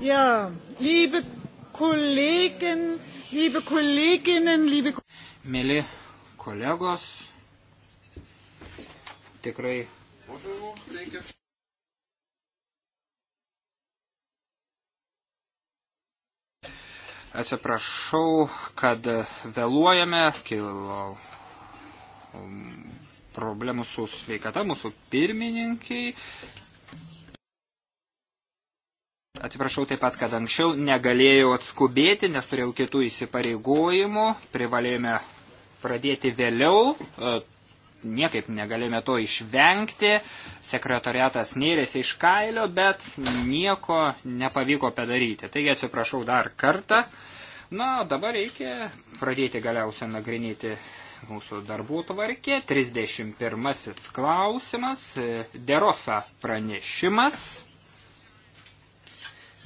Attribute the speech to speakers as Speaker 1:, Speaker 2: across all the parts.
Speaker 1: Ja, liebe Kollegen, liebe Kolleginnen, liebe
Speaker 2: Mėly kolegos, tikrai. Atsiprašau, kad vėluojame, kilo um, problemų su sveikata mūsų pirmininkiai, Atsiprašau taip pat, kad anksčiau negalėjau atskubėti, nes turėjau kitų įsipareigojimų, privalėjome pradėti vėliau, e, niekaip negalėjome to išvengti, sekretariatas nėrėsi iš kailio, bet nieko nepavyko padaryti. Taigi atsiprašau dar kartą. Na, dabar reikia pradėti galiausiai nagrinėti mūsų darbų tvarkė. 31 klausimas, e, derosa pranešimas.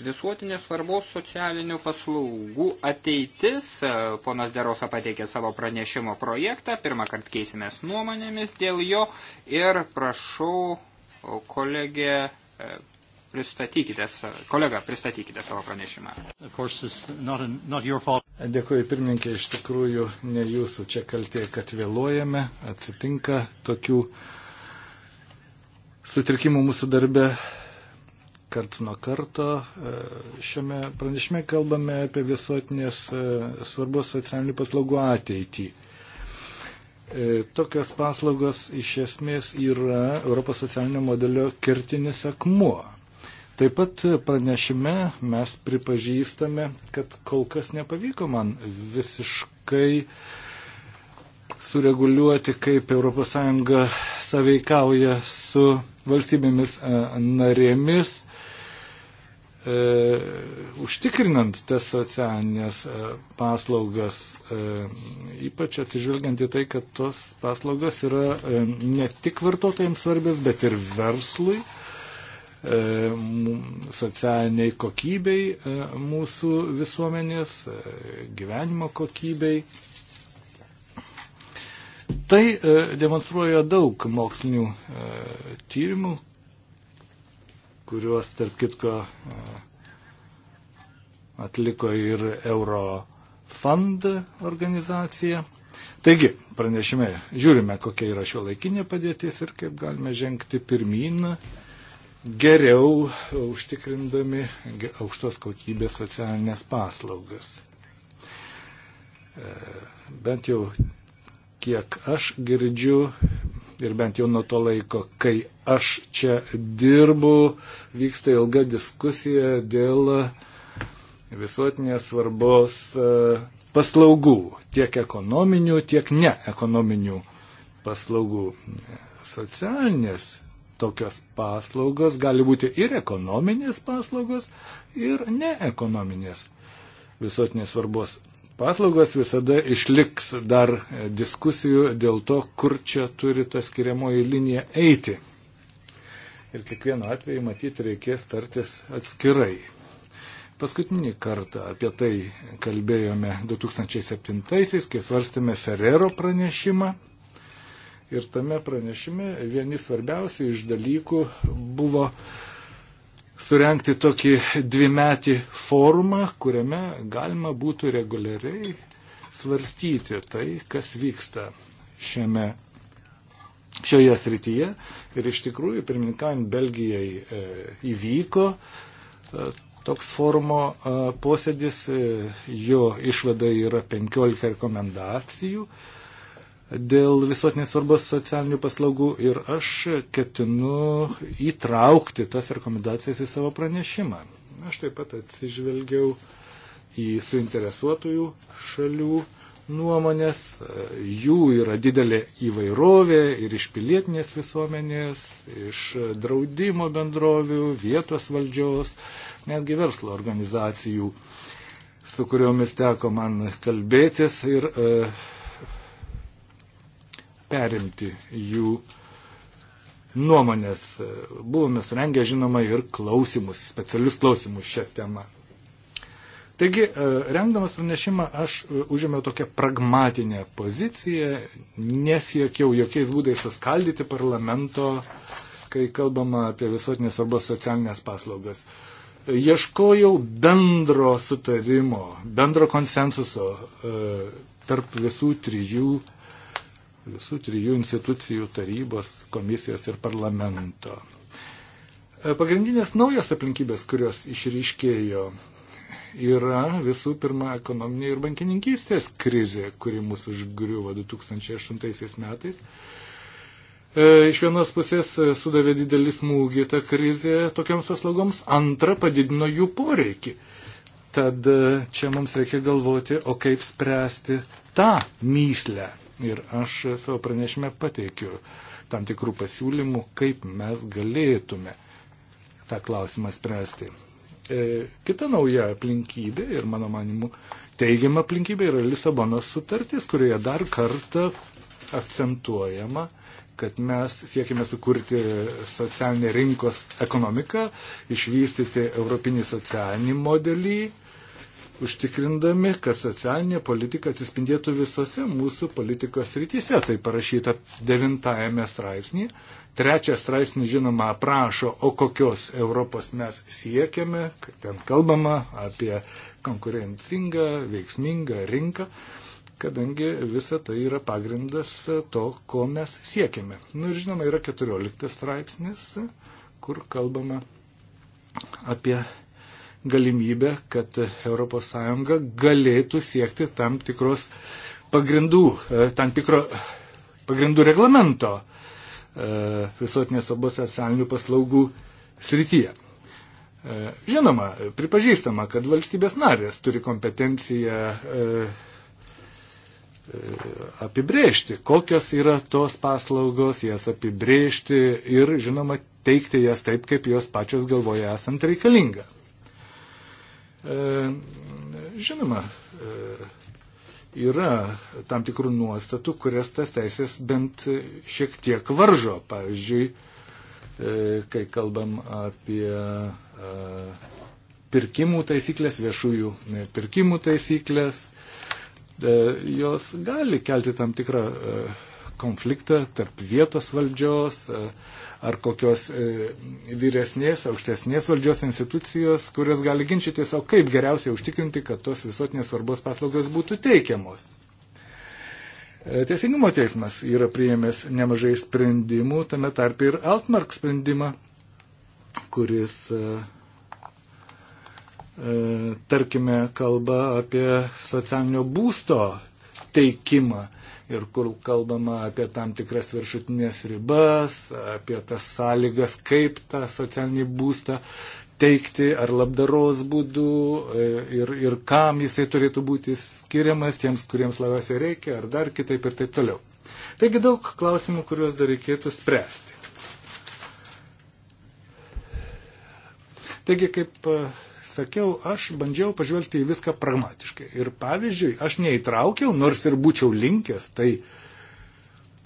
Speaker 2: Visuotinės svarbos socialinių paslaugų ateitis. Ponas Derosa pateikė savo pranešimo projektą. Pirmą kartą keisimės nuomonėmis dėl jo. Ir prašau, kolegė, e, pristatykite, kolega, pristatykite savo pranešimą.
Speaker 3: Dėkuoju pirmininkė, iš tikrųjų ne jūsų čia kaltė, kad vėluojame. Atsitinka tokių sutrikimų mūsų darbe karts nuo karto. E, šiame pranešime kalbame apie visuotinės e, svarbos socialinių paslaugų ateitį. E, tokios paslaugos iš esmės yra Europos socialinio modelio kertinis akmuo. Taip pat pranešime mes pripažįstame, kad kol kas nepavyko man visiškai sureguliuoti, kaip ES saveikauja su valstybėmis narėmis e, užtikrinant tas socialinės e, paslaugas, e, ypač atsižvelgiant į tai, kad tos paslaugas yra e, ne tik vartotojams svarbios, bet ir verslui, e, socialiniai kokybei e, mūsų visuomenės, e, gyvenimo kokybei. Tai e, demonstruoja daug mokslinių e, tyrimų, kuriuos tarp kitko atliko ir Eurofund organizacija. Taigi, pranešime žiūrime, kokia yra šio laikinė padėtis ir kaip galime žengti pirmin geriau užtikrindami aukštos kokybės socialinės paslaugas. E, bent jau kiek aš girdžiu ir bent jau nuo to laiko, kai aš čia dirbu, vyksta ilga diskusija dėl visuotinės svarbos e, paslaugų, tiek ekonominių, tiek neekonominių paslaugų. Socialinės tokios paslaugos gali būti ir ekonominės paslaugos, ir neekonominės visuotinės svarbos. Paslaugos visada išliks dar diskusijų dėl to, kur čia turi ta skiriamoji linija eiti ir kiekvieną atvejį matyti reikės tartis atskirai. Paskutinį kartą apie tai kalbėjome 2007-aisiais, kai svarstėme Ferrero pranešimą. Ir tame pranešime vieni svarbiausių iš dalykų buvo surenkti tokį dvimetį forumą, kuriame galima būtų reguliariai svarstyti tai, kas vyksta šiame šioje srityje. Ir iš tikrųjų, pirmininkant Belgijai e, įvyko e, toks forumo e, posėdis, e, jo išvada yra 15 rekomendacijų dėl visuotinės svarbos socialinių paslaugų ir aš ketinu įtraukti tas rekomendacijas į savo pranešimą. Aš taip pat atsižvelgiau į suinteresuotųjų šalių nuomonės, jų yra didelė įvairovė ir iš pilietinės visuomenės, iš draudimo bendrovių, vietos valdžios, netgi verslo organizacijų, su kuriomis teko man kalbėtis ir e, perimti jų nuomonės. Buvome surengę, žinoma, ir klausimus, specialius klausimus šią temą. Taigi, e, remdamas pranešimą, aš e, užėmiau tokią pragmatinę poziciją, nesiekiau jokiais būdais suskaldyti parlamento, kai kalbama apie visuotinės svarbos socialinės paslaugas. E, ieškojau bendro sutarimo, bendro konsensuso tarp visų trijų, visų trijų institucijų tarybos, komisijos ir parlamento. Pagrindinės naujos aplinkybės, kurios išryškėjo yra visų pirma ekonominė ir bankininkystės krizė, kuri mūsų užgriuvo 2008 metais. E, iš vienos pusės e, sudavė didelį smūgį tą krizę tokiams paslaugoms, antra padidino jų poreikį. Tad e, čia mums reikia galvoti, o kaip spręsti tą myslę. Ir aš savo pranešime pateikiu tam tikrų pasiūlymų, kaip mes galėtume tą klausimą spręsti. E, kita nauja aplinkybė ir mano manimu teigiama aplinkybė yra Lisabonos sutartis, kurioje dar kartą akcentuojama, kad mes siekime sukurti socialinę rinkos ekonomiką, išvystyti europinį socialinį modelį, užtikrindami, kad socialinė politika atsispindėtų visose mūsų politikos rytise. Tai parašyta devintajame straipsnėje. Trečias straipsnis, žinoma, aprašo, o kokios Europos mes siekiame, kad ten kalbama apie konkurencingą, veiksmingą rinką, kadangi visa tai yra pagrindas to, ko mes siekiame. Na nu, ir žinoma, yra 14 straipsnis, kur kalbama apie galimybę, kad ES galėtų siekti tam tikros pagrindų, e, tam tikro pagrindų reglamento E, visuotinės svarbos socialinių paslaugų srityje. E, žinoma, pripažįstama, kad valstybės narės turi kompetenciją e, apibrėžti, kokios yra tos paslaugos, jas apibrėžti ir, žinoma, teikti jas taip, kaip jos pačios galvoja esant reikalinga. Žinoma, yra tam tikrų nuostatų, kurias tas teisės bent šiek tiek varžo. Pavyzdžiui, e, kai kalbam apie e, pirkimų taisyklės, viešųjų e, pirkimų taisyklės, jos gali kelti tam tikrą konfliktą tarp vietos valdžios, ar kokios e, vyresnės, aukštesnės valdžios institucijos, kurios gali ginčytis, o kaip geriausiai užtikrinti, kad tos visuotinės svarbos paslaugos būtų teikiamos. E, Teisingumo teismas yra priėmęs nemažai sprendimų, tame tarp ir Altmark sprendimą, kuris e, tarkime, kalba apie socialinio būsto teikimą ir kur kalbama apie tam tikras viršutinės ribas, apie tas sąlygas, kaip tą socialinį būstą teikti ar labdaros būdu e, ir, ir kam jisai turėtų būti skiriamas tiems, kuriems labiausiai reikia, ar dar kitaip ir taip toliau. Taigi daug klausimų, kuriuos dar reikėtų spręsti. Taigi, kaip e, sakiau, aš bandžiau pažvelgti į viską pragmatiškai. Ir pavyzdžiui, aš neįtraukiau, nors ir būčiau linkęs tai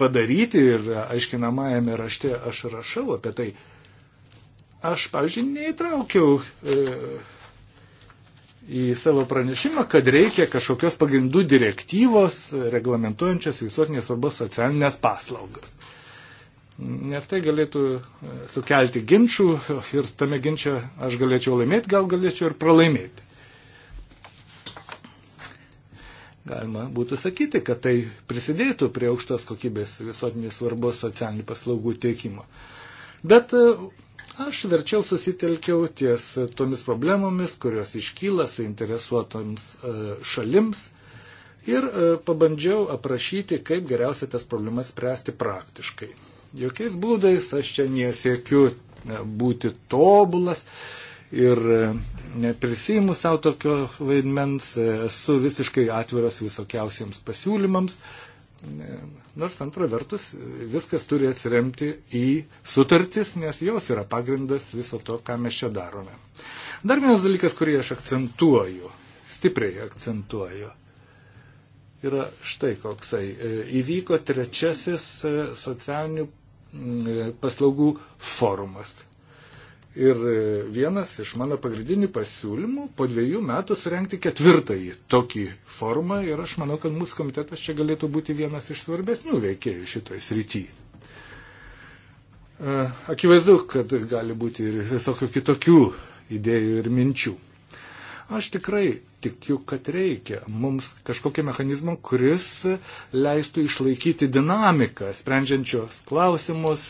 Speaker 3: padaryti ir aiškinamajame rašte aš rašau apie tai. Aš, pavyzdžiui, neįtraukiau e, į savo pranešimą, kad reikia kažkokios pagrindų direktyvos reglamentuojančias visuotinės svarbos socialinės paslaugas nes tai galėtų e, sukelti ginčių ir tame ginčia aš galėčiau laimėti, gal galėčiau ir pralaimėti. Galima būtų sakyti, kad tai prisidėtų prie aukštos kokybės visuotinės svarbos socialinių paslaugų teikimo. Bet e, aš verčiau susitelkiau ties tomis problemomis, kurios iškyla suinteresuotoms e, šalims ir pabandžiau aprašyti, kaip geriausia tas problemas spręsti praktiškai. Jokiais būdais aš čia nesiekiu e, būti tobulas ir e, neprisijimu savo tokio vaidmens, e, esu visiškai atviras visokiausiems pasiūlymams. Nors antra vertus, viskas turi atsiremti į sutartis, nes jos yra pagrindas viso to, ką mes čia darome. Dar vienas dalykas, kurį aš akcentuoju, stipriai akcentuoju, yra štai koksai. Įvyko trečiasis socialinių Mm, paslaugų forumas. Ir e, vienas iš mano pagrindinių pasiūlymų po dviejų metų surenkti ketvirtąjį tokį formą ir aš manau, kad mūsų komitetas čia galėtų būti vienas iš svarbesnių veikėjų šitoje srityje. Akivaizdu, kad gali būti ir visokių kitokių idėjų ir minčių. Aš tikrai tikiu, kad reikia mums kažkokio mechanizmo, kuris leistų išlaikyti dinamiką, sprendžiančios klausimus,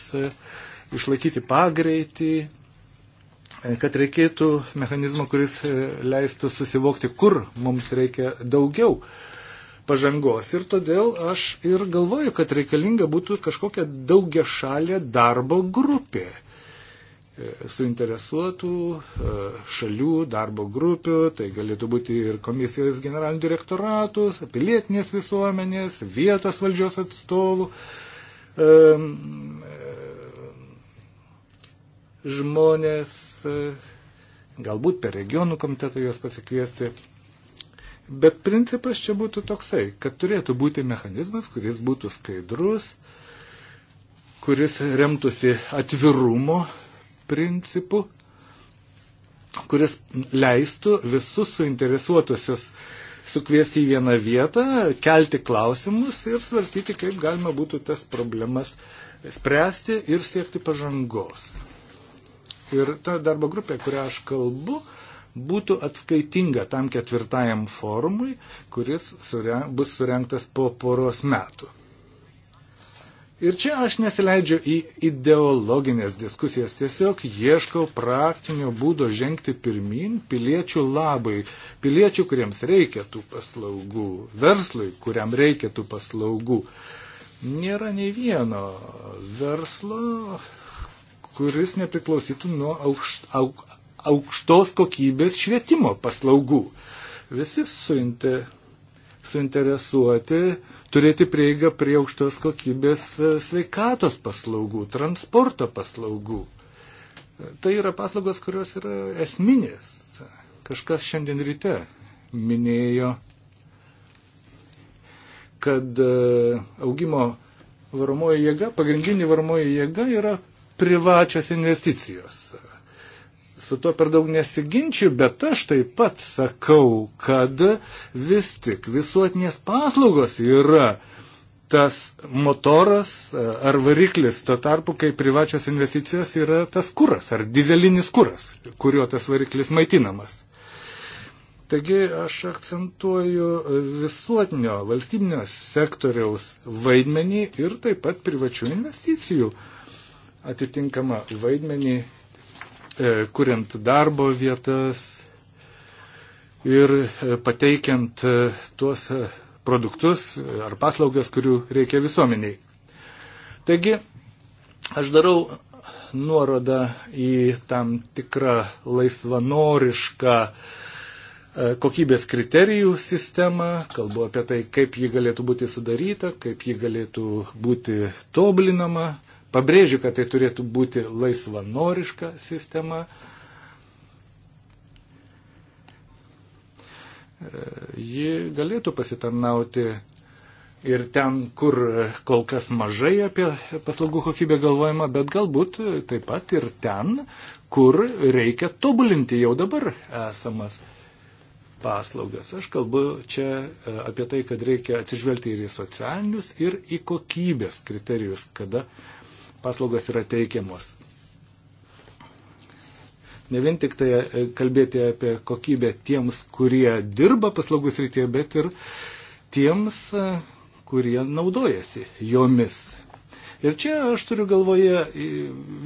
Speaker 3: išlaikyti pagreitį, kad reikėtų mechanizmo, kuris leistų susivokti, kur mums reikia daugiau pažangos. Ir todėl aš ir galvoju, kad reikalinga būtų kažkokia daugia šalė darbo grupė suinteresuotų e, šalių, darbo grupių, tai galėtų būti ir komisijos generalinių direktoratų, pilietinės visuomenės, vietos valdžios atstovų, e, e, žmonės, galbūt per regionų komitetą juos pasikviesti. Bet principas čia būtų toksai, kad turėtų būti mechanizmas, kuris būtų skaidrus, kuris remtųsi atvirumo principu, kuris leistų visus suinteresuotusius sukviesti į vieną vietą, kelti klausimus ir svarstyti, kaip galima būtų tas problemas spręsti ir siekti pažangos. Ir ta darbo grupė, kurią aš kalbu, būtų atskaitinga tam ketvirtajam forumui, kuris sureng, bus surenktas po poros metų. Ir čia aš nesileidžiu į ideologinės diskusijas, tiesiog ieškau praktinio būdo žengti pirmin piliečių labai, piliečių, kuriems reikia tų paslaugų, verslui, kuriam reikia tų paslaugų. Nėra nei vieno verslo, kuris nepriklausytų nuo aukšt, auk, aukštos kokybės švietimo paslaugų. Visi suinte, suinteresuoti turėti prieigą prie aukštos kokybės e, sveikatos paslaugų, transporto paslaugų. E, tai yra paslaugos, kurios yra esminės. Kažkas šiandien ryte minėjo, kad e, augimo varomoji jėga, pagrindinė varomoji jėga yra privačios investicijos su tuo per daug nesiginčiu, bet aš taip pat sakau, kad vis tik visuotinės paslaugos yra tas motoras e, ar variklis, tuo tarpu, kai privačios investicijos yra tas kuras ar dizelinis kuras, kuriuo tas variklis maitinamas. Taigi aš akcentuoju visuotinio valstybinio sektoriaus vaidmenį ir taip pat privačių investicijų atitinkamą vaidmenį E, kuriant darbo vietas ir e, pateikiant e, tuos produktus ar paslaugas, kurių reikia visuomeniai. Taigi, aš darau nuorodą į tam tikrą laisvanorišką kokybės kriterijų sistemą, kalbu apie tai, kaip ji galėtų būti sudaryta, kaip ji galėtų būti tobulinama, Pabrėžiu, kad tai turėtų būti laisvanoriška sistema. Ji galėtų pasitarnauti ir ten, kur kol kas mažai apie paslaugų kokybę galvojama, bet galbūt taip pat ir ten, kur reikia tobulinti jau dabar esamas paslaugas. Aš kalbu čia e, apie tai, kad reikia atsižvelgti ir į socialinius, ir į kokybės kriterijus, kada uh, paslaugas yra teikiamos. Ne vien tik tai e, kalbėti apie kokybę tiems, kurie dirba paslaugų srityje, bet ir tiems, e, kurie naudojasi jomis. Ir čia aš turiu galvoje e,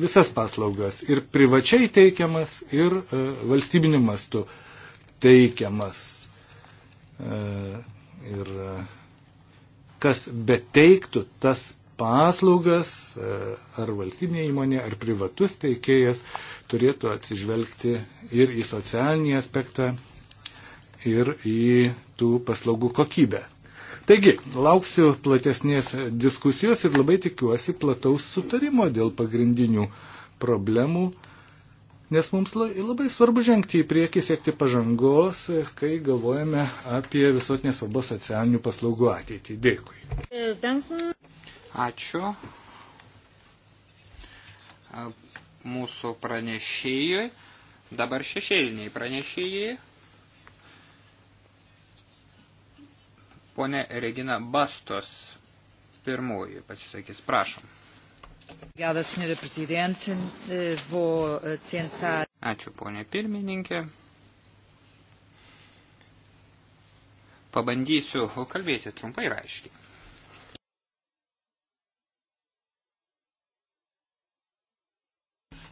Speaker 3: visas paslaugas. Ir privačiai teikiamas, ir valstybiniu mastu teikiamas. Ir kas beteiktų, tas paslaugas, e, ar valstybinė įmonė, ar privatus teikėjas turėtų atsižvelgti ir į socialinį aspektą, ir į tų paslaugų kokybę. Taigi, lauksiu platesnės diskusijos ir labai tikiuosi plataus sutarimo dėl pagrindinių problemų, nes mums labai svarbu žengti į priekį, siekti pažangos, kai galvojame apie visuotinės
Speaker 2: svarbos socialinių
Speaker 3: paslaugų ateitį. Dėkui.
Speaker 2: E, Dankui. Ačiū mūsų pranešėjui. Dabar šešėliniai pranešėjai. Pone Regina Bastos pirmoji pasisakys. Prašom.
Speaker 1: Obrigada, senhora Presidente. Eh, vou eh, tentar.
Speaker 2: Ačiū, ponė pirmininkė. Pabandysiu kalbėti trumpai ir aiškiai.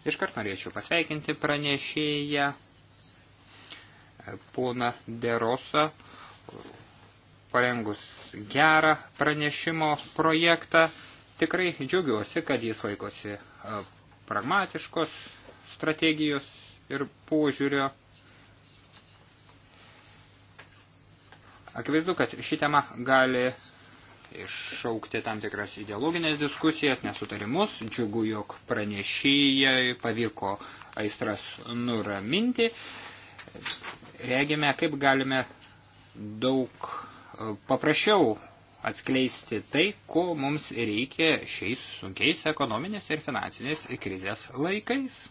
Speaker 2: Iškart norėčiau pasveikinti pranešėją e, pona Derosa, parengus gerą pranešimo projektą. Tikrai džiaugiuosi, kad jis laikosi e, pragmatiškos strategijos ir požiūrio. Akivaizdu, kad ši tema gali iššaukti tam tikras ideologinės diskusijas, nesutarimus. Džiugu, jog pranešėjai pavyko aistras nuraminti. Regime, kaip galime daug e, paprasčiau atskleisti tai, ko mums reikia šiais sunkiais ekonominės ir finansinės krizės laikais.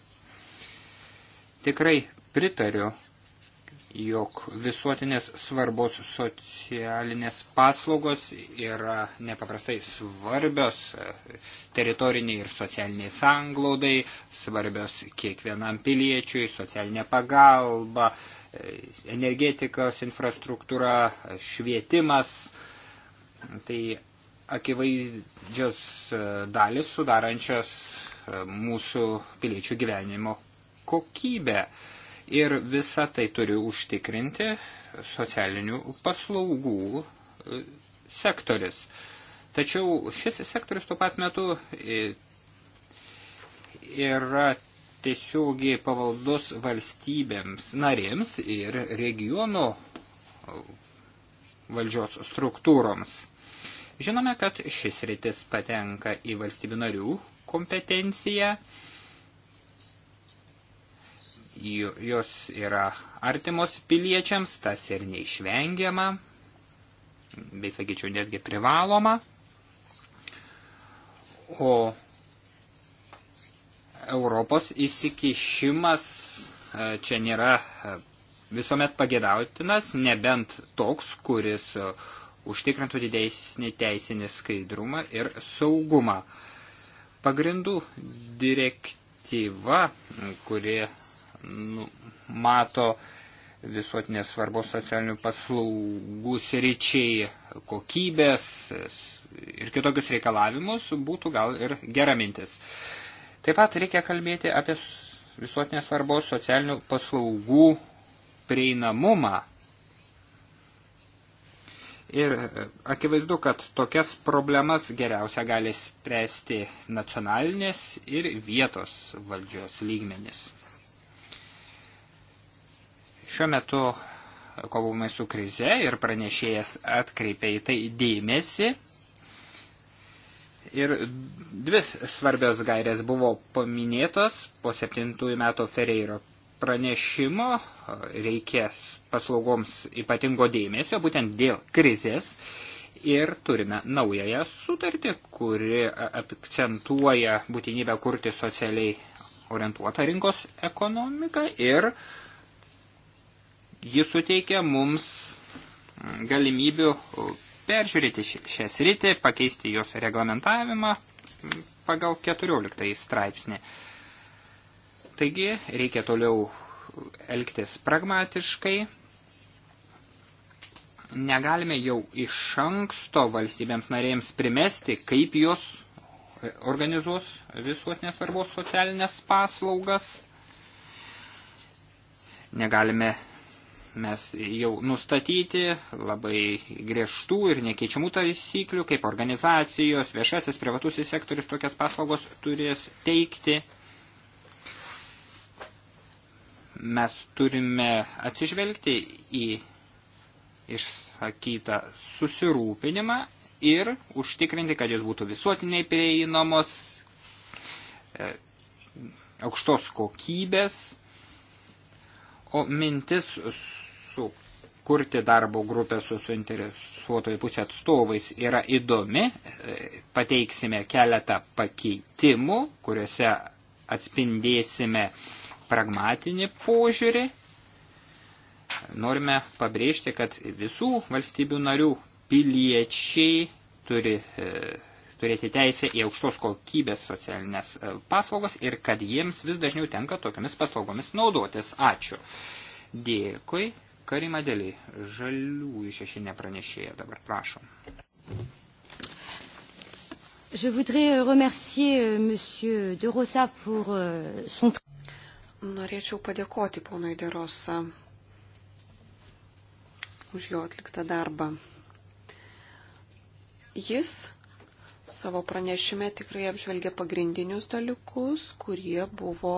Speaker 2: Tikrai pritariu jog visuotinės svarbos socialinės paslaugos yra nepaprastai svarbios e, teritoriniai ir socialiniai sanglaudai, svarbios kiekvienam piliečiui, socialinė pagalba, e, energetikos infrastruktūra, švietimas. Tai akivaizdžios e, dalis sudarančios mūsų piliečių gyvenimo kokybę. Ir visa tai turi užtikrinti socialinių paslaugų e, sektoris. Tačiau šis sektorius tuo pat metu e, yra tiesiogiai pavaldus valstybėms narėms ir regiono e, valdžios struktūroms. Žinome, kad šis rytis patenka į valstybių narių kompetenciją jos yra artimos piliečiams, tas ir neišvengiama, bei sakyčiau netgi privaloma. O Europos įsikišimas e, čia nėra e, visuomet pagėdautinas, nebent toks, kuris e, užtikrintų didesnį teisinį skaidrumą ir saugumą. Pagrindų direktyva, kuri Nu, mato visuotinės svarbos socialinių paslaugų sričiai kokybės ir kitokius reikalavimus būtų gal ir gera mintis. Taip pat reikia kalbėti apie visuotinės svarbos socialinių paslaugų prieinamumą. Ir akivaizdu, kad tokias problemas geriausia gali spręsti nacionalinės ir vietos valdžios lygmenis. Šiuo metu kovome su krize ir pranešėjas atkreipė į tai dėmesį. Ir dvi svarbios gairės buvo paminėtos po septintųjų metų Ferreiro pranešimo reikės paslaugoms ypatingo dėmesio, būtent dėl krizės. Ir turime naująją sutartį, kuri akcentuoja būtinybę kurti socialiai orientuotą rinkos ekonomiką ir uh, Jis suteikia mums galimybių peržiūrėti šią sritį, pakeisti jos reglamentavimą pagal 14 straipsnį. Taigi reikia toliau elgtis pragmatiškai. Negalime jau iš anksto valstybėms narėms primesti, kaip jos organizuos visuotinės svarbos socialinės paslaugas. Negalime mes jau nustatyti labai griežtų ir nekeičiamų taisyklių, kaip organizacijos, viešasis, privatusis sektorius tokias paslaugos turės teikti. Mes turime atsižvelgti į išsakytą susirūpinimą ir užtikrinti, kad jis būtų visuotiniai prieinamos, e, aukštos kokybės, o mintis sukurti darbo grupę su suinteresuotojų pusė atstovais yra įdomi. E, pateiksime keletą pakeitimų, kuriuose atspindėsime pragmatinį požiūrį. Norime pabrėžti, kad visų valstybių narių piliečiai turi e, turėti teisę į aukštos kokybės socialinės e, paslaugas ir kad jiems vis dažniau tenka tokiamis paslaugomis naudotis. Ačiū. Dėkui. Karima Deliai, žaliųjų šešinė pranešėja dabar, prašom.
Speaker 3: Je voudrais euh, remercier
Speaker 4: euh, M. De Rosa pour euh, son Norėčiau padėkoti ponui De Rosa už jo atliktą darbą. Jis savo pranešime tikrai apžvelgia pagrindinius dalykus, kurie buvo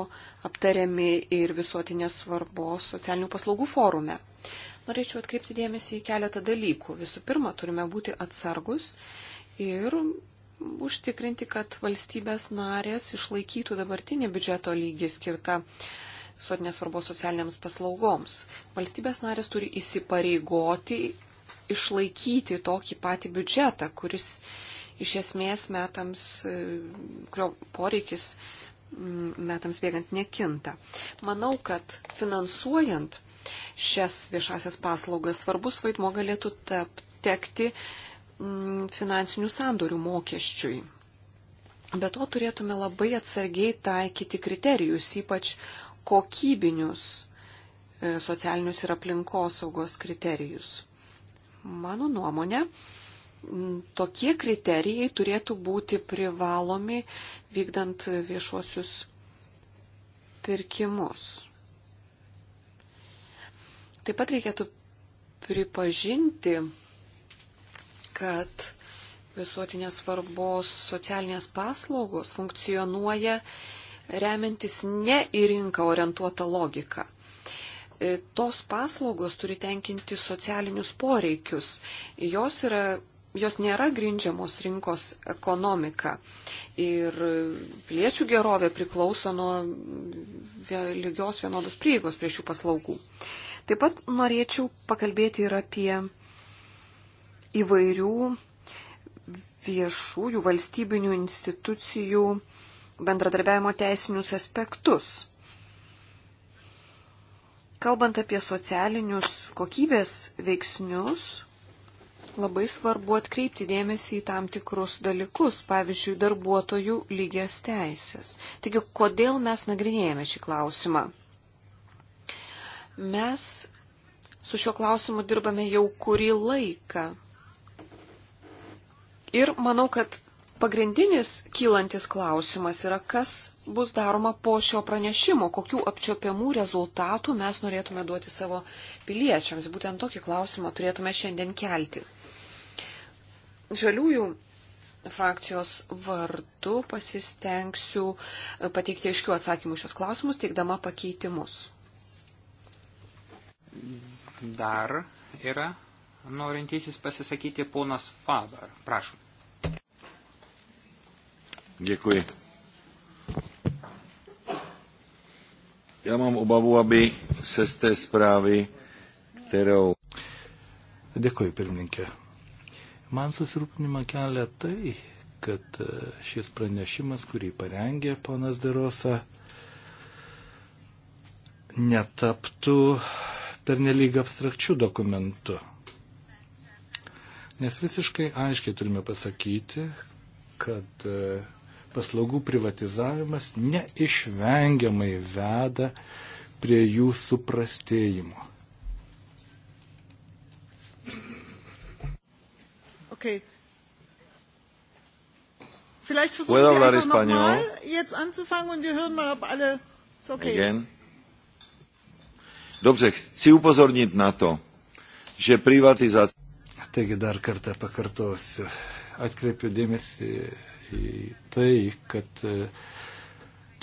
Speaker 4: aptariami ir visuotinės svarbos socialinių paslaugų forume. Norėčiau atkreipti dėmesį į keletą dalykų. Visų pirma, turime būti atsargus ir užtikrinti, kad valstybės narės išlaikytų dabartinį biudžeto lygį skirtą visuotinės svarbos socialiniams paslaugoms. Valstybės narės turi įsipareigoti išlaikyti tokį patį biudžetą, kuris iš esmės metams, e, kurio poreikis metams bėgant nekinta. Manau, kad finansuojant šias viešasias paslaugas svarbus vaidmo galėtų tap, tekti finansinių sandorių mokesčiui. Be to turėtume labai atsargiai taikyti kriterijus, ypač kokybinius e, socialinius ir aplinkosaugos kriterijus. Mano nuomonė, tokie kriterijai turėtų būti privalomi vykdant viešuosius pirkimus. Taip pat reikėtų pripažinti, kad visuotinės svarbos socialinės paslaugos funkcionuoja remiantis ne į rinką orientuotą logiką. E, tos paslaugos turi tenkinti socialinius poreikius. Jos yra jos nėra grindžiamos rinkos ekonomika. Ir piliečių gerovė priklauso nuo lygios vienodos prieigos prie šių paslaugų. Taip pat norėčiau pakalbėti ir apie įvairių viešųjų valstybinių institucijų bendradarbiavimo teisinius aspektus. Kalbant apie socialinius kokybės veiksnius, labai svarbu atkreipti dėmesį į tam tikrus dalykus, pavyzdžiui, darbuotojų lygias teisės. Taigi, kodėl mes nagrinėjame šį klausimą? Mes su šiuo klausimu dirbame jau kurį laiką. Ir manau, kad pagrindinis kylantis klausimas yra, kas bus daroma po šio pranešimo, kokių apčiopiamų rezultatų mes norėtume duoti savo piliečiams. Būtent tokį klausimą turėtume šiandien kelti žaliųjų frakcijos vardu pasistengsiu pateikti aiškių atsakymų šios klausimus, teikdama pakeitimus.
Speaker 2: Dar yra norintysis pasisakyti ponas Faber. Prašom. Děkuji.
Speaker 3: Já mám obavu, aby se z té zprávy, kterou... Děkuji, pirmininkė. Man susirūpinimą kelia tai, kad e, šis pranešimas, kurį parengė ponas Derosa, netaptų pernelyg abstrakčių dokumentų. Nes visiškai aiškiai turime pasakyti, kad e, paslaugų privatizavimas neišvengiamai veda prie jų suprastėjimo.
Speaker 1: Okay. Vielleicht versuchen Puedo Sie einfach nochmal jetzt anzufangen und wir hören mal, ob alle es okay Again. ist.
Speaker 3: Dobře, chci upozornit na to, že privatizace. Taigi dar kartą pakartosiu. Atkreipiu dėmesį į tai, kad eh,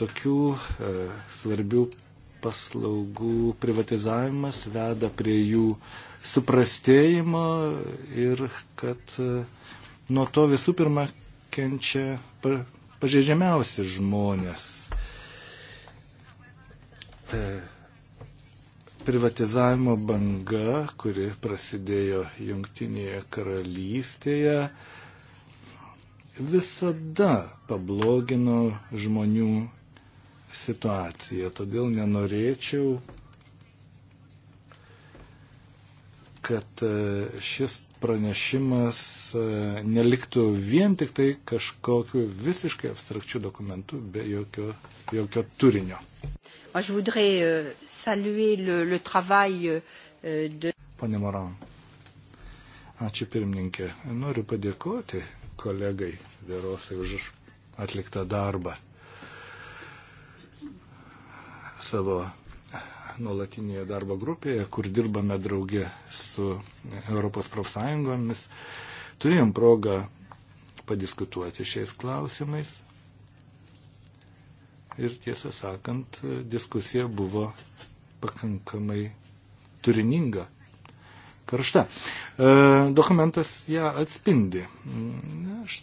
Speaker 3: tokių eh, svarbių paslaugų privatizavimas veda prie jų uh, suprastėjimo ir kad e, nuo to visų pirma kenčia pažeidžiamiausi žmonės. E, privatizavimo banga, kuri prasidėjo Junktinėje karalystėje, visada pablogino žmonių situaciją. Todėl nenorėčiau kad e, šis pranešimas e, neliktų vien tik tai kažkokiu visiškai abstrakčiu dokumentu be jokio, jokio turinio.
Speaker 2: Euh, euh, Pane Moran,
Speaker 3: ačiū pirmininkė. Noriu padėkoti kolegai Verosai už atliktą darbą savo nuolatinėje darbo grupėje, kur dirbame draugė su Europos profsąjungomis. Turėjom progą padiskutuoti šiais klausimais. Ir tiesą sakant, diskusija buvo pakankamai turininga, karšta. E, dokumentas ją atspindi. Aš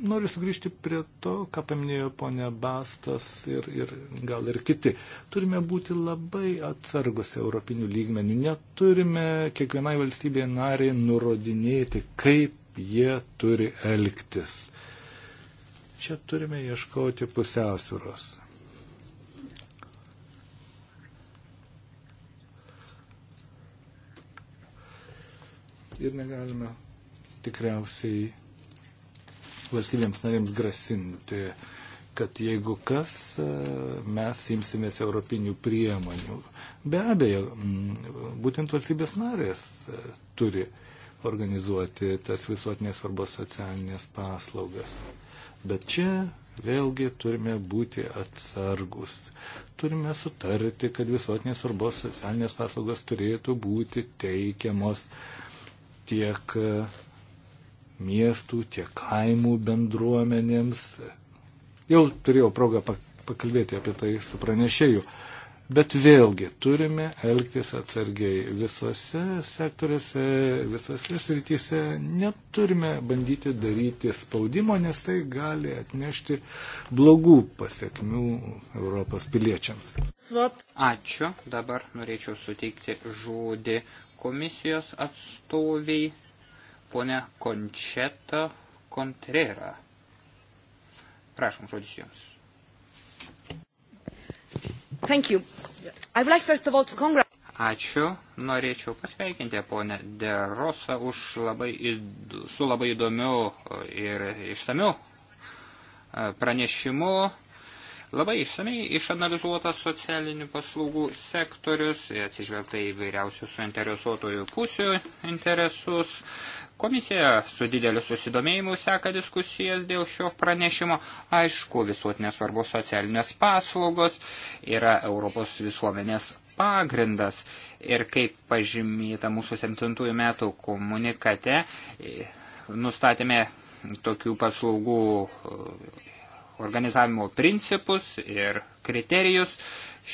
Speaker 3: Noriu sugrįžti prie to, ką paminėjo ponė Bastos ir, ir gal ir kiti. Turime būti labai atsargus europinių lygmenių. Neturime kiekvienai valstybėje nariai nurodinėti, kaip jie turi elgtis. Čia turime ieškoti pusiausvėros. ir negalime tikriausiai valstybėms narėms grasinti, kad jeigu kas, e, mes imsimės europinių priemonių. Be abejo, būtent valstybės narės e, turi organizuoti tas visuotinės svarbos socialinės paslaugas. Bet čia vėlgi turime būti atsargus. Turime sutarti, kad visuotinės svarbos socialinės paslaugos turėtų būti teikiamos tiek miestų, tiek kaimų bendruomenėms. Jau turėjau progą pakalbėti apie tai su pranešėju. Bet vėlgi turime elgtis atsargiai visose sektoriuose, visose srityse. Neturime bandyti daryti spaudimo, nes tai gali atnešti blogų pasiekmių Europos piliečiams.
Speaker 2: Ačiū. Dabar norėčiau suteikti žodį komisijos atstoviai ponia Končeta Kontrera. Prašom, žodis jums.
Speaker 1: Thank you. I would like first of all to congratulate.
Speaker 2: Ačiū. Norėčiau pasveikinti ponę De Rosą už labai, su labai įdomiu e, ir išsamiu e, pranešimu. Labai išsamei išanalizuotas socialinių paslaugų sektorius, atsižvelgta į vairiausių suinteresuotojų pusių interesus, Komisija su dideliu susidomėjimu seka diskusijas dėl šio pranešimo. Aišku, visuotinės svarbos socialinės paslaugos yra Europos visuomenės pagrindas. Ir kaip pažymėta mūsų 7 metų komunikate, nustatėme tokių paslaugų e, organizavimo principus ir kriterijus.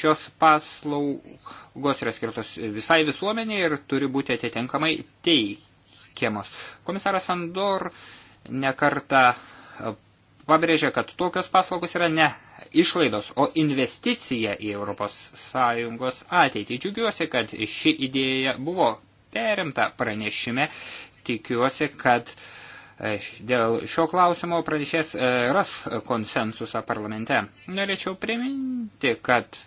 Speaker 2: Šios paslaugos yra skirtos visai visuomenė ir turi būti atitinkamai teikiamas tiekiamos. Komisaras Andor nekarta e, pabrėžė, kad tokios paslaugos yra ne išlaidos, o investicija į ES ateitį. Džiugiuosi, kad ši idėja buvo perimta pranešime. Tikiuosi, kad e, dėl šio klausimo pranešės e, ras konsensusą parlamente. Norėčiau priminti, kad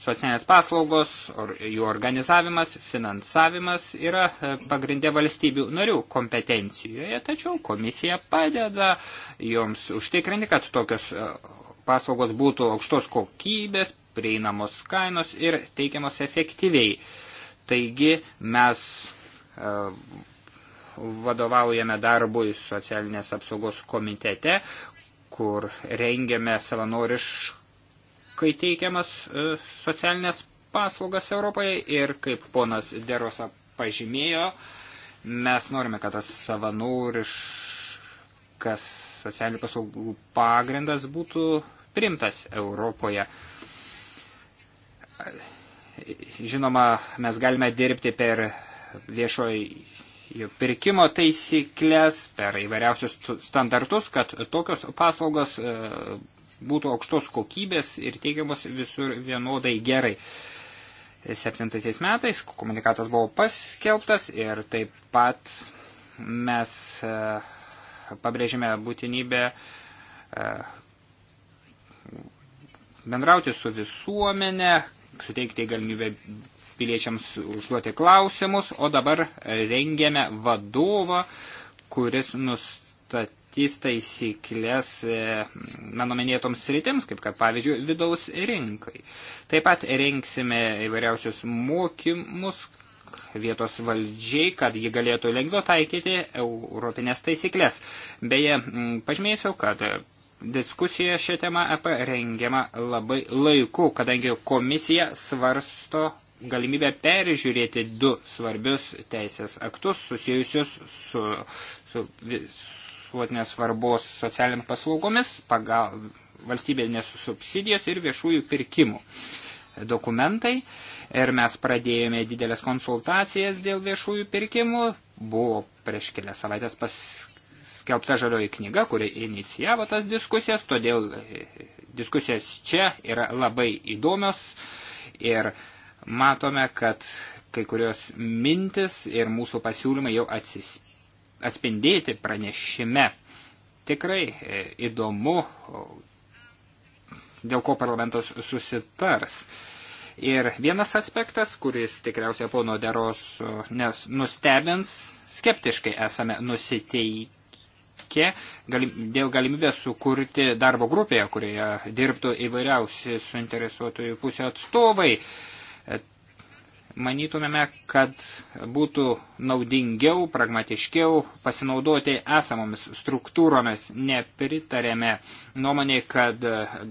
Speaker 2: Socialinės paslaugos, or, jų organizavimas, finansavimas yra e, pagrindė valstybių narių kompetencijoje, tačiau komisija padeda joms užtikrinti, kad tokios e, paslaugos būtų aukštos kokybės, prieinamos kainos ir teikiamos efektyviai. Taigi mes e, vadovaujame darbui socialinės apsaugos komitete, kur rengiame savanorišką kai teikiamas e, socialinės paslaugas Europoje ir kaip ponas Derosa pažymėjo, mes norime, kad tas savanoriškas socialinių paslaugų pagrindas būtų primtas Europoje. Žinoma, mes galime dirbti per viešojo pirkimo taisyklės, per įvairiausius standartus, kad tokios paslaugos e, būtų aukštos kokybės ir teigiamos visur vienodai gerai. 2007 metais komunikatas buvo paskelbtas ir taip pat mes e, pabrėžėme būtinybę e, bendrauti su visuomenė, suteikti galimybę piliečiams užduoti klausimus, o dabar rengiame vadovą, kuris nustatė nustatys taisyklės e, mano minėtoms sritims, kaip kad pavyzdžiui vidaus rinkai. Taip pat rinksime įvairiausius mokymus vietos valdžiai, kad ji galėtų lengviau taikyti europinės taisyklės. Beje, pažymėsiu, kad diskusija šią temą apie rengiama labai laiku, kadangi komisija svarsto galimybę peržiūrėti du svarbius teisės aktus susijusius su, su, visuotinės svarbos socialiniam paslaugomis pagal valstybinės subsidijos ir viešųjų pirkimų dokumentai. Ir mes pradėjome didelės konsultacijas dėl viešųjų pirkimų. Buvo prieš kelias savaitės paskelbta žalioji knyga, kuri inicijavo tas diskusijas, todėl e, diskusijas čia yra labai įdomios ir matome, kad kai kurios mintis ir mūsų pasiūlymai jau atsispėjo atspindėti pranešime. Tikrai e, įdomu, dėl ko parlamentas susitars. Ir vienas aspektas, kuris tikriausiai pono deros nes, nustebins, skeptiškai esame nusiteikę galim, dėl galimybės sukurti darbo grupėje, kurioje dirbtų įvairiausi suinteresuotojų pusė atstovai. E, manytumėme, kad būtų naudingiau, pragmatiškiau pasinaudoti esamomis struktūromis. Nepritarėme nuomonė, kad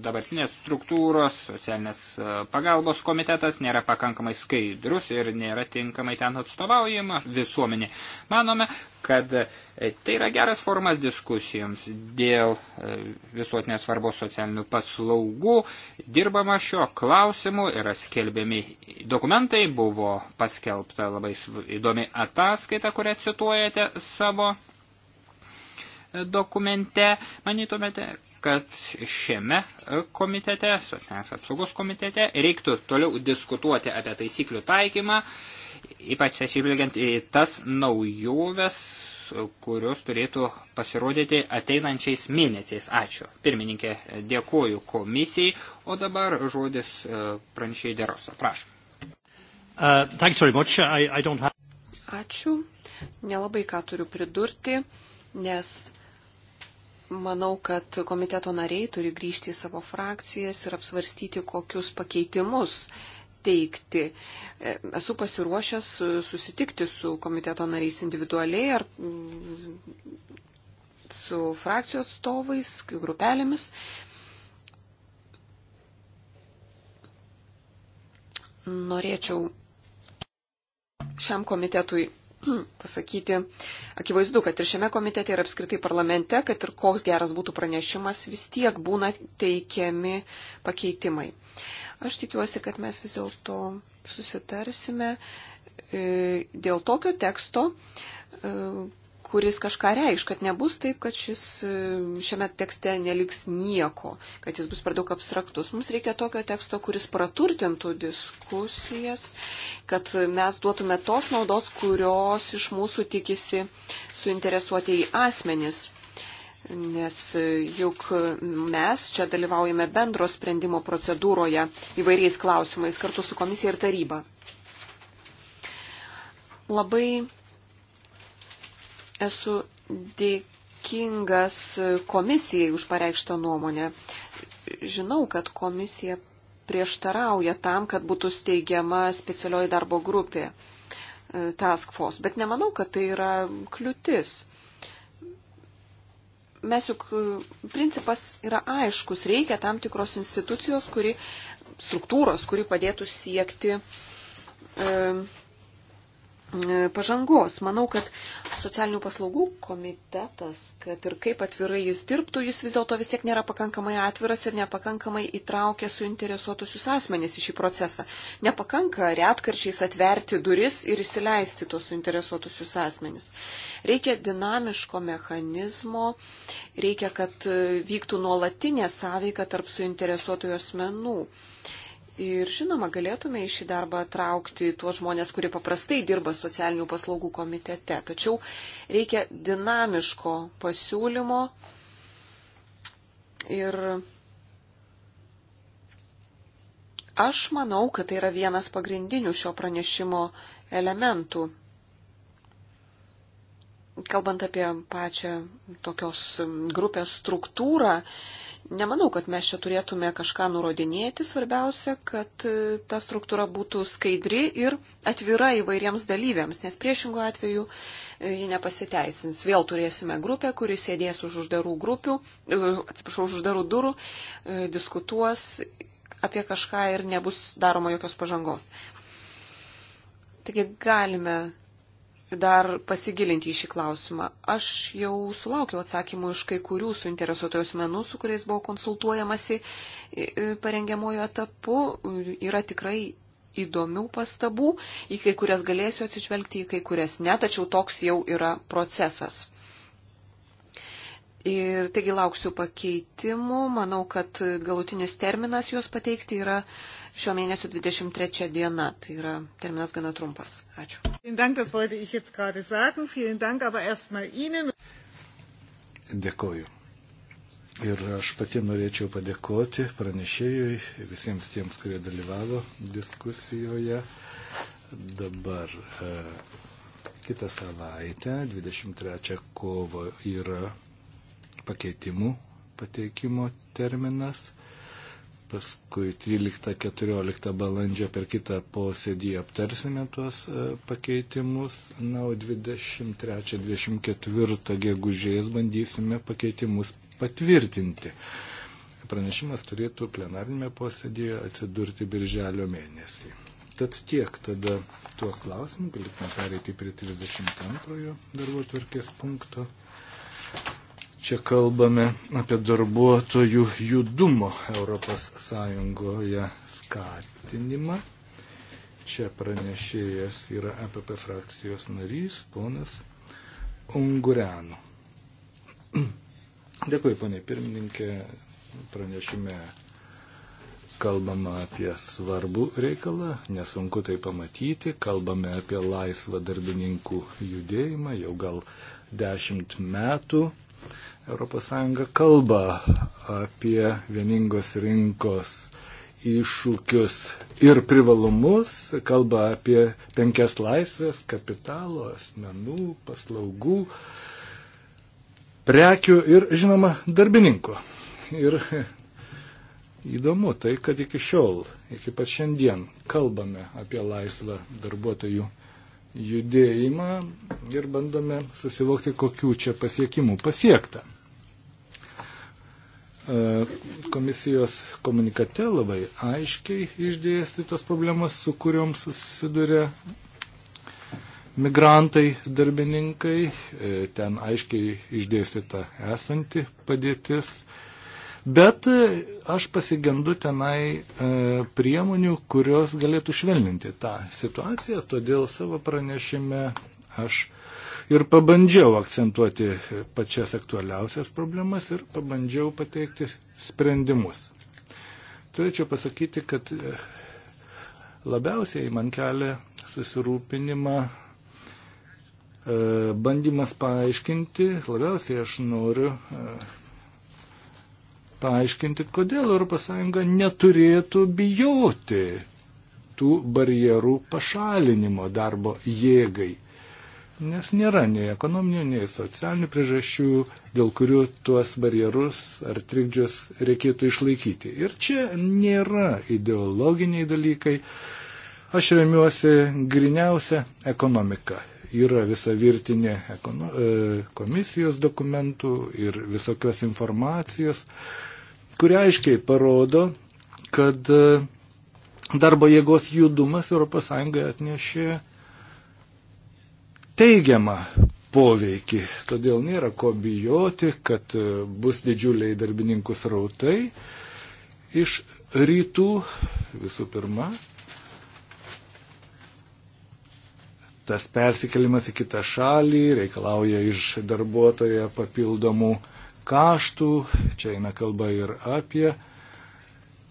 Speaker 2: dabartinės struktūros, socialinės e, pagalbos komitetas nėra pakankamai skaidrus ir nėra tinkamai ten atstovaujama visuomenė. Manome, kad tai yra geras formas diskusijoms dėl e, visuotinės svarbos socialinių paslaugų. Dirbama šio klausimu, yra skelbiami dokumentai, buvo paskelbta labai įdomi ataskaita ataskaitą, kurią cituojate savo dokumente. Manytumėte, kad šiame komitete, socialinės apsaugos komitete, reiktų toliau diskutuoti apie taisyklių taikymą, ypač atsižvelgiant į tas naujoves, kurios turėtų pasirodyti ateinančiais mėnesiais. Ačiū. Pirmininkė, dėkuoju komisijai, o dabar žodis e, pranešėjai Derosa. Prašom. Uh, thanks very much. I, I don't have... Ačiū.
Speaker 4: Nelabai ką turiu pridurti, nes manau, kad komiteto nariai turi grįžti į savo frakcijas ir apsvarstyti, kokius pakeitimus teikti. E, esu pasiruošęs e, susitikti su komiteto nariais individualiai ar mm, su frakcijų atstovais, grupelėmis. Norėčiau šiam komitetui pasakyti, akivaizdu, kad ir šiame komitete ir apskritai parlamente, kad ir koks geras būtų pranešimas, vis tiek būna teikiami pakeitimai. Aš tikiuosi, kad mes vis dėlto susitarsime e, dėl tokio teksto, e, kuris kažką reiš, kad nebus taip, kad šis e, šiame tekste neliks nieko, kad jis bus per daug abstraktus. Mums reikia tokio teksto, kuris praturtintų diskusijas, kad mes duotume tos naudos, kurios iš mūsų tikisi suinteresuotieji asmenys. Nes e, juk mes čia dalyvaujame bendro sprendimo procedūroje įvairiais klausimais kartu su komisija ir taryba. Labai Esu dėkingas komisijai už pareikštą nuomonę. Žinau, kad komisija prieštarauja tam, kad būtų steigiama specialioji darbo grupė e, task force, bet nemanau, kad tai yra kliūtis. Mes juk e, principas yra aiškus, reikia tam tikros institucijos, kuri, struktūros, kuri padėtų siekti e, E, pažangos. Manau, kad socialinių paslaugų komitetas, kad ir kaip atvirai jis dirbtų, jis vis dėlto vis tiek nėra pakankamai atviras ir nepakankamai įtraukia suinteresuotusius asmenys į šį procesą. Nepakanka retkarčiais atverti duris ir įsileisti tuos suinteresuotusius asmenys. Reikia dinamiško mechanizmo, reikia, kad vyktų nuolatinė sąveika tarp suinteresuotojų asmenų. Ir žinoma, galėtume į šį darbą traukti tuos žmonės, kurie paprastai dirba socialinių paslaugų komitete. Tačiau reikia dinamiško pasiūlymo ir aš manau, kad tai yra vienas pagrindinių šio pranešimo elementų. Kalbant apie pačią tokios grupės struktūrą, Nemanau, kad mes čia turėtume kažką nurodinėti. Svarbiausia, kad e, ta struktūra būtų skaidri ir atvira įvairiems dalyviams, nes priešingų atveju e, ji nepasiteisins. Vėl turėsime grupę, kuri sėdės už uždarų, grupių, e, atsiprašau, už uždarų durų, diskutuos apie kažką ir nebus daroma jokios pažangos. Taigi galime dar pasigilinti į šį klausimą. Aš jau sulaukiau atsakymų iš kai kurių suinteresuotojų asmenų, su kuriais buvo konsultuojamasi e, e, parengiamojo etapu. Yra tikrai įdomių pastabų, į kai kurias galėsiu atsižvelgti, į kai kurias ne, tačiau toks jau yra procesas. Ir taigi lauksiu pakeitimų, manau, kad galutinis terminas juos pateikti yra šio mėnesio 23 diena. Tai yra terminas gana trumpas. Ačiū.
Speaker 3: Dėkoju. Ir aš pati norėčiau padėkoti pranešėjui, visiems tiems, kurie dalyvavo diskusijoje. Dabar e, kitą savaitę, 23 kovo, yra pakeitimų pateikimo terminas paskui 13-14 balandžio per kitą posėdį aptarsime tuos e, pakeitimus, na, o 23-24 gegužės bandysime pakeitimus patvirtinti. Pranešimas turėtų plenarinėme posėdėje atsidurti birželio mėnesį. Tad tiek tada tuo klausimu, galėtume pereiti prie 32 darbo tvarkės punkto. Čia kalbame apie darbuotojų judumo ES skatinimą. Čia pranešėjas yra APP frakcijos narys, ponas Ungurianu. Dėkui, ponė pirmininkė, pranešime kalbama apie svarbų reikalą, nesunku tai pamatyti, kalbame apie laisvą darbininkų judėjimą jau gal dešimt metų. ES kalba apie vieningos rinkos iššūkius ir privalumus, kalba apie penkias laisvės, kapitalo, asmenų, paslaugų, prekių ir, žinoma, darbininko. Ir įdomu tai, kad iki šiol, iki pat šiandien kalbame apie laisvą darbuotojų judėjimą ir bandome susivokti, kokių čia pasiekimų pasiekta. E, komisijos komunikate labai aiškiai išdėstytos problemos, su kuriuom susiduria migrantai, darbininkai, e, ten aiškiai išdėstyta esanti padėtis. Bet e, aš pasigendu tenai priemonių, kurios galėtų švelninti tą situaciją, todėl savo pranešime aš ir pabandžiau akcentuoti pačias aktualiausias problemas ir pabandžiau pateikti sprendimus. Turėčiau pasakyti, kad e, labiausiai man kelia susirūpinimą e, bandymas paaiškinti, labiausiai aš noriu e, paaiškinti, kodėl ES neturėtų bijoti tų barjerų pašalinimo darbo jėgai nes nėra nei ekonominių, nei socialinių priežasčių, dėl kurių tuos barjerus ar trikdžius reikėtų išlaikyti. Ir čia nėra ideologiniai dalykai. Aš remiuosi griniausią ekonomiką. Yra visa virtinė ekono, e, komisijos dokumentų ir visokios informacijos, kuria aiškiai parodo, kad e, darbo jėgos judumas ES atnešė teigiamą poveikį. Todėl nėra ko bijoti, kad e, bus didžiuliai darbininkų srautai iš rytų visų pirma. Tas persikelimas į kitą šalį reikalauja iš darbuotojo papildomų kaštų. Čia eina kalba ir apie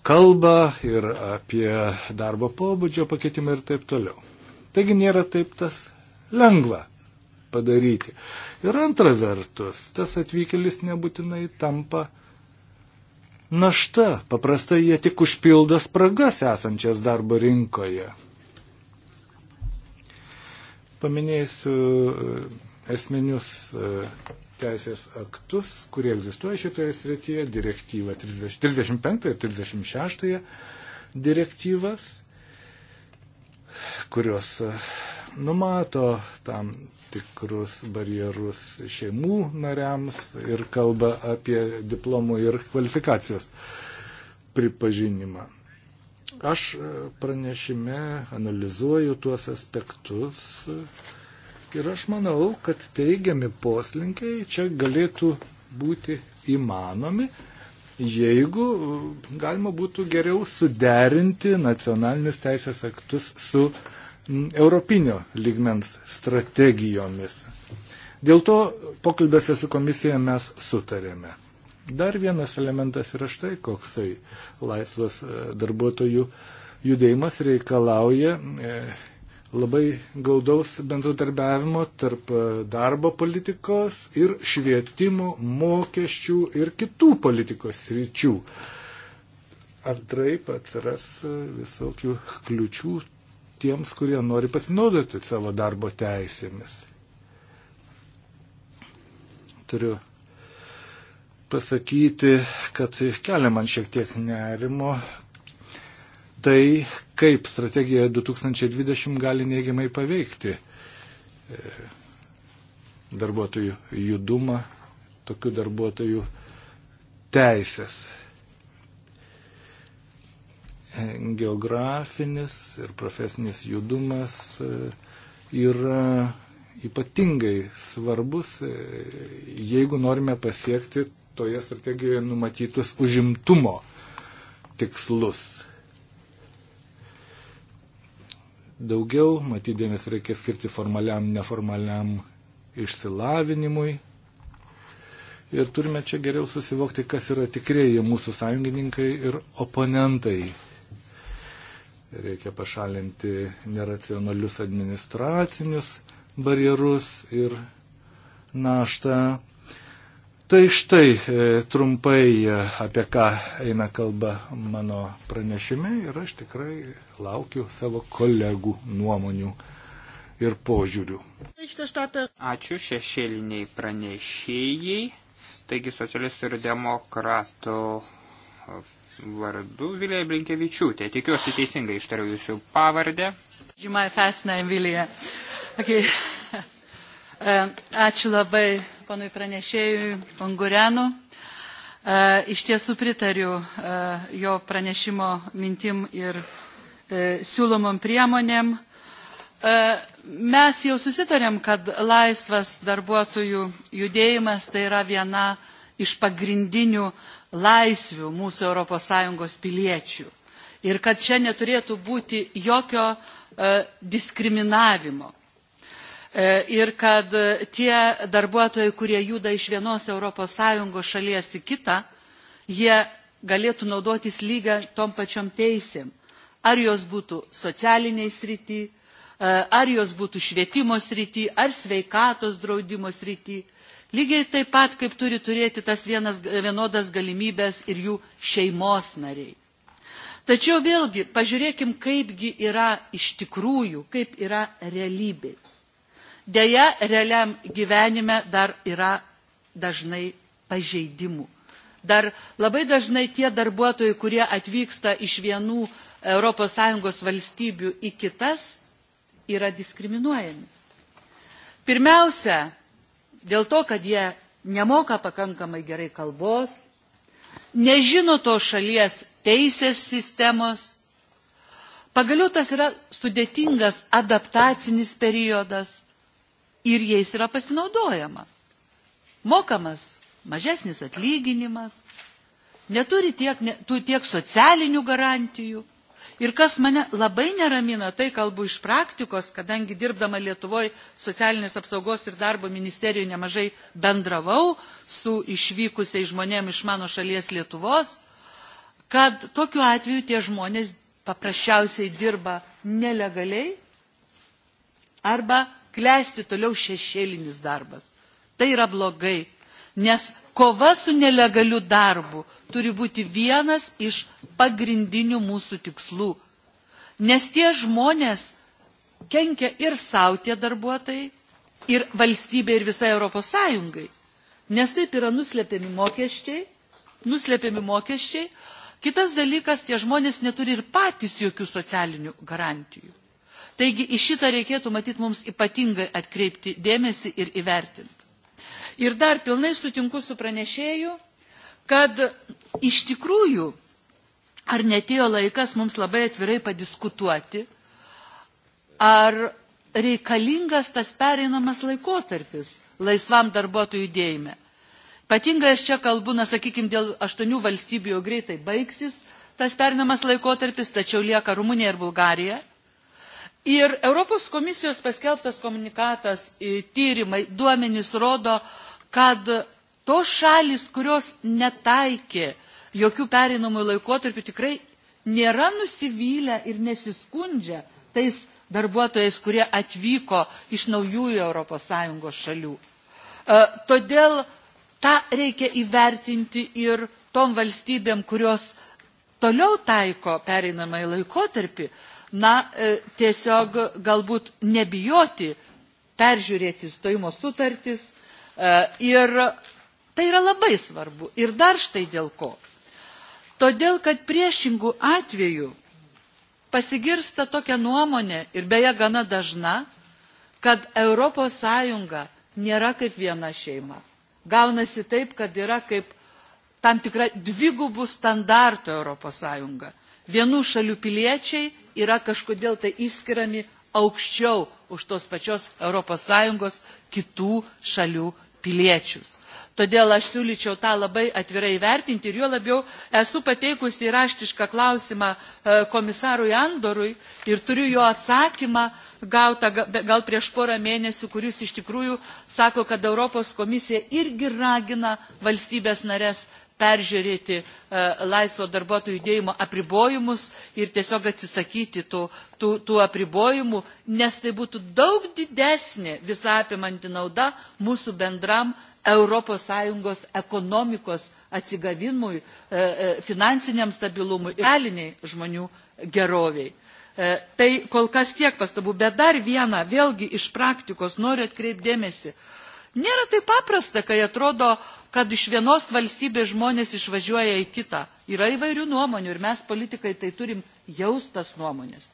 Speaker 3: kalbą, ir apie darbo pobūdžio pakeitimą ir taip toliau. Taigi nėra taip tas lengva padaryti. Ir antra vertus, tas atvykėlis nebūtinai tampa našta. Paprastai jie tik užpildo spragas esančias darbo rinkoje. Paminėsiu e, esminius e, teisės aktus, kurie egzistuoja šitoje srityje, direktyva 30, 35 ir 36 direktyvas, kurios e, numato tam tikrus barjerus šeimų nariams ir kalba apie diplomų ir kvalifikacijos pripažinimą. Aš e, pranešime analizuoju tuos aspektus ir aš manau, kad teigiami poslinkiai čia galėtų būti įmanomi, jeigu e, galima būtų geriau suderinti nacionalinius teisės aktus su uh, europinio lygmens strategijomis. Dėl to pokalbėse su komisija mes sutarėme. Dar vienas elementas yra štai koksai laisvas e, darbuotojų judėjimas reikalauja e, labai gaudaus bendradarbiavimo tarp e, darbo politikos ir švietimo, mokesčių ir kitų politikos ryčių. Antraip atsiras visokių kliučių tiems, kurie nori pasinaudoti savo darbo teisėmis. Turiu pasakyti, kad kelia man šiek tiek nerimo tai, kaip strategija 2020 gali neigiamai paveikti e, darbuotojų judumą, tokių darbuotojų teisės. E, geografinis ir profesinis judumas e, yra ypatingai svarbus, e, jeigu norime pasiekti toje strategijoje numatytus užimtumo tikslus. Daugiau, matydėmės, reikia skirti formaliam, neformaliam išsilavinimui. Ir turime čia geriau susivokti, kas yra tikrieji mūsų sąjungininkai ir oponentai Reikia pašalinti neracionalius administracinius barjerus ir naštą. Tai štai e, trumpai e, apie ką eina kalba mano pranešime ir aš tikrai laukiu savo kolegų nuomonių ir požiūrių.
Speaker 2: Ačiū šešėliniai pranešėjai. Taigi socialistų ir demokratų vardu Vilija Blinkevičiūtė. Tikiuosi teisingai ištariau jūsų pavardę.
Speaker 1: Žymai Fesnai Vilija. Okay. Uh, ačiū labai panui pranešėjui Pangurenu. Uh, iš tiesų pritariu uh, jo pranešimo mintim ir siūlomom priemonėm. Mes jau susitarėm, kad laisvas darbuotojų judėjimas tai yra viena iš pagrindinių laisvių mūsų ES piliečių. Ir kad čia neturėtų būti jokio e, diskriminavimo. E, ir kad e, tie darbuotojai, kurie juda iš vienos ES šalies į kitą, jie galėtų naudotis lygiai tom pačiom teisėm. Ar jos būtų socialiniai srity, e, ar jos būtų švietimo srity, ar sveikatos draudimo srity, Lygiai taip pat, kaip turi turėti tas vienas, vienodas galimybės ir jų šeimos nariai. Tačiau vėlgi, pažiūrėkim, kaipgi yra iš tikrųjų, kaip yra realybė. Deja, realiam gyvenime dar yra dažnai pažeidimų. Dar labai dažnai tie darbuotojai, kurie atvyksta iš vienų ES valstybių į kitas, yra diskriminuojami. Pirmiausia, dėl to, kad jie nemoka pakankamai gerai kalbos, nežino to šalies teisės sistemos. Pagaliau tas yra sudėtingas adaptacinis periodas ir jais yra pasinaudojama. Mokamas mažesnis atlyginimas, neturi tiek, ne, tiek socialinių garantijų. Ir kas mane labai neramina, tai kalbu iš praktikos, kadangi dirbdama Lietuvoje socialinės apsaugos ir darbo ministerijoje nemažai bendravau su išvykusiai žmonėm iš mano šalies Lietuvos, kad tokiu atveju tie žmonės paprasčiausiai dirba nelegaliai arba klesti toliau šešėlinis darbas. Tai yra blogai, nes kova su nelegaliu darbu turi būti vienas iš pagrindinių mūsų tikslų. Nes tie žmonės kenkia ir savo tie darbuotojai, ir valstybė, ir visai Europos Sąjungai. Nes taip yra nuslepiami mokesčiai, nuslepiami mokesčiai. Kitas dalykas, tie žmonės neturi ir patys jokių socialinių garantijų. Taigi į šitą reikėtų matyti mums ypatingai atkreipti dėmesį ir įvertinti. Ir dar pilnai sutinku su pranešėju, kad iš tikrųjų, ar netėjo laikas mums labai atvirai padiskutuoti, ar reikalingas tas pereinamas laikotarpis laisvam darbuotojų judėjime. Patingai aš čia kalbu, na, sakykime, dėl aštuonių valstybių jau greitai baigsis tas perinamas laikotarpis, tačiau lieka Rumunija ir Bulgarija. Ir Europos komisijos paskelbtas komunikatas e, tyrimai duomenys rodo, kad Tos šalis, kurios netaikė jokių pereinamų laikotarpių, tikrai nėra nusivylę ir nesiskundžia tais darbuotojais, kurie atvyko iš naujųjų ES šalių. E, todėl tą reikia įvertinti ir tom valstybėm, kurios toliau taiko pereinamai laikotarpį, na, e, tiesiog galbūt nebijoti peržiūrėti stojimo sutartis e, ir Tai yra labai svarbu. Ir dar štai dėl ko. Todėl, kad priešingų atvejų pasigirsta tokia nuomonė ir beje gana dažna, kad ES nėra kaip viena šeima. Gaunasi taip, kad yra kaip tam tikra dvigubų standartų ES. Vienų šalių piliečiai yra kažkodėl tai įskiriami aukščiau už tos pačios ES kitų šalių piliečius. Todėl aš siūlyčiau tą labai atvirai vertinti ir juo labiau esu pateikusi raštišką klausimą e, komisarui Andorui ir turiu jo atsakymą gautą gal prieš porą mėnesių, kuris iš tikrųjų sako, kad Europos komisija irgi ragina valstybės narės peržiūrėti e, laisvo darbuotojų judėjimo apribojimus ir tiesiog atsisakyti tų, tų, tų apribojimų, nes tai būtų daug didesnė visą apimanti nauda mūsų bendram ES ekonomikos atsigavimui, e, e, finansiniam stabilumui ir realiniai žmonių geroviai. Tai kol kas tiek pastabų, bet dar vieną, vėlgi iš praktikos noriu atkreipdėmėsi, Nėra taip paprasta, kai atrodo, kad iš vienos valstybės žmonės išvažiuoja į kitą. Yra įvairių nuomonių ir mes politikai tai turim jaustas nuomonės.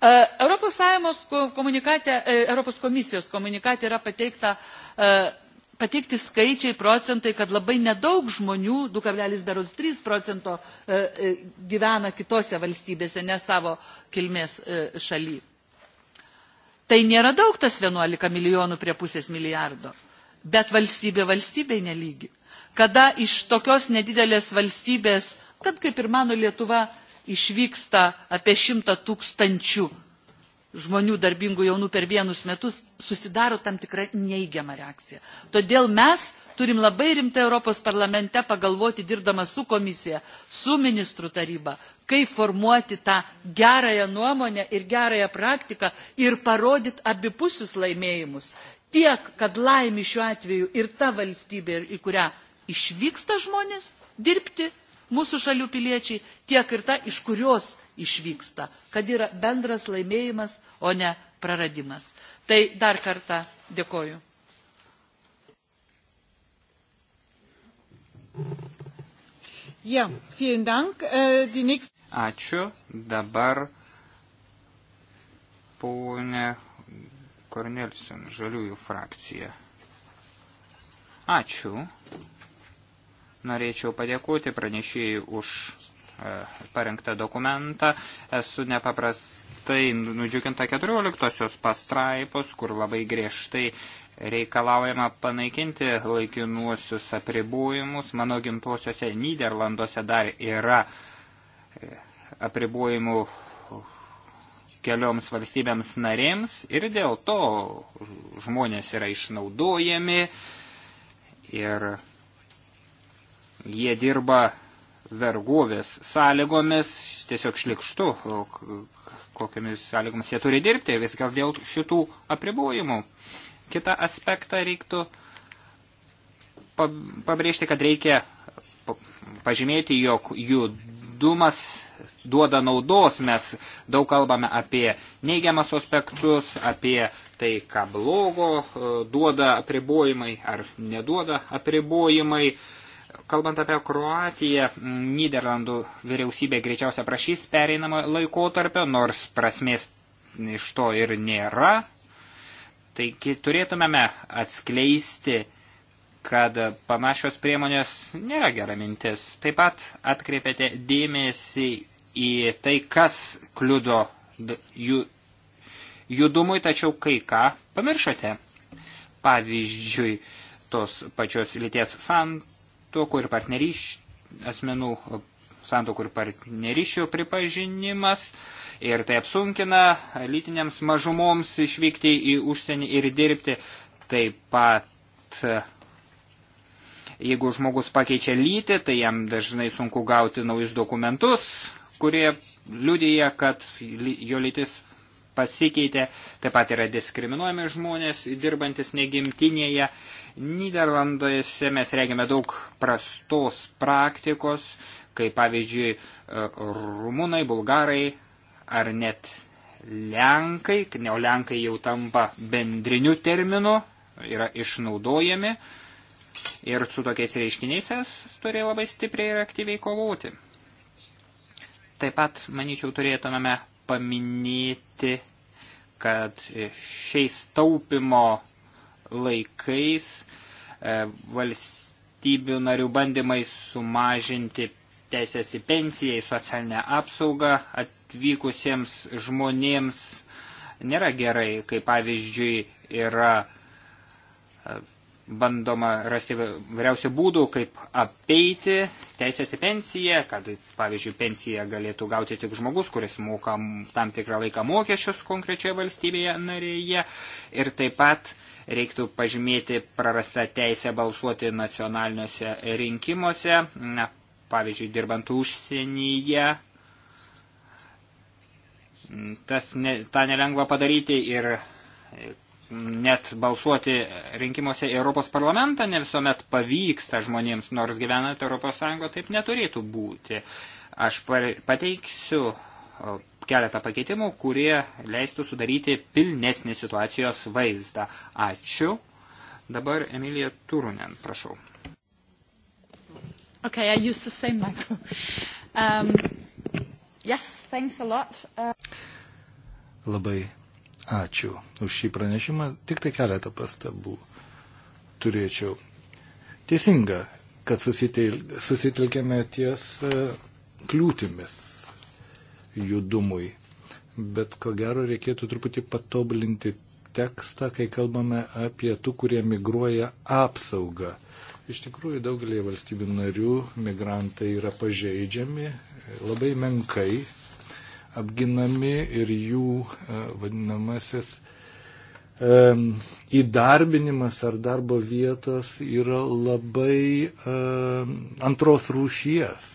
Speaker 1: E, Europos, e, Europos komisijos komunikate yra pateikta, e, pateikti skaičiai procentai, kad labai nedaug žmonių, 2,3 procento gyvena kitose valstybėse, ne savo kilmės šalyje. Tai nėra daug tas 11 milijonų prie pusės milijardo bet valstybė valstybei nelygi. Kada iš tokios nedidelės valstybės, kad kaip ir mano Lietuva, išvyksta apie šimtą tūkstančių žmonių darbingų jaunų per vienus metus, susidaro tam tikra neigiama reakcija. Todėl mes turim labai rimtai Europos parlamente pagalvoti, dirbdama su komisija, su ministrų taryba, kaip formuoti tą gerąją nuomonę ir gerąją praktiką ir parodyti abipusius laimėjimus tiek, kad laimi šiuo atveju ir ta valstybė, į kurią išvyksta žmonės dirbti, mūsų šalių piliečiai, tiek ir ta, iš kurios išvyksta, kad yra bendras laimėjimas, o ne praradimas. Tai dar kartą dėkoju. Ja, vielen Dank. Äh, die nächste...
Speaker 2: Ačiū. Dabar ponė Kornelsen, Žaliųjų frakcija. Ačiū. Norėčiau padėkoti pranešėjai už e, parengtą dokumentą. Esu nepaprastai nudžiuginta 14 pastraipos, kur labai griežtai reikalaujama panaikinti laikinuosius apribojimus. Mano gimtuosiuose Niderlanduose dar yra e, apribojimų kelioms valstybėms narėms ir dėl to žmonės yra išnaudojami ir jie dirba vergovės sąlygomis, tiesiog šlikštu, kokiamis sąlygomis jie turi dirbti, vis gal dėl šitų apribojimų. Kita aspektą reiktų pabrėžti, kad reikia pažymėti, jog judumas duoda naudos, mes daug kalbame apie neigiamas aspektus, apie tai, ką blogo e, duoda apribojimai ar neduoda apribojimai. Kalbant apie Kroatiją, Niderlandų vyriausybė greičiausia prašys pereinamo laikotarpio, nors prasmės iš to ir nėra. Taigi turėtumėme atskleisti kad panašios priemonės nėra gera mintis. Taip pat atkreipėte dėmesį į tai, kas kliudo jų judumui, tačiau kai ką pamiršote. Pavyzdžiui, tos pačios lyties santokų ir partnerysčių asmenų santokų ir partnerysčių pripažinimas ir tai apsunkina lytiniams mažumoms išvykti į užsienį ir dirbti. Taip pat Jeigu žmogus pakeičia lytį, tai jam dažnai sunku gauti naujus dokumentus, kurie liudyja, kad jo lytis pasikeitė. Taip pat yra diskriminuojami žmonės, dirbantis negimtinėje. Niderlanduose mes regime daug prastos praktikos, kai pavyzdžiui e, rumunai, bulgarai ar net lenkai, o lenkai jau tampa bendriniu terminu, yra išnaudojami. Ir su tokiais reiškiniais es turi labai stipriai ir aktyviai kovoti. Taip pat, manyčiau, turėtumėme paminėti, kad šiais taupimo laikais e, valstybių narių bandymai sumažinti teisės į pensiją, į socialinę apsaugą atvykusiems žmonėms nėra gerai, kai pavyzdžiui yra e, bandoma rasti vairiausių būdų, kaip apeiti teisės į pensiją, kad, pavyzdžiui, pensiją galėtų gauti tik žmogus, kuris moka tam tikrą laiką mokesčius konkrečioje valstybėje narėje. Ir taip pat reiktų pažymėti prarastą teisę balsuoti nacionaliniuose rinkimuose, na, pavyzdžiui, dirbant užsienyje. Tas ne, tą nelengva padaryti ir net balsuoti rinkimuose į Europos parlamentą ne visuomet pavyksta žmonėms, nors gyvenant Europos Sąjungo taip neturėtų būti. Aš pateiksiu keletą pakeitimų, kurie leistų sudaryti pilnesnį situacijos vaizdą. Ačiū. Dabar Emilija Turunen, prašau.
Speaker 1: Okay, I use the same micro. Um, yes, thanks a lot. Uh...
Speaker 3: Labai Ačiū už šį pranešimą. Tik tai keletą pastabų turėčiau. Teisinga, kad susitelkėme ties e, kliūtimis judumui, bet ko gero reikėtų truputį patobulinti tekstą, kai kalbame apie tų, kurie migruoja apsaugą. Iš tikrųjų, daugelį valstybių narių migrantai yra pažeidžiami labai menkai apginami ir jų e, vadinamasis e, įdarbinimas ar darbo vietos yra labai e, antros rūšies.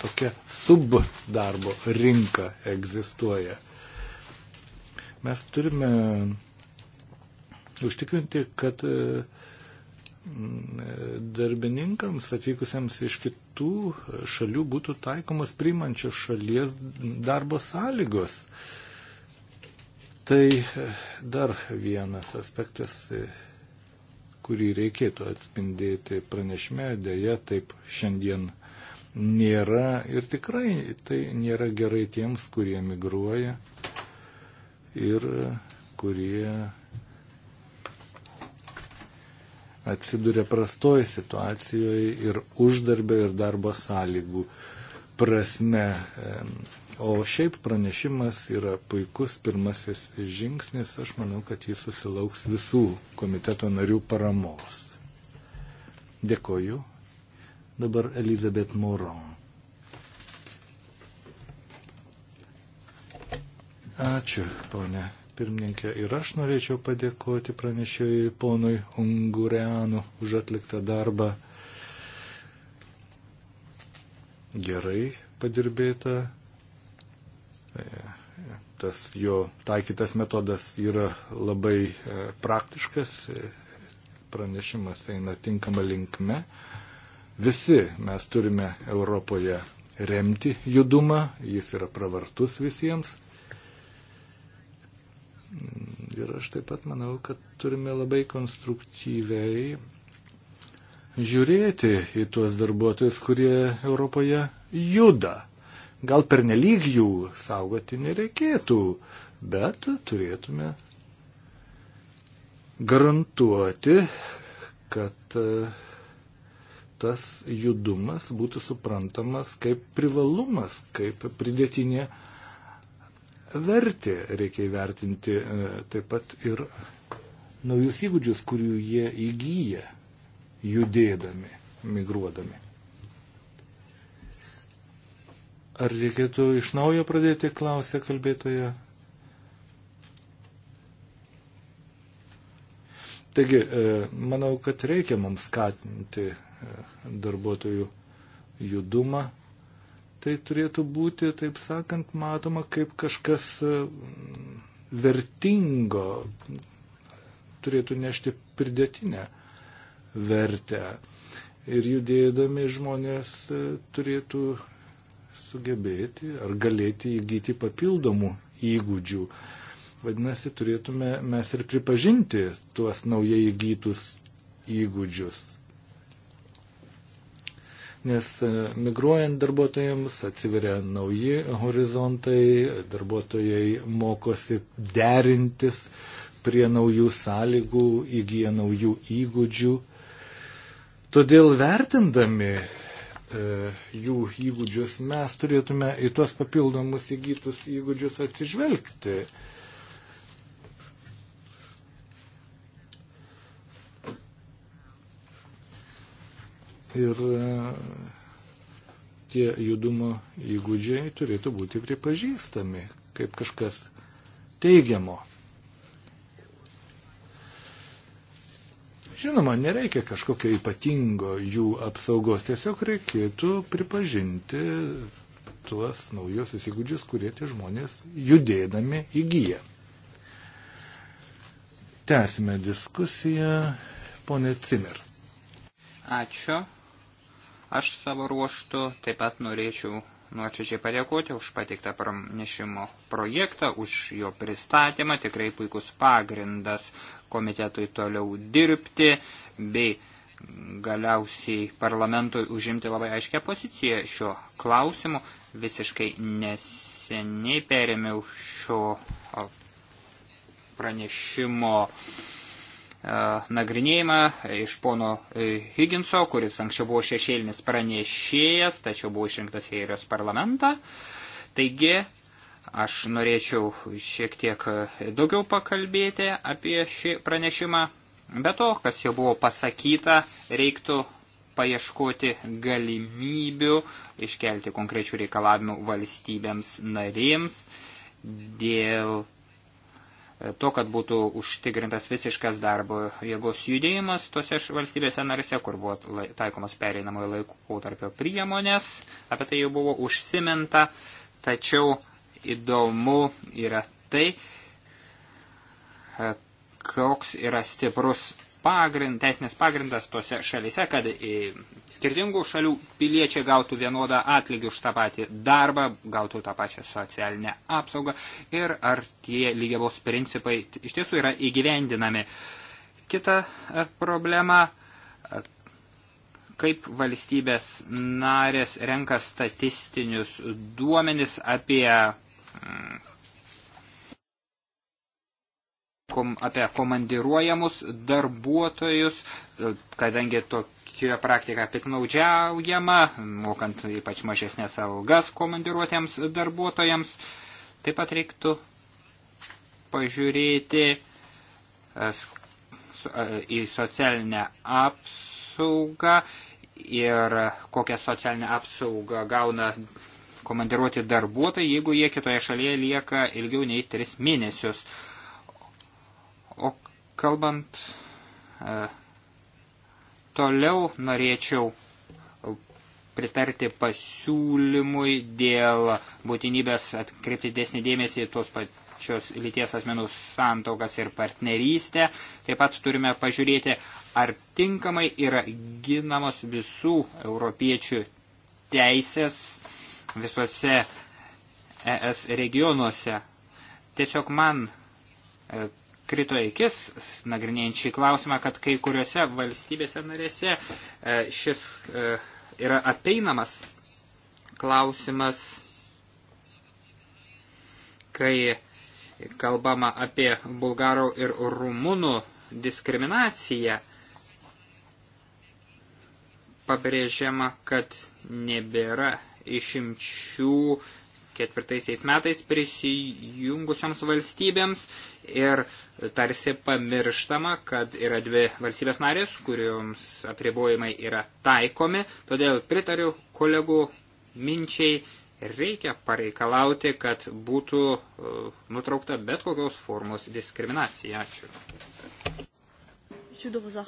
Speaker 3: Tokia subdarbo rinka egzistuoja. Mes turime užtikrinti, kad uh, darbininkams atvykusiems iš kitų šalių būtų taikomas priimančios šalies darbo sąlygos. Tai e, dar vienas aspektas, e, kurį reikėtų atspindėti pranešime, dėja taip šiandien nėra ir tikrai tai nėra gerai tiems, kurie migruoja ir e, kurie atsiduria prastoje situacijoje ir uždarbio ir darbo sąlygų prasme. O šiaip pranešimas yra puikus pirmasis žingsnis, aš manau, kad jis susilauks visų komiteto narių paramos. Dėkoju. Dabar Elizabeth Moron. Ačiū, ponė pirmininkė, ir aš norėčiau padėkoti pranešėjui ponui Ungureanu už atliktą darbą. Gerai padirbėta. E, tas jo taikytas metodas yra labai e, praktiškas. E, pranešimas eina tinkama linkme. Visi mes turime Europoje remti judumą, jis yra pravartus visiems. Ir aš taip pat manau, kad turime labai konstruktyviai žiūrėti į tuos darbuotojus, kurie Europoje juda. Gal per nelyg jų saugoti nereikėtų, bet turėtume garantuoti, kad e, tas judumas būtų suprantamas kaip privalumas, kaip pridėtinė vertė, reikia įvertinti e, taip pat ir naujus įgūdžius, kurių jie įgyja judėdami, migruodami. Ar reikėtų iš naujo pradėti, klausė kalbėtoja. Taigi, e, manau, kad reikia mums skatinti e, darbuotojų judumą, tai turėtų būti, taip sakant, matoma kaip kažkas e, vertingo, turėtų nešti pridėtinę vertę. Ir judėdami žmonės e, turėtų sugebėti ar galėti įgyti papildomų įgūdžių. Vadinasi, turėtume mes ir pripažinti tuos naujai įgytus įgūdžius nes e, migruojant darbuotojams atsiveria nauji horizontai, darbuotojai mokosi derintis prie naujų sąlygų, įgyja naujų įgūdžių. Todėl vertindami e, jų įgūdžius mes turėtume į tuos papildomus įgytus įgūdžius atsižvelgti. E, Ir e, tie judumo įgūdžiai turėtų būti pripažįstami kaip kažkas teigiamo. Žinoma, nereikia kažkokio ypatingo jų apsaugos, tiesiog reikėtų pripažinti tuos naujos įgūdžius, kurie tie žmonės judėdami įgyja. Tęsime diskusiją, ponė
Speaker 2: Cimer. Ačiū. Aš savo ruoštų taip pat norėčiau nuočiačiai padėkoti už pateiktą pranešimo projektą, už jo pristatymą, tikrai puikus pagrindas komitetui toliau dirbti bei galiausiai parlamentui užimti labai aiškę poziciją šio klausimu. Visiškai neseniai perėmiau šio pranešimo uh, E, nagrinėjimą iš pono e, Higginso, kuris anksčiau buvo šešėlinis pranešėjas, tačiau buvo išrinktas į Airijos parlamentą. Taigi, aš norėčiau šiek tiek e, daugiau pakalbėti apie šį pranešimą. Be to, kas jau buvo pasakyta, reiktų paieškoti galimybių, iškelti konkrečių reikalavimų valstybėms narėms dėl to, kad būtų užtikrintas visiškas darbo jėgos judėjimas tose valstybėse narise, kur buvo taikomas pereinamojo laikotarpio priemonės, apie tai jau buvo užsiminta, tačiau įdomu yra tai, e, koks yra stiprus pagrind, teisinės pagrindas tose šalise, kad skirtingų šalių piliečiai gautų vienodą atlygį už tą patį darbą, gautų tą pačią socialinę apsaugą ir ar tie lygiavos principai iš tiesų yra įgyvendinami. Kita e, problema, e, kaip valstybės narės renka statistinius duomenis apie mm, kom, apie komandiruojamus darbuotojus, e, kadangi tokia praktika piknaudžiaujama, mokant ypač mažesnės algas komandiruotėms darbuotojams. Taip pat reiktų pažiūrėti e, e, į socialinę apsaugą ir kokią socialinę apsaugą gauna komandiruoti darbuotojai, jeigu jie kitoje šalyje lieka ilgiau nei tris mėnesius. Kalbant e, toliau norėčiau pritarti pasiūlymui dėl būtinybės atkreipti desnį dėmesį į tos pačios lyties asmenų santokas ir partnerystę. Taip pat turime pažiūrėti, ar tinkamai yra ginamos visų europiečių teisės visose ES regionuose. Tiesiog man e, krito eikis, nagrinėjant šį klausimą, kad kai kuriuose valstybėse narėse e, šis e, yra apeinamas klausimas, kai kalbama apie bulgarų ir rumunų diskriminaciją, pabrėžiama, kad nebėra išimčių ketvirtaisiais metais prisijungusiams valstybėms ir tarsi pamirštama, kad yra dvi valstybės narės, kuriuoms apribojimai yra taikomi, todėl pritariu kolegų minčiai, reikia pareikalauti, kad būtų uh, nutraukta bet kokios formos diskriminacija. Ačiū. Uh,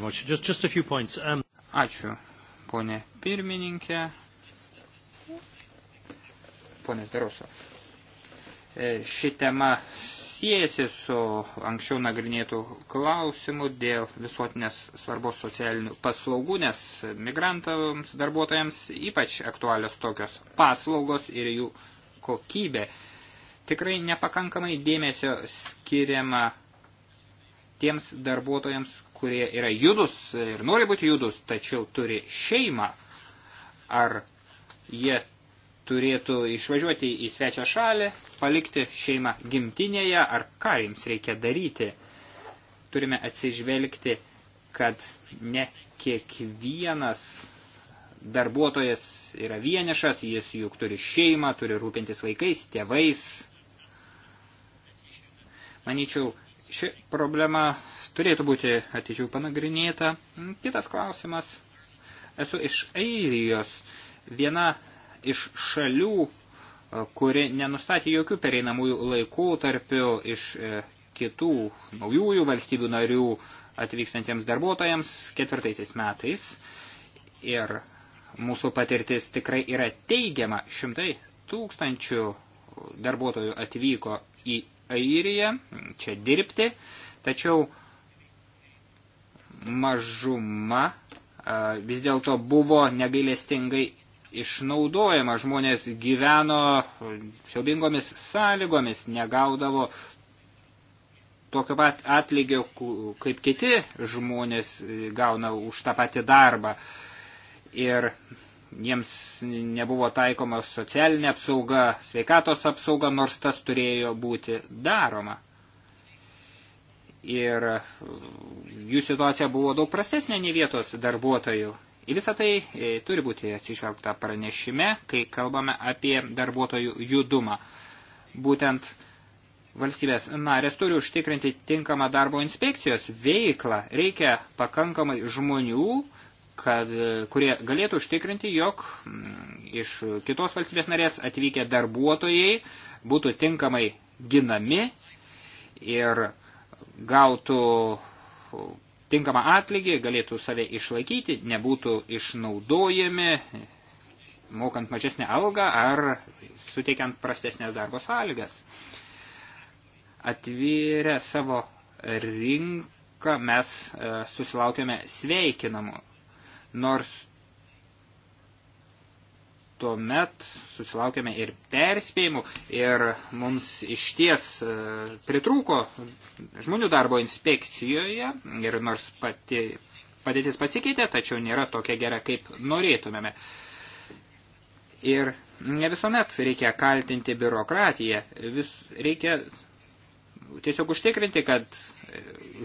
Speaker 2: um, Ačiū, ponė pirmininkė. Ponė Teruso. E, ši tema siejasi su anksčiau nagrinėtų klausimų dėl visuotinės svarbos socialinių paslaugų, nes migrantams, darbuotojams ypač aktualios tokios paslaugos ir jų kokybė. Tikrai nepakankamai dėmesio skiriama tiems darbuotojams, kurie yra judus ir nori būti judus, tačiau turi šeimą. Ar jie turėtų išvažiuoti į svečią šalį, palikti šeimą gimtinėje ar ką jums reikia daryti. Turime atsižvelgti, kad ne kiekvienas darbuotojas yra vienišas, jis juk turi šeimą, turi rūpintis vaikais, tėvais. Manyčiau, ši problema turėtų būti atidžiau panagrinėta. Kitas klausimas. Esu iš Airijos. Viena iš šalių, e, kuri nenustatė jokių pereinamųjų laikų tarpių iš e, kitų naujųjų valstybių narių atvykstantiems darbuotojams ketvirtaisiais metais. Ir mūsų patirtis tikrai yra teigiama. Šimtai tūkstančių darbuotojų atvyko į Airiją čia dirbti, tačiau mažuma e, vis dėlto buvo negailestingai išnaudojama, žmonės gyveno siaubingomis sąlygomis, negaudavo tokio pat atlygio, kaip kiti žmonės gauna už tą patį darbą. Ir jiems nebuvo taikoma socialinė apsauga, sveikatos apsauga, nors tas turėjo būti daroma. Ir jų situacija buvo daug prastesnė nei vietos darbuotojų. Į visą tai e, turi būti atsižvelgta pranešime, kai kalbame apie darbuotojų judumą. Būtent valstybės narės turi užtikrinti tinkamą darbo inspekcijos veiklą. Reikia pakankamai žmonių, kad, e, kurie galėtų užtikrinti, jog mm, iš kitos valstybės narės atvykę darbuotojai būtų tinkamai ginami ir gautų tinkamą atlygį, galėtų save išlaikyti, nebūtų išnaudojami, mokant mažesnę algą ar suteikiant prastesnės darbo sąlygas. Atvyrę savo rinką mes e, susilaukėme sveikinamu, nors tuomet susilaukėme ir perspėjimų ir mums išties e, pritrūko žmonių darbo inspekcijoje ir nors pati, padėtis pasikeitė, tačiau nėra tokia gera, kaip norėtumėme. Ir ne visuomet reikia kaltinti biurokratiją, vis reikia tiesiog užtikrinti, kad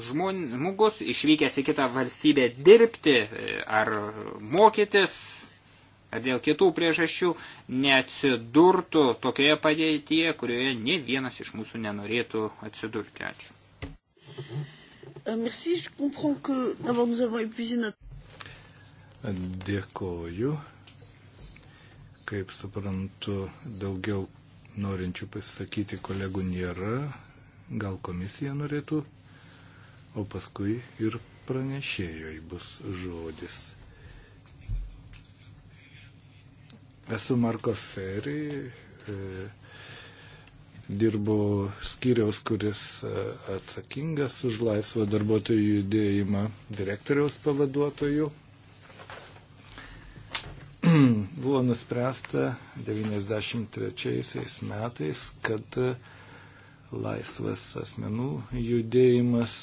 Speaker 2: žmogus išvykęs į kitą valstybę dirbti e, ar mokytis ar dėl kitų priežasčių neatsidurtų tokioje padėtyje, kurioje ne vienas iš mūsų nenorėtų atsidurti. Ačiū.
Speaker 1: Euh,
Speaker 3: Dėkoju. Kaip suprantu, daugiau norinčių pasisakyti kolegų nėra. Gal komisija norėtų, o paskui ir pranešėjoj bus žodis. Esu Marko Ferry, e, dirbu skyriaus, kuris e, atsakingas už laisvą darbuotojų judėjimą direktoriaus pavaduotojų. Buvo nuspręsta 93 metais, kad e, laisvas asmenų judėjimas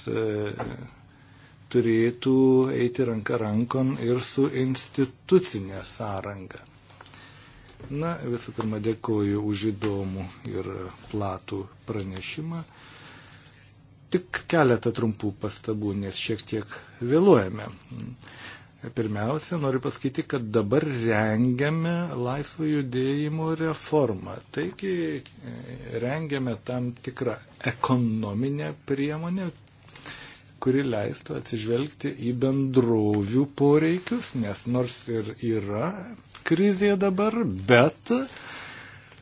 Speaker 3: turėtų eiti ranka rankon ir su institucinė sąranga. Na, visų pirma, dėkoju už įdomų ir platų pranešimą. Tik keletą trumpų pastabų, nes šiek tiek vėluojame. Pirmiausia, noriu pasakyti, kad dabar rengiame laisvo judėjimo reformą. Taigi rengiame tam tikrą ekonominę priemonę, kuri leistų atsižvelgti į bendrovių poreikius, nes nors ir yra krizė dabar, bet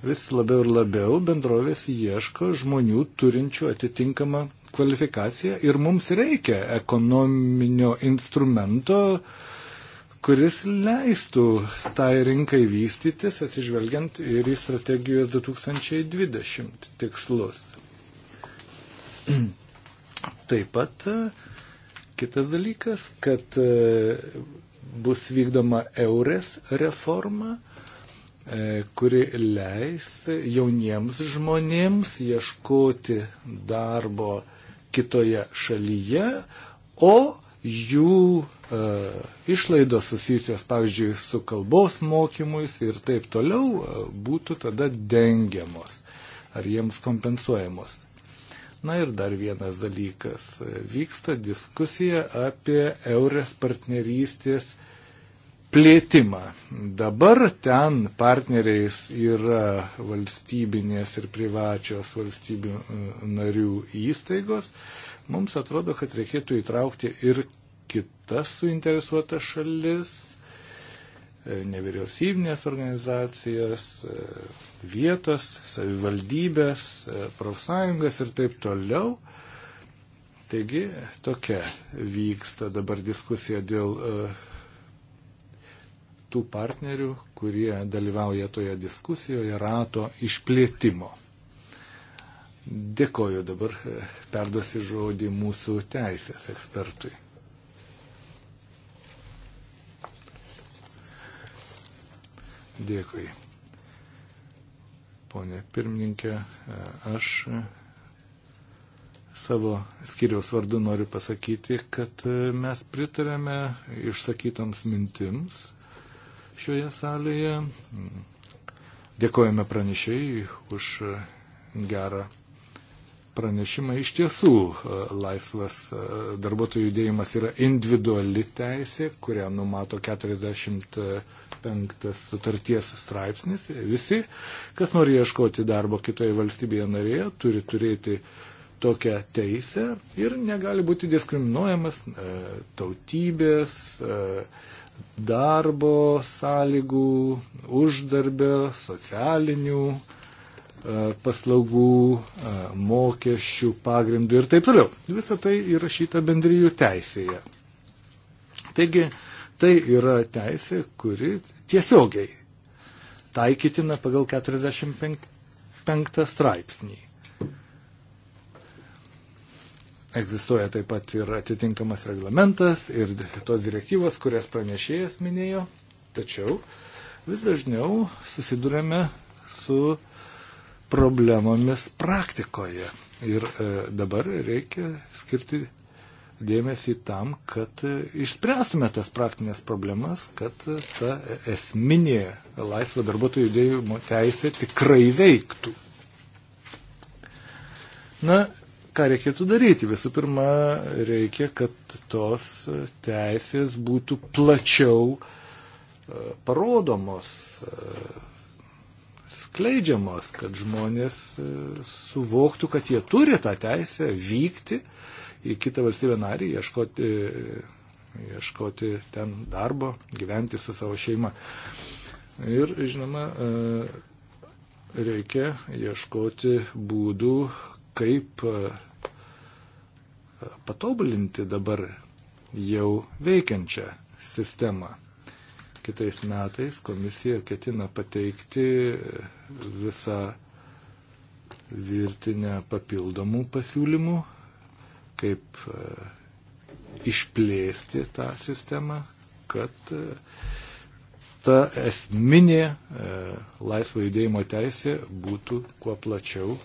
Speaker 3: vis labiau ir labiau bendrovės ieško žmonių turinčių atitinkamą kvalifikaciją ir mums reikia ekonominio instrumento, kuris leistų tai rinkai vystytis, atsižvelgiant ir į strategijos 2020 tikslus. Taip pat kitas dalykas, kad bus vykdoma eurės reforma, e, kuri leis jauniems žmonėms ieškoti darbo kitoje šalyje, o jų e, išlaidos susijusios, pavyzdžiui, su kalbos mokymus ir taip toliau e, būtų tada dengiamos ar jiems kompensuojamos. Na ir dar vienas dalykas. Vyksta diskusija apie Eures partnerystės plėtimą. Dabar ten partneriais yra valstybinės ir privačios valstybių e, narių įstaigos. Mums atrodo, kad reikėtų įtraukti ir kitas suinteresuotas šalis E, nevyriausybinės organizacijas, e, vietos, savivaldybės, e, profsąjungas ir taip toliau. Taigi tokia vyksta dabar diskusija dėl tų partnerių, kurie dalyvauja toje diskusijoje rato išplėtimo. Dėkoju dabar, perduosi žodį mūsų teisės ekspertui. Dėkui. Pone pirmininkė, aš savo skiriaus vardu noriu pasakyti, kad mes pritarėme išsakytoms mintims šioje salėje. Dėkojame pranešėjai už gerą pranešimą. Iš tiesų, laisvas darbuotojų judėjimas yra individuali teisė, kurią numato 40 penktas sutarties straipsnis. Visi, kas nori ieškoti darbo kitoje valstybėje narėje, turi turėti tokią teisę ir negali būti diskriminuojamas e, tautybės, e, darbo sąlygų, uždarbio, socialinių e, paslaugų, e, mokesčių pagrindų ir taip toliau. Visą tai įrašyta bendryjų teisėje. Taigi, e, Tai yra teisė, kuri tiesiogiai taikytina pagal 45 straipsnį. Egzistuoja taip pat ir atitinkamas reglamentas ir tos direktyvos, kurias pranešėjas minėjo, tačiau vis dažniau susidurėme su problemomis praktikoje. Ir e, dabar reikia skirti dėmesį tam, kad išspręstume tas praktinės problemas, kad ta esminė laisvo darbuotojų judėjimo teisė tikrai veiktų. Na, ką reikėtų daryti? Visų pirma, reikia, kad tos teisės būtų plačiau e, parodomos, e, skleidžiamos, kad žmonės e, suvoktų, kad jie turi tą teisę vykti, uh, į kitą valstybę narį, ieškoti, ieškoti ten darbo, gyventi su savo šeima. Ir, žinoma, e, reikia ieškoti būdų, kaip e, patobulinti dabar jau veikiančią sistemą. Kitais metais komisija ketina pateikti visą virtinę papildomų pasiūlymų kaip e, išplėsti tą sistemą, kad e, ta esminė e, laisvo judėjimo teisė būtų kuo plačiau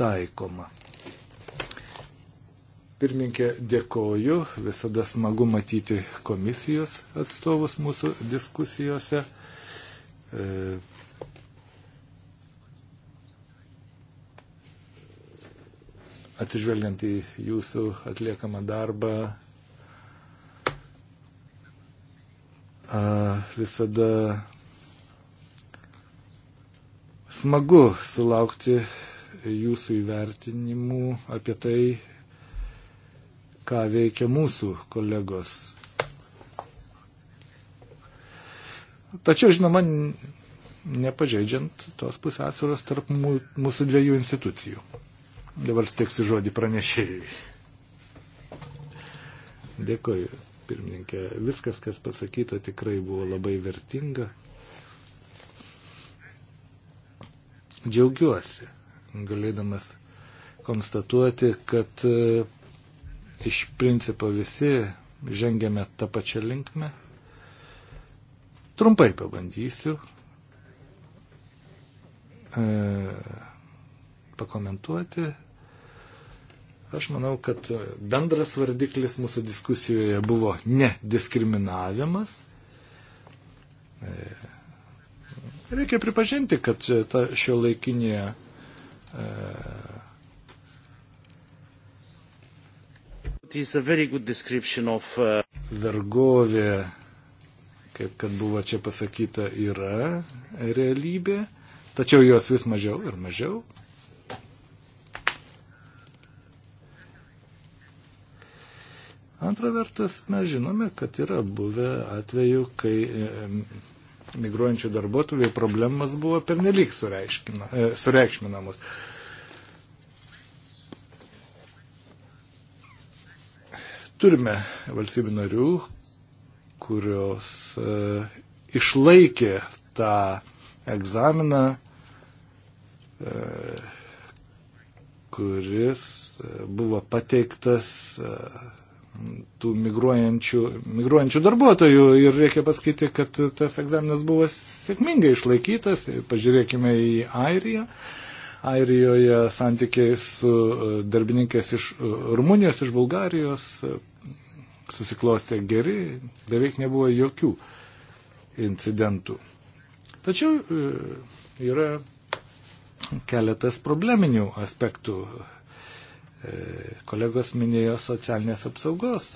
Speaker 3: taikoma. Pirminkė, dėkoju, visada smagu matyti komisijos atstovus mūsų diskusijose. atsižvelgiant į jūsų atliekamą darbą, visada smagu sulaukti jūsų įvertinimų apie tai, ką veikia mūsų kolegos. Tačiau, žinoma, nepažeidžiant tos pusiausvėros tarp mūsų dviejų institucijų. Dabar steksiu žodį pranešėjai. Dėkoju, pirmininkė. Viskas, kas pasakyta, tikrai buvo labai vertinga. Džiaugiuosi, galėdamas konstatuoti, kad e, iš principo visi žengėme tą pačią linkmę. Trumpai pabandysiu. E pakomentuoti. Aš manau, kad bendras vardiklis mūsų diskusijoje buvo nediskriminavimas. E, reikia pripažinti, kad ta šio laikinė e, uh, vergovė, kaip kad buvo čia pasakyta, yra realybė, tačiau jos vis mažiau ir mažiau. Antra vertus, mes žinome, kad yra buvę atveju, kai e, migruojančių darbuotojų problemas buvo pernelyg e, sureikšminamos. Turime valstybių narių, kurios e, išlaikė tą egzaminą, kuris buvo pateiktas tų migruojančių, migruojančių darbuotojų ir reikia pasakyti, kad tas egzaminas buvo sėkmingai išlaikytas. Pažiūrėkime į Airiją. Airijoje santykiai su e, darbininkės iš e, Rumunijos, iš Bulgarijos e, susiklostė geri, beveik nebuvo jokių incidentų. Tačiau yra keletas probleminių aspektų Kolegos minėjo socialinės apsaugos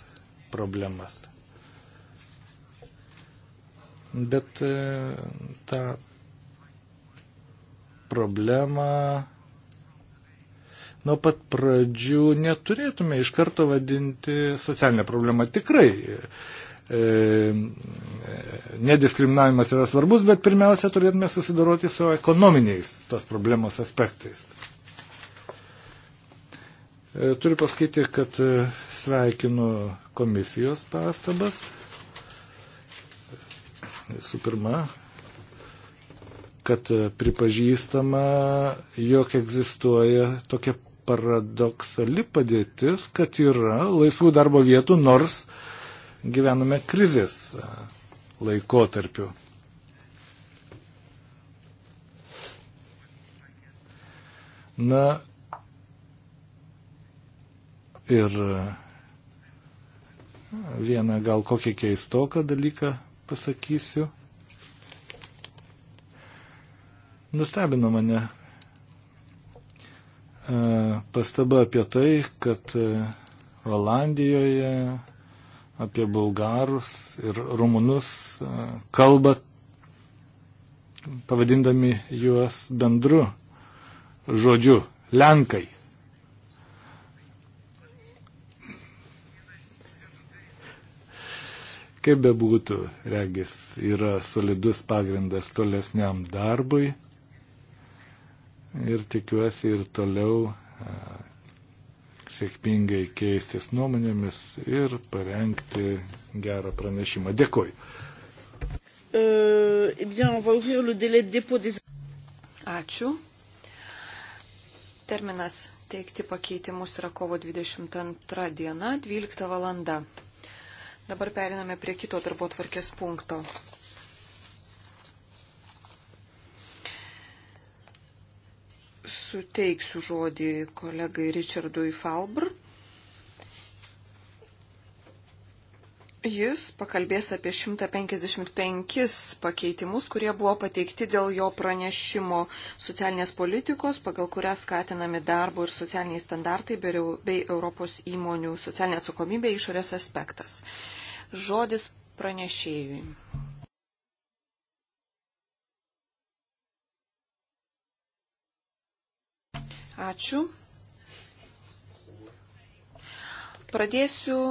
Speaker 3: problemas. Bet e, tą problemą nuo pat pradžių neturėtume iš karto vadinti socialinę problemą. Tikrai e, nediskriminavimas yra svarbus, bet pirmiausia turėtume susidoroti su ekonominiais tos problemos aspektais. E, turiu pasakyti, kad e, sveikinu komisijos pastabas. Visų pirma, kad e, pripažįstama, jog egzistuoja tokia paradoksali padėtis, kad yra laisvų darbo vietų, nors gyvename krizės laikotarpiu. Na, Ir e, vieną gal kokį keistoką dalyką pasakysiu. Nustebino mane e, pastaba apie tai, kad e, Olandijoje apie bulgarus ir rumunus kalba, pavadindami juos bendru žodžiu - lenkai. Kaip bebūtų, regis, yra solidus pagrindas tolesniam darbui ir tikiuosi ir toliau e, sėkmingai keistis nuomonėmis ir parengti gerą pranešimą. Dėkoju.
Speaker 1: Euh, eh Ačiū.
Speaker 4: Terminas teikti pakeitimus yra kovo 22 diena, 12 valanda. Dabar periname prie kito darbo tvarkės punkto. Suteiksiu žodį kolegai Richardui Falbr Jis pakalbės apie 155 pakeitimus, kurie buvo pateikti dėl jo pranešimo socialinės politikos, pagal kurią skatinami darbo ir socialiniai standartai bei Europos įmonių socialinė atsakomybė išorės aspektas. Žodis pranešėjui. Ačiū. Pradėsiu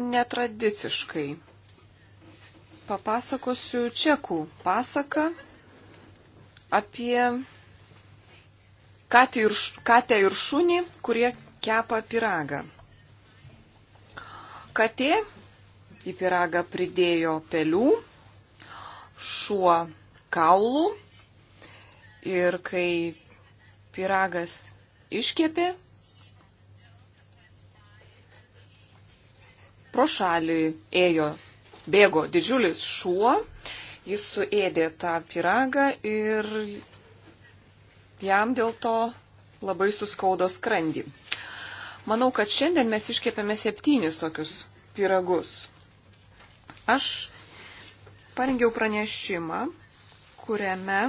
Speaker 4: netradiciškai. Papasakosiu čekų pasaką apie katę ir, katę ir šunį, kurie kepa piragą. Katė į piragą pridėjo pelių, šuo kaulų ir kai piragas iškėpė, pro šalį ėjo, bėgo didžiulis šuo, jis suėdė tą piragą ir jam dėl to labai suskaudo skrandį. Manau, kad šiandien mes iškėpėme septynis tokius piragus. Aš parengiau pranešimą, kuriame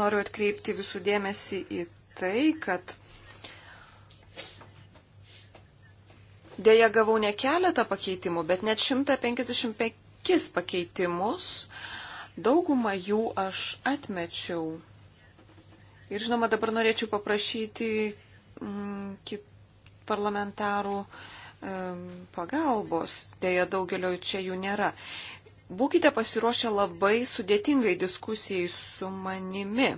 Speaker 4: noriu atkreipti visų dėmesį į tai, kad Deja, gavau ne keletą pakeitimų, bet net 155 pakeitimus. Daugumą jų aš atmečiau. Ir žinoma, dabar norėčiau paprašyti mm, kit, parlamentarų mm, pagalbos. Deja, daugelio čia jų nėra. Būkite pasiruošę labai sudėtingai diskusijai su manimi.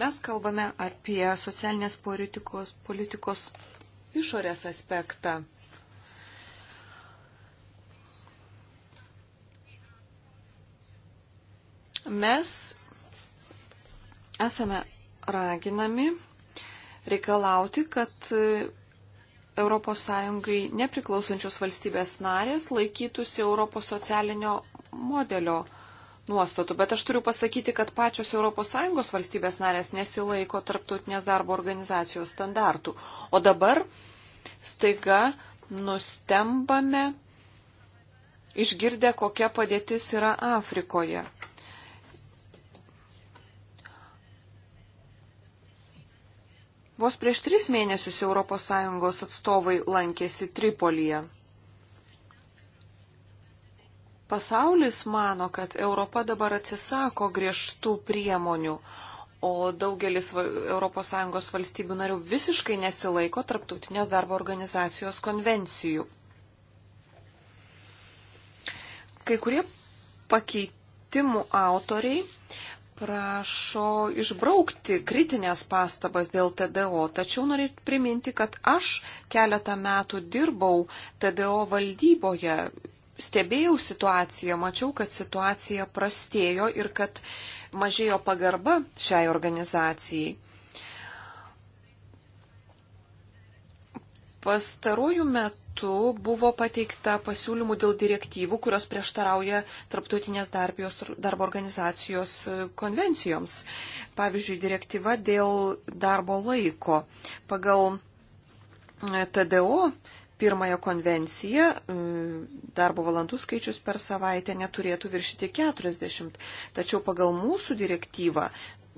Speaker 4: Mes kalbame apie socialinės politikos, politikos išorės aspektą. Mes esame raginami reikalauti, kad ES nepriklausančios valstybės narės laikytųsi Europos socialinio modelio nuostatų. Bet aš turiu pasakyti, kad pačios ES valstybės narės nesilaiko tarptautinės darbo organizacijos standartų. O dabar staiga nustembame išgirdę, kokia padėtis yra Afrikoje. Vos prieš tris mėnesius ES atstovai lankėsi Tripolyje. Pasaulis mano, kad Europa dabar atsisako griežtų priemonių, o daugelis ES valstybių narių visiškai nesilaiko Tarptautinės darbo organizacijos konvencijų. Kai kurie pakeitimų autoriai prašo išbraukti kritinės pastabas dėl TDO, tačiau norėčiau priminti, kad aš keletą metų dirbau TDO valdyboje, stebėjau situaciją, mačiau, kad situacija prastėjo ir kad mažėjo pagarba šiai organizacijai. Pastarųjų metų buvo pateikta pasiūlymų dėl direktyvų, kurios prieštarauja Tarptautinės darbijos, darbo organizacijos e, konvencijoms. Pavyzdžiui, direktyva dėl darbo laiko. Pagal e, TDO pirmąją konvenciją e, darbo valandų skaičius per savaitę neturėtų viršyti 40. Tačiau pagal mūsų direktyvą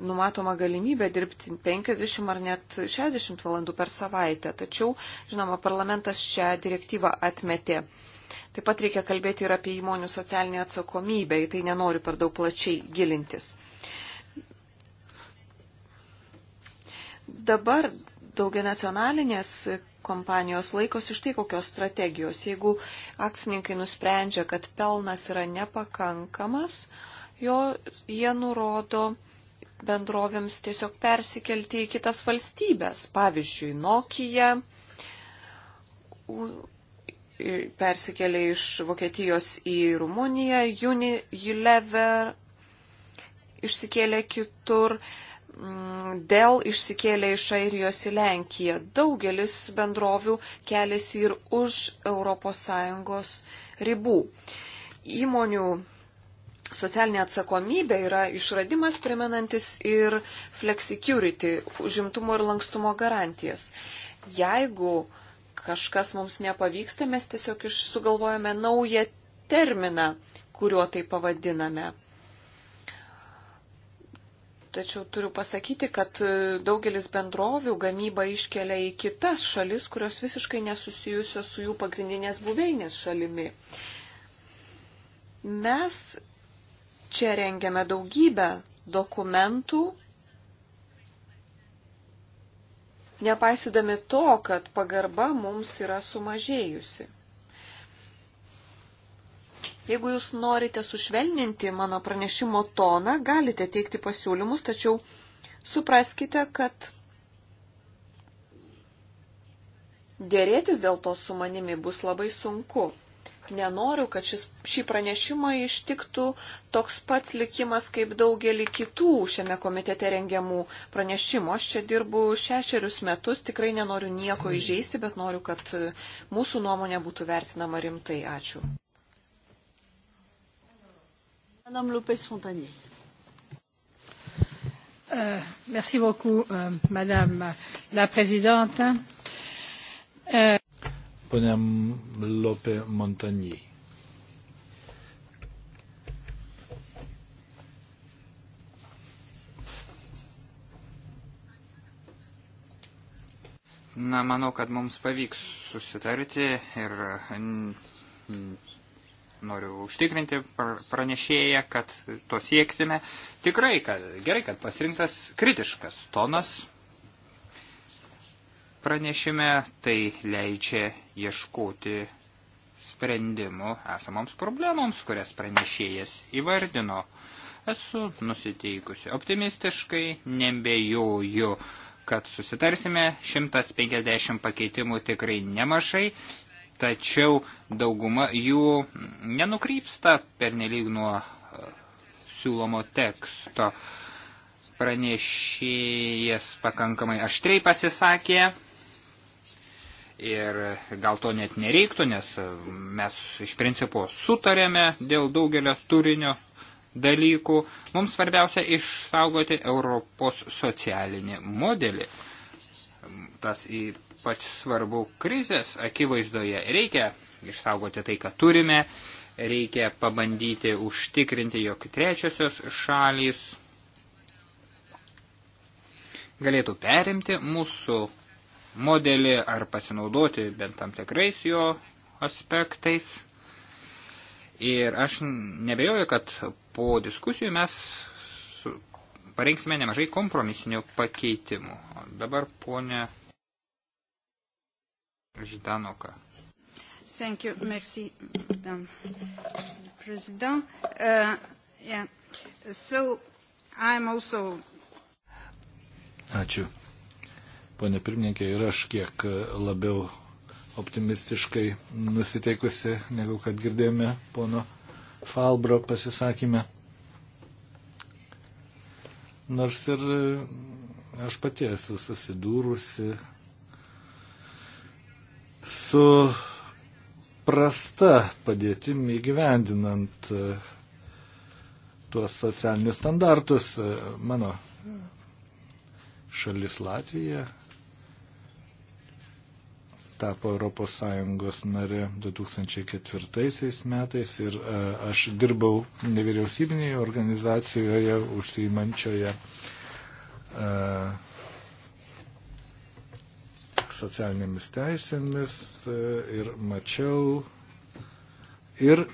Speaker 4: numatoma galimybė dirbti 50 ar net 60 valandų per savaitę. Tačiau, žinoma, parlamentas šią direktyvą atmetė. Taip pat reikia kalbėti ir apie įmonių socialinę atsakomybę, į tai nenoriu per daug plačiai gilintis. Dabar daugia nacionalinės kompanijos laikosi štai kokios strategijos. Jeigu akcininkai nusprendžia, kad pelnas yra nepakankamas, jo jie nurodo, bendrovėms tiesiog persikelti į kitas valstybės. Pavyzdžiui, Nokia persikėlė iš Vokietijos į Rumuniją, Unilever išsikėlė kitur, mm, Dell išsikėlė iš Airijos į Lenkiją. Daugelis bendrovių keliasi ir už ES ribų. Įmonių Socialinė atsakomybė yra išradimas primenantis ir flexicurity, užimtumo ir lankstumo garantijas. Jeigu kažkas mums nepavyksta, mes tiesiog sugalvojame naują terminą, kuriuo tai pavadiname. Tačiau turiu pasakyti, kad daugelis bendrovių gamybą iškelia į kitas šalis, kurios visiškai nesusijusios su jų pagrindinės buveinės šalimi. Mes čia rengiame daugybę dokumentų, nepaisydami to, kad pagarba mums yra sumažėjusi. Jeigu jūs norite sušvelninti mano pranešimo toną, galite teikti pasiūlymus, tačiau supraskite, kad dėrėtis dėl to su manimi bus labai sunku nenoriu, kad šis, šį pranešimą ištiktų toks pats likimas kaip daugelį kitų šiame komitete rengiamų pranešimų. Aš čia dirbu šešerius metus, tikrai nenoriu nieko įžeisti, bet noriu, kad mūsų nuomonė būtų vertinama rimtai. Ačiū.
Speaker 1: Madame Lopez Fontanier. Euh, merci beaucoup, euh, Madame la Présidente. Euh...
Speaker 3: Pone Lopė Montanjį.
Speaker 2: Na, manau, kad mums pavyks susitarti ir noriu užtikrinti pranešėją, kad to sieksime. Tikrai, kad gerai, kad pasirinktas kritiškas tonas pranešime, tai leidžia ieškoti sprendimų esamoms problemoms, kurias pranešėjas įvardino. Esu nusiteikusi optimistiškai, nebejoju, kad susitarsime, 150 pakeitimų tikrai nemažai, tačiau dauguma jų nenukrypsta pernelyg nuo e, siūlomo teksto. Pranešėjas pakankamai aštriai pasisakė, ir gal to net nereiktų, nes mes iš principo sutarėme dėl daugelio turinio dalykų. Mums svarbiausia išsaugoti Europos socialinį modelį. Tas ypač svarbu krizės akivaizdoje. Reikia išsaugoti tai, ką turime, reikia pabandyti užtikrinti, jog trečiosios šalys galėtų perimti mūsų modelį ar pasinaudoti bent tam tikrais jo aspektais. Ir aš nebejoju, kad po diskusijų mes parinksime nemažai kompromisinių pakeitimų. O dabar ponė Ždanoka.
Speaker 1: Thank you, merci, madame president. Uh, yeah. So, I'm also.
Speaker 3: Ačiū ponė pirmininkė, ir aš kiek labiau optimistiškai nusiteikusi, negu kad girdėjome pono Falbro pasisakymę. Nors ir aš pati esu susidūrusi su prasta padėtim įgyvendinant e, tuos socialinius standartus. E, mano šalis Latvija tapo ES nare 2004 metais ir e, aš dirbau nevyriausybinėje organizacijoje užsiimančioje e, socialinėmis teisėmis e, ir mačiau, ir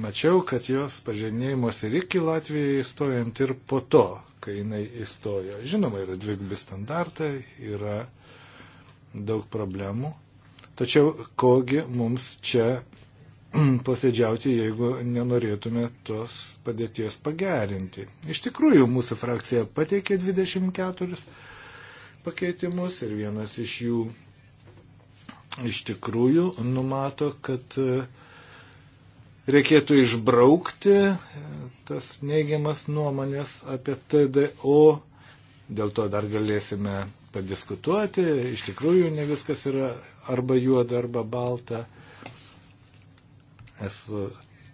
Speaker 3: mačiau, kad jos pažinėjimas ir iki Latvijai įstojant ir po to, kai jinai įstojo. Žinoma, yra dvigubi standartai, yra daug problemų. Tačiau kogi mums čia posėdžiauti, jeigu nenorėtume tos padėties pagerinti. Iš tikrųjų, mūsų frakcija pateikė 24 pakeitimus ir vienas iš jų iš tikrųjų numato, kad e, reikėtų išbraukti e, tas neigiamas nuomonės apie TDO. Dėl to dar galėsime padiskutuoti. Iš tikrųjų ne viskas yra arba juoda, arba balta. Esu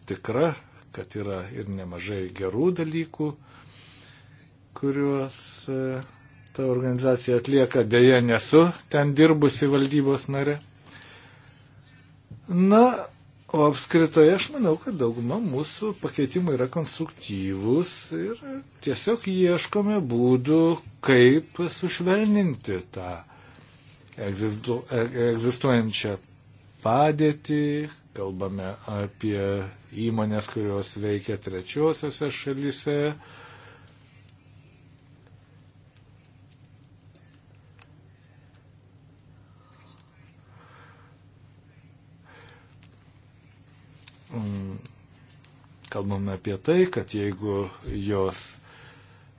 Speaker 3: tikra, kad yra ir nemažai gerų dalykų, kuriuos e, ta organizacija atlieka. Deja, nesu ten dirbusi valdybos nare. Na, O apskritai aš manau, kad dauguma mūsų pakeitimų yra konstruktyvūs ir tiesiog ieškome būdų, kaip sušvelninti tą egzistu, egzistuojančią padėtį, kalbame apie įmonės, kurios veikia trečiosiose šalise, Mm. kalbame apie tai, kad jeigu jos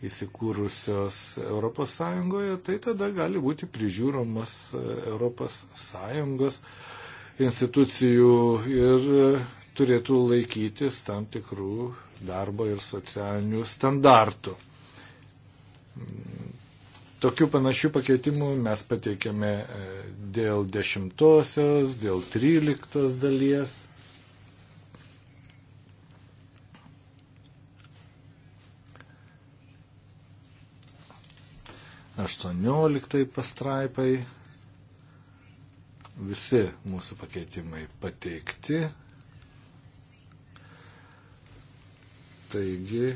Speaker 3: įsikūrusios ES, tai tada gali būti prižiūromas ES institucijų ir e, turėtų laikytis tam tikrų darbo ir socialinių standartų. Tokių panašių pakeitimų mes pateikėme e, dėl dešimtosios, dėl tryliktos dalies. 18 pastraipai. Visi mūsų pakeitimai pateikti. Taigi,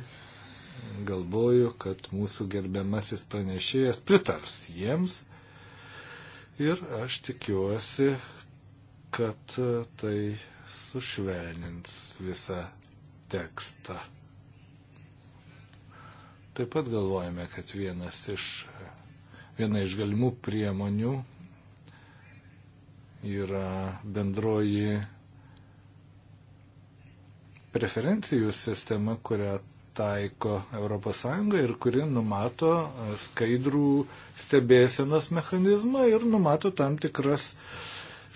Speaker 3: galvoju, kad mūsų gerbiamasis pranešėjas pritars jiems. Ir aš tikiuosi, kad tai sušvelnins visą tekstą. Taip pat galvojame, kad vienas iš Viena iš galimų priemonių yra bendroji preferencijų sistema, kurią taiko ES ir kuri numato skaidrų stebėsenos mechanizmą ir numato tam tikras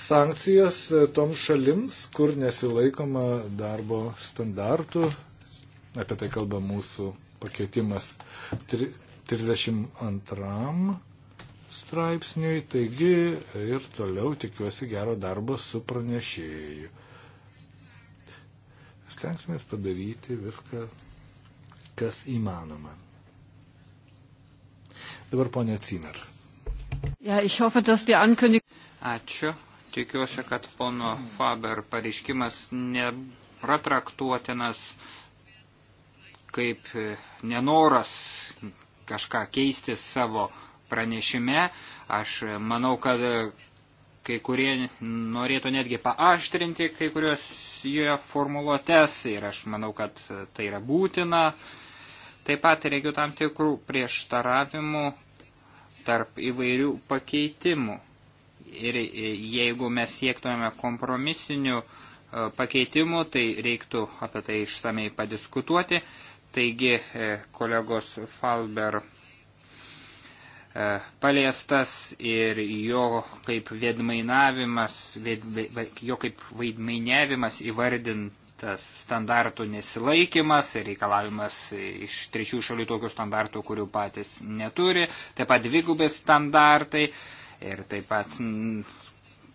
Speaker 3: sankcijas toms šalims, kur nesilaikoma darbo standartų. Apie tai kalba mūsų pakeitimas 32 straipsniui, taigi ir toliau tikiuosi gero darbo su pranešėju. Stengsimės padaryti viską, kas įmanoma. Dabar ponė Cimer.
Speaker 1: Ja, ich hoffe, dass die Ankündigung.
Speaker 2: Ačiū. Tikiuosi, kad pono Faber pareiškimas nėra traktuotinas kaip nenoras kažką keisti savo pranešime. Aš e, manau, kad e, kai kurie norėtų netgi paaštrinti kai kurios jo formuluotės ir aš manau, kad e, tai yra būtina. Taip pat reikiu tam tikrų prieštaravimų tarp įvairių pakeitimų. Ir jeigu mes siektumėme kompromisinių pakeitimų, tai reiktų apie tai išsamei padiskutuoti. Taigi, kolegos Falber E, paliestas ir jo kaip vedmainavimas, ved, jo kaip vaidmainiavimas įvardintas standartų nesilaikimas ir reikalavimas iš trečių šalių tokių standartų, kurių patys neturi, taip pat dvigubės standartai ir taip pat mm,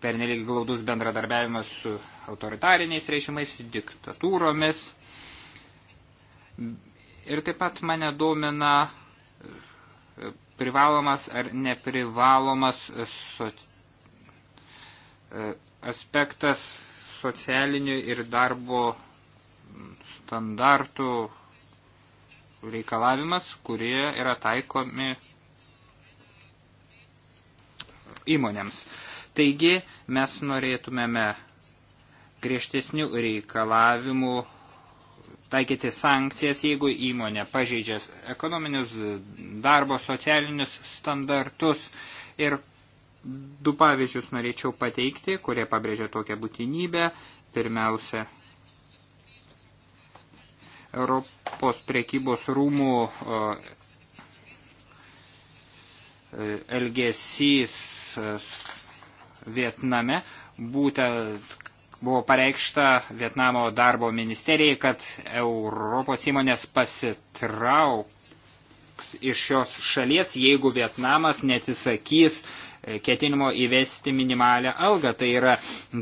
Speaker 2: pernelyg glaudus bendradarbiavimas su autoritariniais režimais, diktatūromis. Ir taip pat mane domina privalomas ar neprivalomas so, e, aspektas socialinių ir darbo standartų reikalavimas, kurie yra taikomi įmonėms. Taigi mes norėtumėme griežtesnių reikalavimų taikyti sankcijas, jeigu įmonė pažeidžia ekonominius darbo socialinius standartus. Ir du pavyzdžius norėčiau pateikti, kurie pabrėžia tokią būtinybę. Pirmiausia, Europos priekybos rūmų e, elgesys e, Vietname, būtent buvo pareikšta Vietnamo darbo ministerijai, kad Europos įmonės pasitrauks iš šios šalies, jeigu Vietnamas neatsisakys e, ketinimo įvesti minimalę algą. Tai yra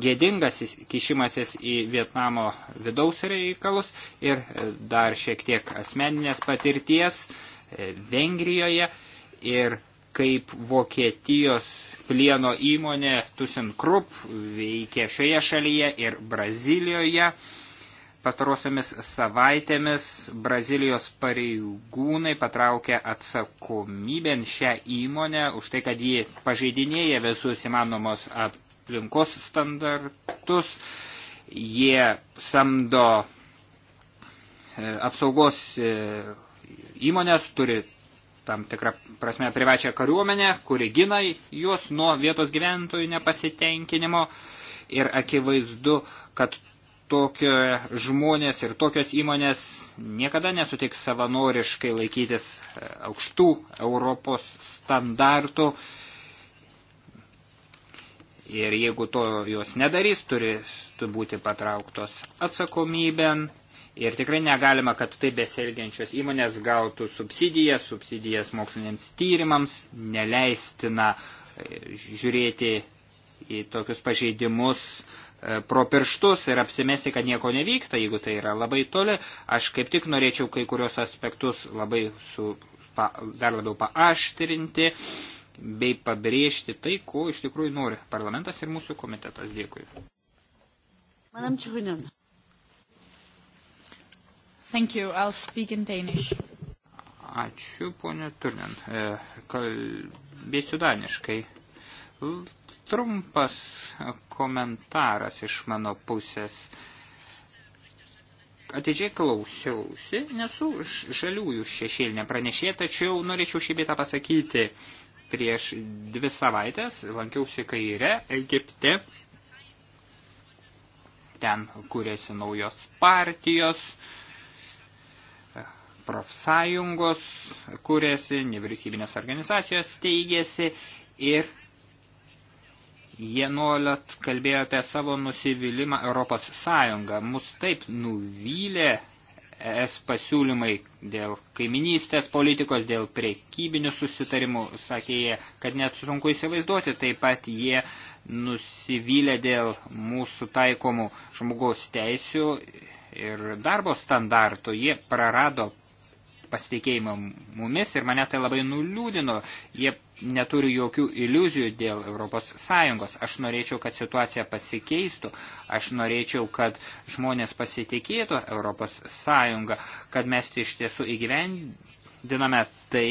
Speaker 2: gėdingas kišimasis į Vietnamo vidaus reikalus ir e, dar šiek tiek asmeninės patirties e, Vengrijoje ir kaip Vokietijos plieno įmonė ThyssenKrupp veikia šioje šalyje ir Brazilijoje. Pastarosiomis savaitėmis Brazilijos pareigūnai patraukė atsakomybėn šią įmonę už tai, kad ji pažeidinėja visus įmanomos aplinkos standartus. Jie samdo e, apsaugos e, įmonės, turi tam tikrą prasme privačią kariuomenę, kuri gina juos nuo vietos gyventojų nepasitenkinimo ir akivaizdu, kad tokie žmonės ir tokios įmonės niekada nesutiks savanoriškai laikytis e, aukštų Europos standartų. Ir jeigu to jos nedarys, turi būti patrauktos atsakomybėn Ir tikrai negalima, kad taip besielgiančios įmonės gautų subsidijas, subsidijas moksliniams tyrimams, neleistina e, žiūrėti į tokius pažeidimus e, pro pirštus ir apsimesti, kad nieko nevyksta, jeigu tai yra labai toli. Aš kaip tik norėčiau kai kurios aspektus labai su, pa, dar labiau paaštrinti bei pabrėžti tai, ko iš tikrųjų nori parlamentas ir mūsų komitetas. Dėkui.
Speaker 1: Madame Čirinan. Thank you. I'll speak in Danish.
Speaker 2: Ačiū, ponė Turnen. E, kalbėsiu daniškai. Trumpas komentaras iš mano pusės. Atidžiai klausiausi, nesu žaliųjų šešėlinė pranešė, tačiau norėčiau šį bitą pasakyti. Prieš dvi savaitės lankiausi kaire Egipte. Ten kūrėsi naujos partijos profsąjungos kūrėsi, nevyriausybinės organizacijos teigėsi ir jie nuolat kalbėjo apie savo nusivylimą Europos Sąjungą. Mus taip nuvylė es pasiūlymai dėl kaiminystės politikos, dėl priekybinių susitarimų, sakė jie, kad net sunku įsivaizduoti, taip pat jie nusivylę dėl mūsų taikomų žmogaus teisių ir darbo standartų, jie prarado pasitikėjimą mumis ir mane tai labai nuliūdino. Jie neturi jokių iliuzijų dėl ES. Aš norėčiau, kad situacija pasikeistų. Aš norėčiau, kad žmonės pasitikėtų ES, kad mes iš tiesų įgyvendiname tai,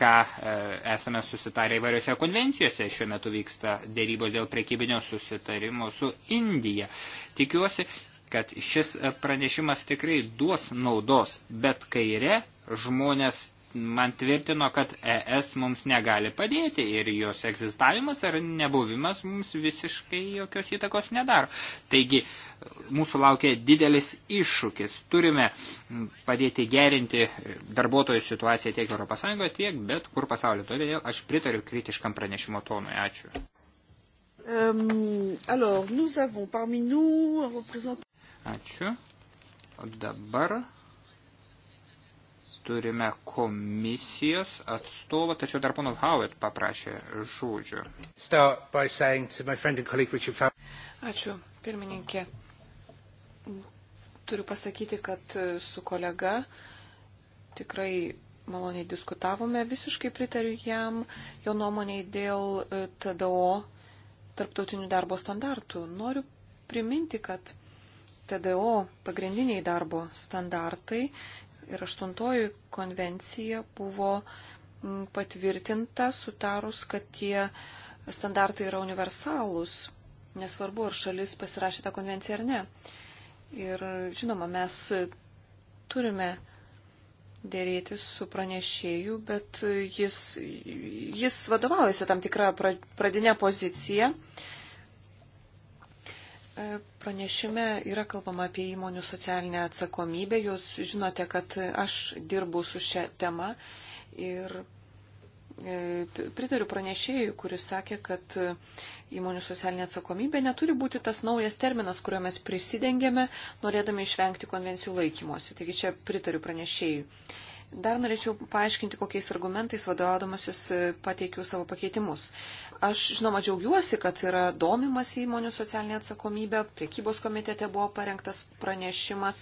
Speaker 2: ką e, esame susitarę įvairiose konvencijose. Šiuo metu vyksta dėrybos dėl prekybinio susitarimo su Indija. Tikiuosi, kad šis pranešimas tikrai duos naudos, bet kaire žmonės man tvirtino, kad ES mums negali padėti ir jos egzistavimas ar nebuvimas mums visiškai jokios įtakos nedaro. Taigi mūsų laukia didelis iššūkis. Turime padėti gerinti darbuotojų situaciją tiek ES, tiek bet kur pasaulio. Todėl aš pritariu kritiškam pranešimo tonui. Ačiū.
Speaker 1: Um, alors, nous avons parmi nous un représentant.
Speaker 2: Ačiū. O dabar turime komisijos atstovą, tačiau dar ponas Howitt paprašė žodžių.
Speaker 4: Ačiū, pirmininkė. Turiu pasakyti, kad su kolega tikrai maloniai diskutavome, visiškai pritariu jam, jo nuomoniai dėl e, TDO tarptautinių darbo standartų. Noriu priminti, kad TDO pagrindiniai darbo standartai ir aštuntoji konvencija buvo patvirtinta sutarus, kad tie standartai yra universalūs, nesvarbu, ar šalis pasirašė tą konvenciją ar ne. Ir žinoma, mes turime dėrėti su pranešėju, bet jis, jis vadovaujasi tam tikrą pradinę poziciją, E, pranešime yra kalbama apie įmonių socialinę atsakomybę. Jūs žinote, kad aš dirbu su šią temą ir e, pritariu pranešėjui, kuris sakė, kad įmonių socialinė atsakomybė neturi būti tas naujas terminas, kuriuo mes prisidengėme, norėdami išvengti konvencijų laikymosi. Taigi čia pritariu pranešėjui. Dar norėčiau paaiškinti, kokiais argumentais vadovaudamasis e, pateikiau savo pakeitimus. Aš, žinoma, džiaugiuosi, kad yra domimas įmonių socialinė atsakomybė. Priekybos komitete buvo parengtas pranešimas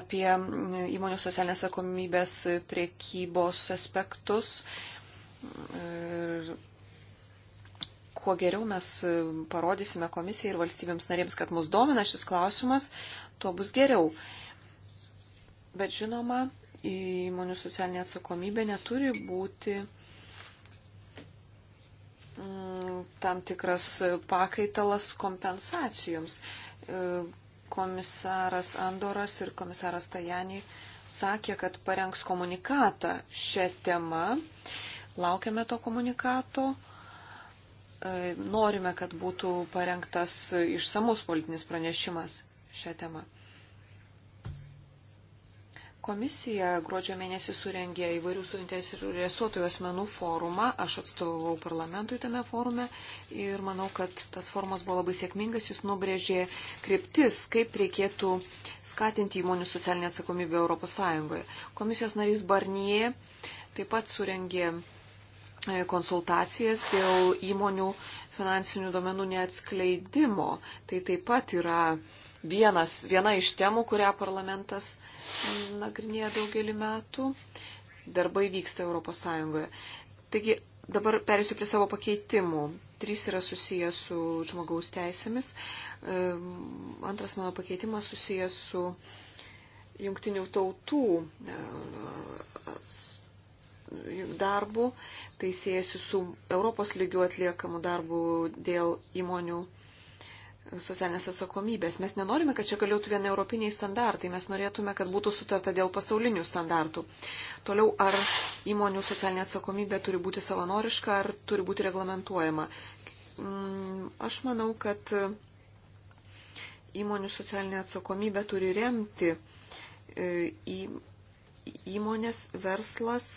Speaker 4: apie įmonių socialinės atsakomybės priekybos aspektus. Ir kuo geriau mes parodysime komisijai ir valstybėms narėms, kad mus domina šis klausimas, tuo bus geriau. Bet žinoma, įmonių socialinė atsakomybė neturi būti tam tikras pakaitalas kompensacijoms. E, komisaras Andoras ir komisaras Tajani sakė, kad parengs komunikatą šią temą. Laukiame to komunikato. E, norime, kad būtų parengtas išsamus politinis pranešimas šią temą. Komisija gruodžio mėnesį surengė įvairių suinteresuotojų asmenų forumą. Aš atstovau parlamentui tame forume ir manau, kad tas forumas buvo labai sėkmingas. Jis nubrėžė kryptis, kaip reikėtų skatinti įmonių socialinę atsakomybę ES. Komisijos narys Barnie taip pat surengė e, konsultacijas dėl įmonių finansinių domenų neatskleidimo. Tai taip pat yra vienas, viena iš temų, kurią parlamentas nagrinėja daugelį metų. Darbai vyksta ES. Taigi dabar perėsiu prie savo pakeitimų. Trys yra susijęs su žmogaus teisėmis. Antras mano pakeitimas susijęs su jungtinių tautų e, darbų, tai siejasi su Europos lygių atliekamu darbu dėl įmonių socialinės atsakomybės. Mes nenorime, kad čia galėtų vien europiniai standartai, mes norėtume, kad būtų sutarta dėl pasaulinių standartų. Toliau, ar įmonių socialinė atsakomybė turi būti savanoriška, ar turi būti reglamentuojama. Mm, aš manau, kad įmonių socialinė atsakomybė turi remti e, į įmonės verslas.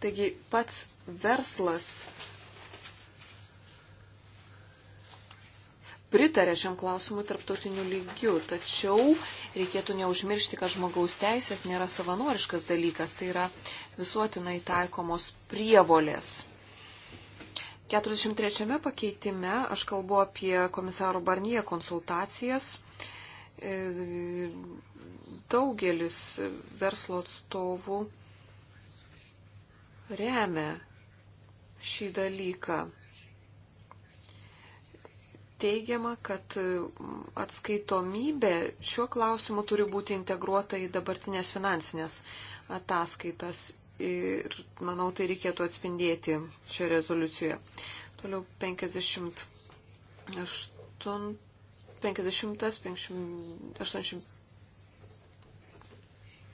Speaker 4: Taigi pats verslas pritarė šiam klausimui tarptautiniu lygiu, tačiau reikėtų neužmiršti, kad žmogaus teisės nėra savanoriškas dalykas, tai yra visuotinai taikomos prievolės. 43 pakeitime aš kalbu apie komisaro Barnyje konsultacijas. E, daugelis verslo atstovų remia šį dalyką teigiama, kad mm, atskaitomybė šiuo klausimu turi būti integruota į dabartinės finansinės ataskaitas ir manau tai reikėtų atspindėti šioje rezoliucijoje. Toliau 58, 50, 85,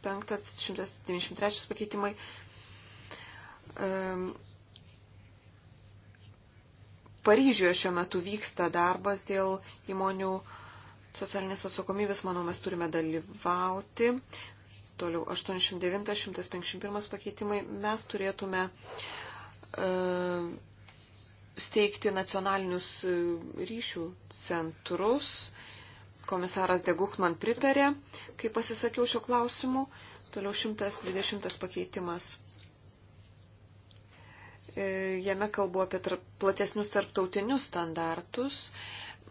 Speaker 4: 193 pakeitimai. Paryžiuje šiuo metu vyksta darbas dėl įmonių socialinės atsakomybės, manau, mes turime dalyvauti. Toliau 89-151 pakeitimai. Mes turėtume uh, steigti nacionalinius e, ryšių centrus. Komisaras Degucht man pritarė, kai pasisakiau šio klausimu. Toliau 120 pakeitimas. E, jame kalbu apie tarp, platesnius tarptautinius standartus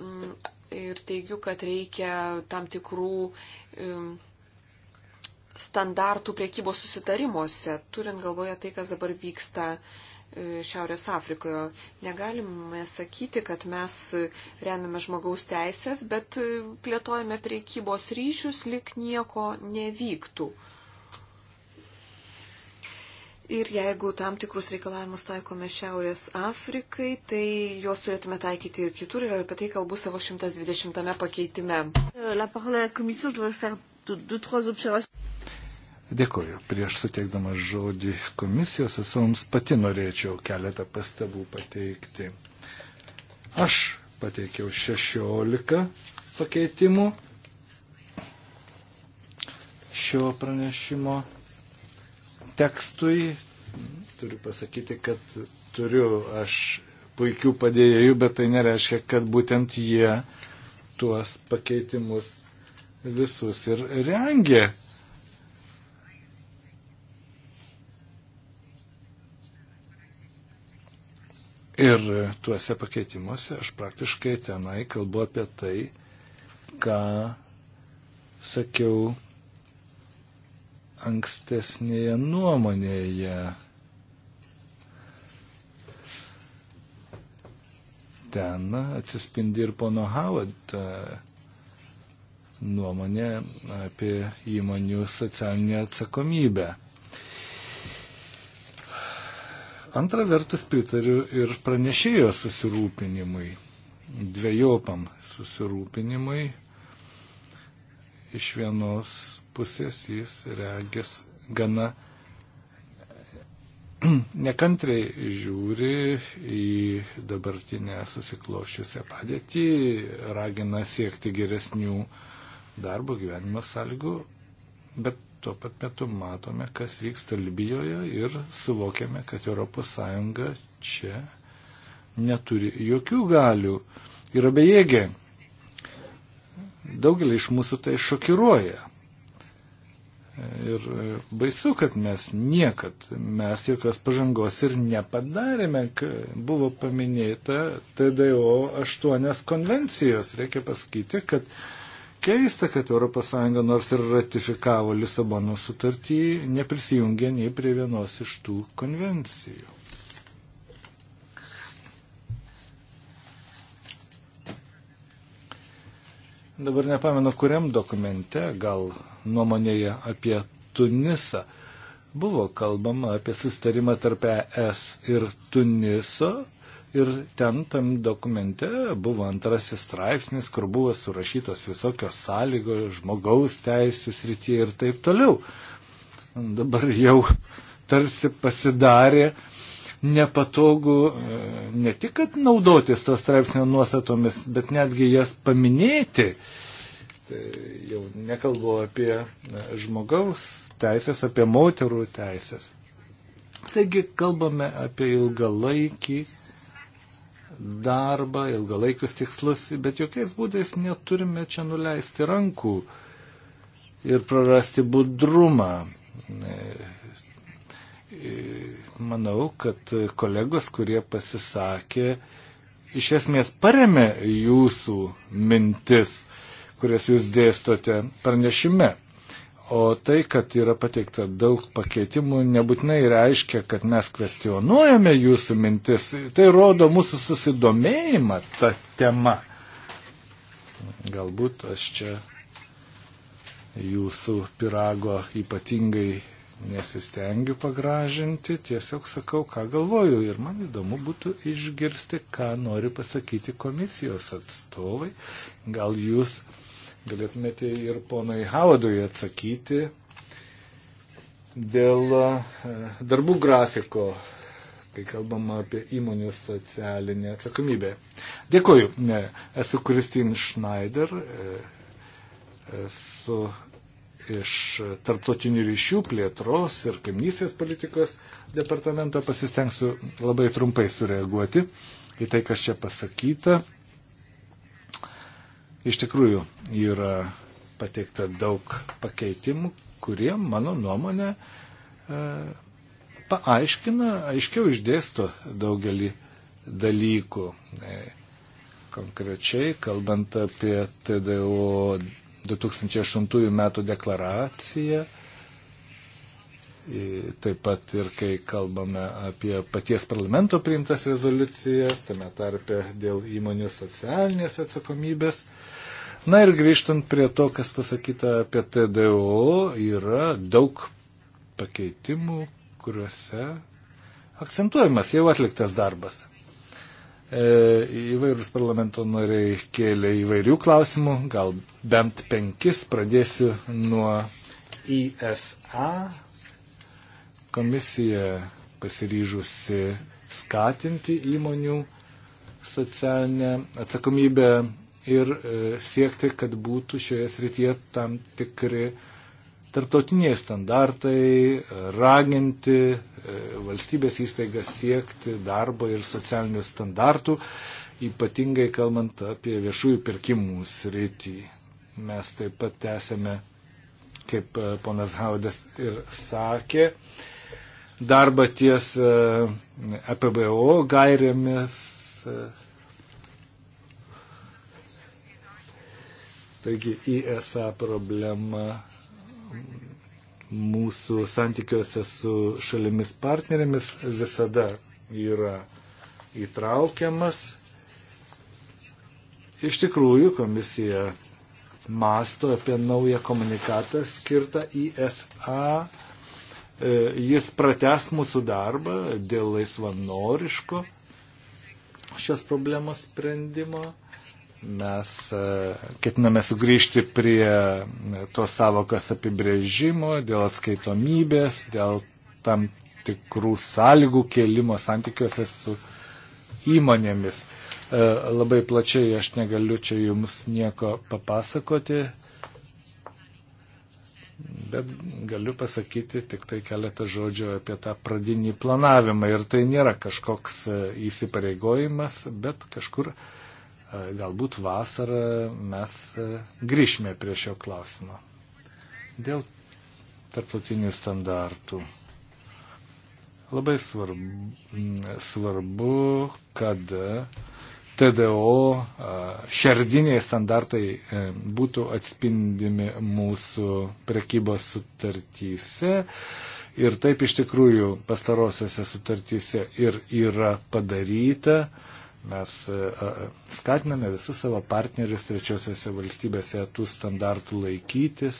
Speaker 4: mm, ir teigiu, kad reikia tam tikrų e, standartų priekybos susitarimuose, turint galvoje tai, kas dabar vyksta e, Šiaurės Afrikoje. Negalime sakyti, kad mes remiame žmogaus teisės, bet plėtojame priekybos ryšius, lik nieko nevyktų. Ir jeigu tam tikrus reikalavimus taikome Šiaurės Afrikai, tai juos turėtume taikyti ir kitur ir apie tai kalbu savo 120 pakeitime.
Speaker 3: Dėkoju. Prieš suteikdama žodį komisijos esoms pati norėčiau keletą pastabų pateikti. Aš pateikiau 16 pakeitimų šio pranešimo tekstui. Turiu pasakyti, kad turiu aš puikių padėjėjų, bet tai nereiškia, kad būtent jie tuos pakeitimus visus ir rengė. Ir tuose pakeitimuose aš praktiškai tenai kalbu apie tai, ką sakiau ankstesnėje nuomonėje. Ten atsispindi ir pono Howard e, nuomonė apie įmonių socialinę atsakomybę. Antra vertus pritariu ir pranešėjo susirūpinimui, dviejopam susirūpinimui. Iš vienos pusės jis regis gana nekantriai žiūri į dabartinę susikloščiusią padėtį, ragina siekti geresnių darbo gyvenimo sąlygų, bet tuo pat metu matome, kas vyksta Libijoje ir suvokiame, kad ES čia neturi jokių galių, yra bejėgė. Daugelį iš mūsų tai šokiruoja. Ir e, baisu, kad mes niekad, mes jokios pažangos ir nepadarėme, buvo paminėta TDO 8 konvencijos. Reikia pasakyti, kad keista, kad ES nors ir ratifikavo Lisabono sutartį, neprisijungė nei prie vienos iš tų konvencijų. Dabar nepamenu, kuriam dokumente, gal nuomonėje apie Tunisą, buvo kalbama apie sustarimą tarp ES ir Tuniso. Ir ten tam dokumente buvo antrasis straipsnis, kur buvo surašytos visokios sąlygos, žmogaus teisų srityje ir taip toliau. Dabar jau tarsi pasidarė uh, nepatogu e, ne tik, kad naudotis to straipsnio nuostatomis, bet netgi jas paminėti. Tai jau nekalbu apie e, žmogaus teisės, apie moterų teisės. Taigi kalbame apie ilgalaikį darbą, ilgalaikius tikslus, bet jokiais būdais neturime čia nuleisti rankų ir prarasti budrumą e, manau, kad kolegos, kurie pasisakė, iš esmės paremė jūsų mintis, kurias jūs dėstote pranešime. O tai, kad yra pateikta daug pakeitimų, nebūtinai reiškia, kad mes kvestionuojame jūsų mintis. Tai rodo mūsų susidomėjimą tą temą. Galbūt aš čia jūsų pirago ypatingai nesistengiu pagražinti, tiesiog sakau, ką galvoju. Ir man įdomu būtų išgirsti, ką nori pasakyti komisijos atstovai. Gal jūs galėtumėte ir ponai Havadui atsakyti dėl e, darbų grafiko, kai kalbama apie įmonių socialinę atsakomybę. Dėkoju. Esu Kristin Schneider, e, esu iš tarptautinių ryšių plėtros ir kaimnystės politikos departamento pasistengsiu labai trumpai sureaguoti į tai, kas čia pasakyta. Iš tikrųjų yra pateikta daug pakeitimų, kurie, mano nuomonė, e, paaiškina, aiškiau išdėsto daugelį dalykų. E, konkrečiai, kalbant apie TDO 2008 metų deklaraciją. Taip pat ir kai kalbame apie paties parlamento priimtas rezoliucijas, tame tarpe dėl įmonių socialinės atsakomybės. Na ir grįžtant prie to, kas pasakyta apie TDO, yra daug pakeitimų, kuriuose akcentuojamas jau atliktas darbas. E, įvairūs parlamento nariai kėlė įvairių klausimų, gal bent penkis pradėsiu nuo ISA. E Komisija pasiryžusi skatinti įmonių socialinę atsakomybę ir e, siekti, kad būtų šioje srityje tam tikri uh, Tarptautiniai standartai raginti e, valstybės įstaigas siekti darbo ir socialinių standartų, ypatingai kalbant apie viešųjų pirkimų sritį. Mes taip pat tęsėme, kaip e, ponas Haudas ir sakė, darbą ties EPBO e gairėmis. Taigi ISA problema mūsų santykiuose su šalimis partnerėmis visada yra įtraukiamas. Iš tikrųjų, komisija masto apie naują komunikatą skirtą ISA. E e, jis prates mūsų darbą dėl laisvanoriško šios problemos sprendimo. Mes e, ketiname sugrįžti prie e, tos savokas apibrėžimo, dėl atskaitomybės, dėl tam tikrų sąlygų kėlimo santykiuose su įmonėmis. E, labai plačiai aš negaliu čia jums nieko papasakoti, bet galiu pasakyti tik tai keletą žodžių apie tą pradinį planavimą. Ir tai nėra kažkoks įsipareigojimas, bet kažkur uh, E, galbūt vasarą mes e, grįžime prie šio klausimo. Dėl tarptautinių standartų. Labai svarbu, svarbu kad e, TDO šerdiniai standartai būtų atspindimi mūsų prekybos sutartyse. Ir taip iš tikrųjų pastarosiuose sutartyse ir yra padaryta. Uh, Mes e, e, skatiname visus savo partnerius trečiosiuose valstybėse tų standartų laikytis.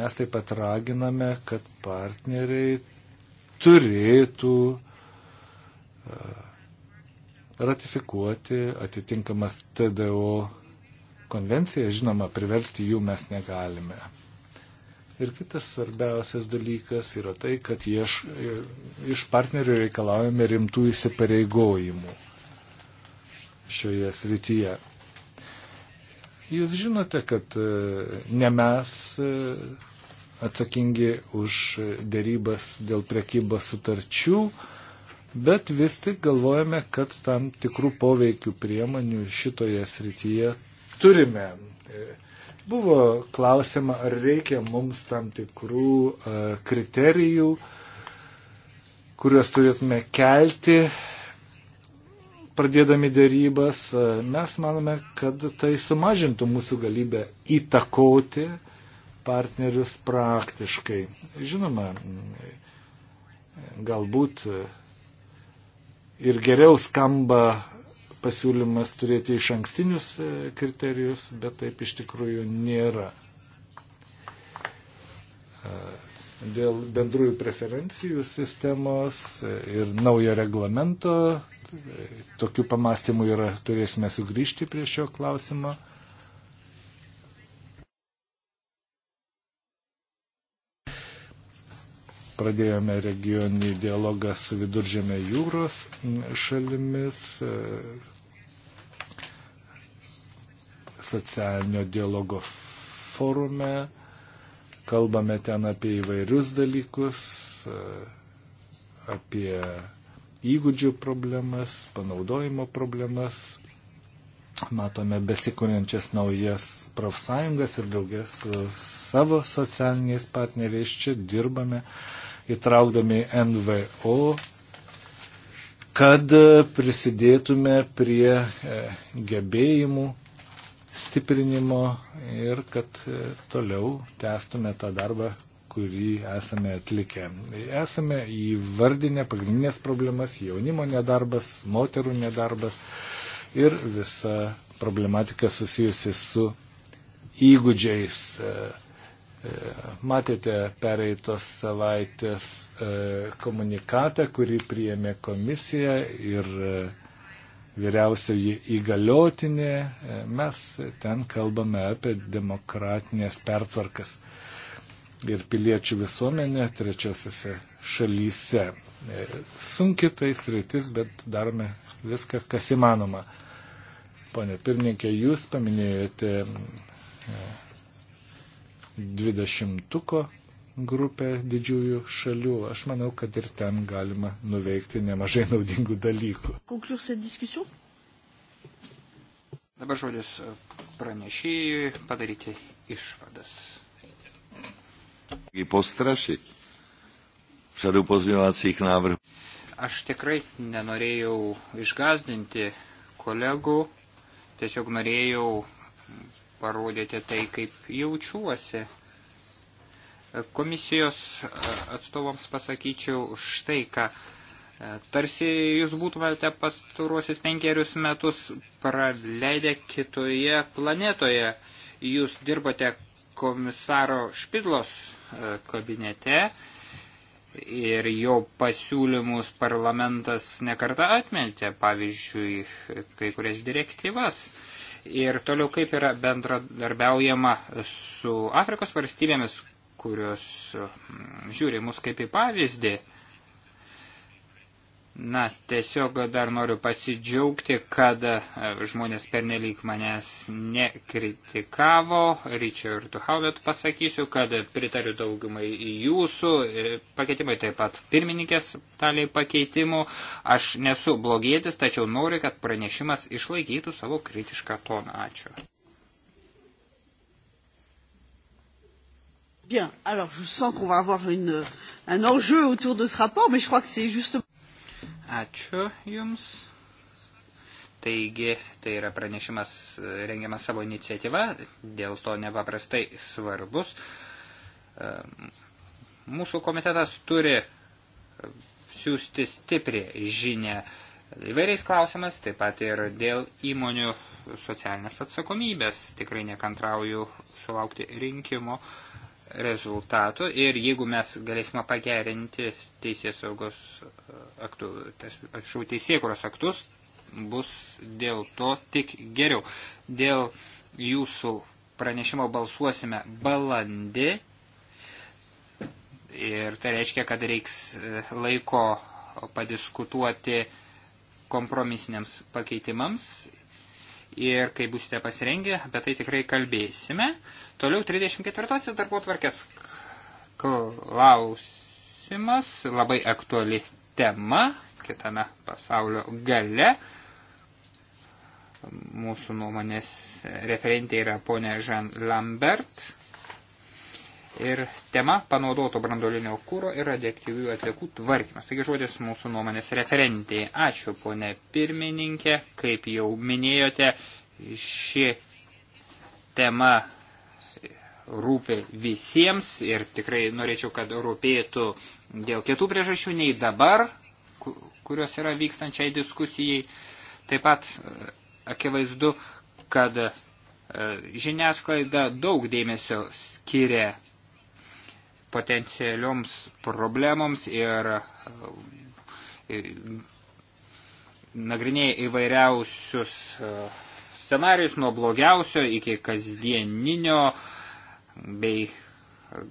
Speaker 3: Mes taip pat raginame, kad partneriai turėtų e, ratifikuoti atitinkamas TDO konvenciją. Žinoma, priversti jų mes negalime. Ir kitas svarbiausias dalykas yra tai, kad ieš, iš partnerių reikalaujame rimtų įsipareigojimų šioje srityje. Jūs žinote, kad e, ne mes e, atsakingi už dėrybas dėl prekybos sutarčių, bet vis tik galvojame, kad tam tikrų poveikių priemonių šitoje srityje turime. E, Buvo klausima, ar reikia mums tam tikrų e, kriterijų, kuriuos turėtume kelti, pradėdami dėrybas. E, mes manome, kad tai sumažintų mūsų galybę įtakoti partnerius praktiškai. Žinoma, galbūt ir geriau skamba pasiūlymas turėti iš ankstinius e, kriterijus, bet taip iš tikrųjų nėra. Dėl bendrųjų preferencijų sistemos e, ir naujo reglamento, e, tokių pamastymų yra, turėsime sugrįžti prie šio klausimo. Pradėjome regioninį dialogą su viduržėme jūros šalimis, e, socialinio dialogo forume, kalbame ten apie įvairius dalykus, e, apie įgūdžių problemas, panaudojimo problemas, matome besikūrenčias naujas profsąjungas ir draugės su savo socialiniais partneriais čia dirbame įtraukdami NVO, kad prisidėtume prie e, gebėjimų stiprinimo ir kad e, toliau tęstume tą darbą, kurį esame atlikę. Esame įvardinę pagrindinės problemas - jaunimo nedarbas, moterų nedarbas ir visa problematika susijusi su įgūdžiais. E, Matėte pereitos savaitės e, komunikatą, kurį priėmė komisija ir e, vyriausioji įgaliotinė. E, mes ten kalbame apie demokratinės pertvarkas ir piliečių visuomenę trečiosiose šalyse. Sunki tai sritis, bet darome viską, kas įmanoma. Pone pirmininkė, jūs paminėjote dvidešimtuko grupę didžiųjų šalių. Aš manau, kad ir ten galima nuveikti nemažai naudingų dalykų.
Speaker 2: Dabar žodis pranešėjui padaryti išvadas. Aš tikrai nenorėjau išgazdinti kolegų, tiesiog norėjau parodėte tai, kaip jaučiuosi. Komisijos e, atstovams pasakyčiau štai ką. E, tarsi jūs būtumėte pastaruosius penkerius metus praleidę kitoje planetoje. Jūs dirbote komisaro Špidlos e, kabinete ir jo pasiūlymus parlamentas nekarta atmetė, pavyzdžiui, kai kurias direktyvas ir toliau kaip yra bendradarbiaujama su Afrikos valstybėmis, kurios mm, žiūri mus kaip į pavyzdį. Na, tiesiog dar noriu pasidžiaugti, kad e, žmonės pernelyg manęs nekritikavo. Richard Howitt pasakysiu, kad pritariu daugumai jūsų e, pakeitimai, taip pat pirmininkės taliai pakeitimų. Aš nesu blogėtis, tačiau noriu, kad pranešimas išlaikytų savo kritišką toną. Ačiū.
Speaker 1: Bien, alors je sens qu'on va avoir une, un enjeu autour de ce rapport, mais je crois que c'est justement.
Speaker 2: Ačiū Jums. Taigi, tai yra pranešimas rengiamas savo iniciatyva, dėl to nepaprastai svarbus. Mūsų komitetas turi siūsti stiprią žinę įvairiais klausimas, taip pat ir dėl įmonių socialinės atsakomybės. Tikrai nekantrauju sulaukti rinkimo. Uh, rezultatų ir jeigu mes galėsime pagerinti teisės saugos e, aktų, atsiprašau, teisėkuros aktus, bus dėl to tik geriau. Dėl jūsų pranešimo balsuosime balandį ir tai reiškia, kad reiks e, laiko padiskutuoti kompromisiniams pakeitimams ir kai būsite pasirengę, apie tai tikrai kalbėsime. Toliau 34 darbo tvarkės klausimas, labai aktuali tema kitame pasaulio gale. Mūsų nuomonės referentė yra ponė Jean Lambert ir tema panaudoto brandolinio kūro ir radioaktyvių atliekų tvarkymas. Taigi žodis mūsų nuomonės referentijai. Ačiū, ponė pirmininkė. Kaip jau minėjote, ši tema rūpi visiems ir tikrai norėčiau, kad rūpėtų dėl kitų priežasčių nei dabar, kurios yra vykstančiai diskusijai. Taip pat e, akivaizdu, kad e, žiniasklaida daug dėmesio skiria potencialioms problemoms ir e, nagrinėja įvairiausius e, scenarius nuo blogiausio iki kasdieninio bei e,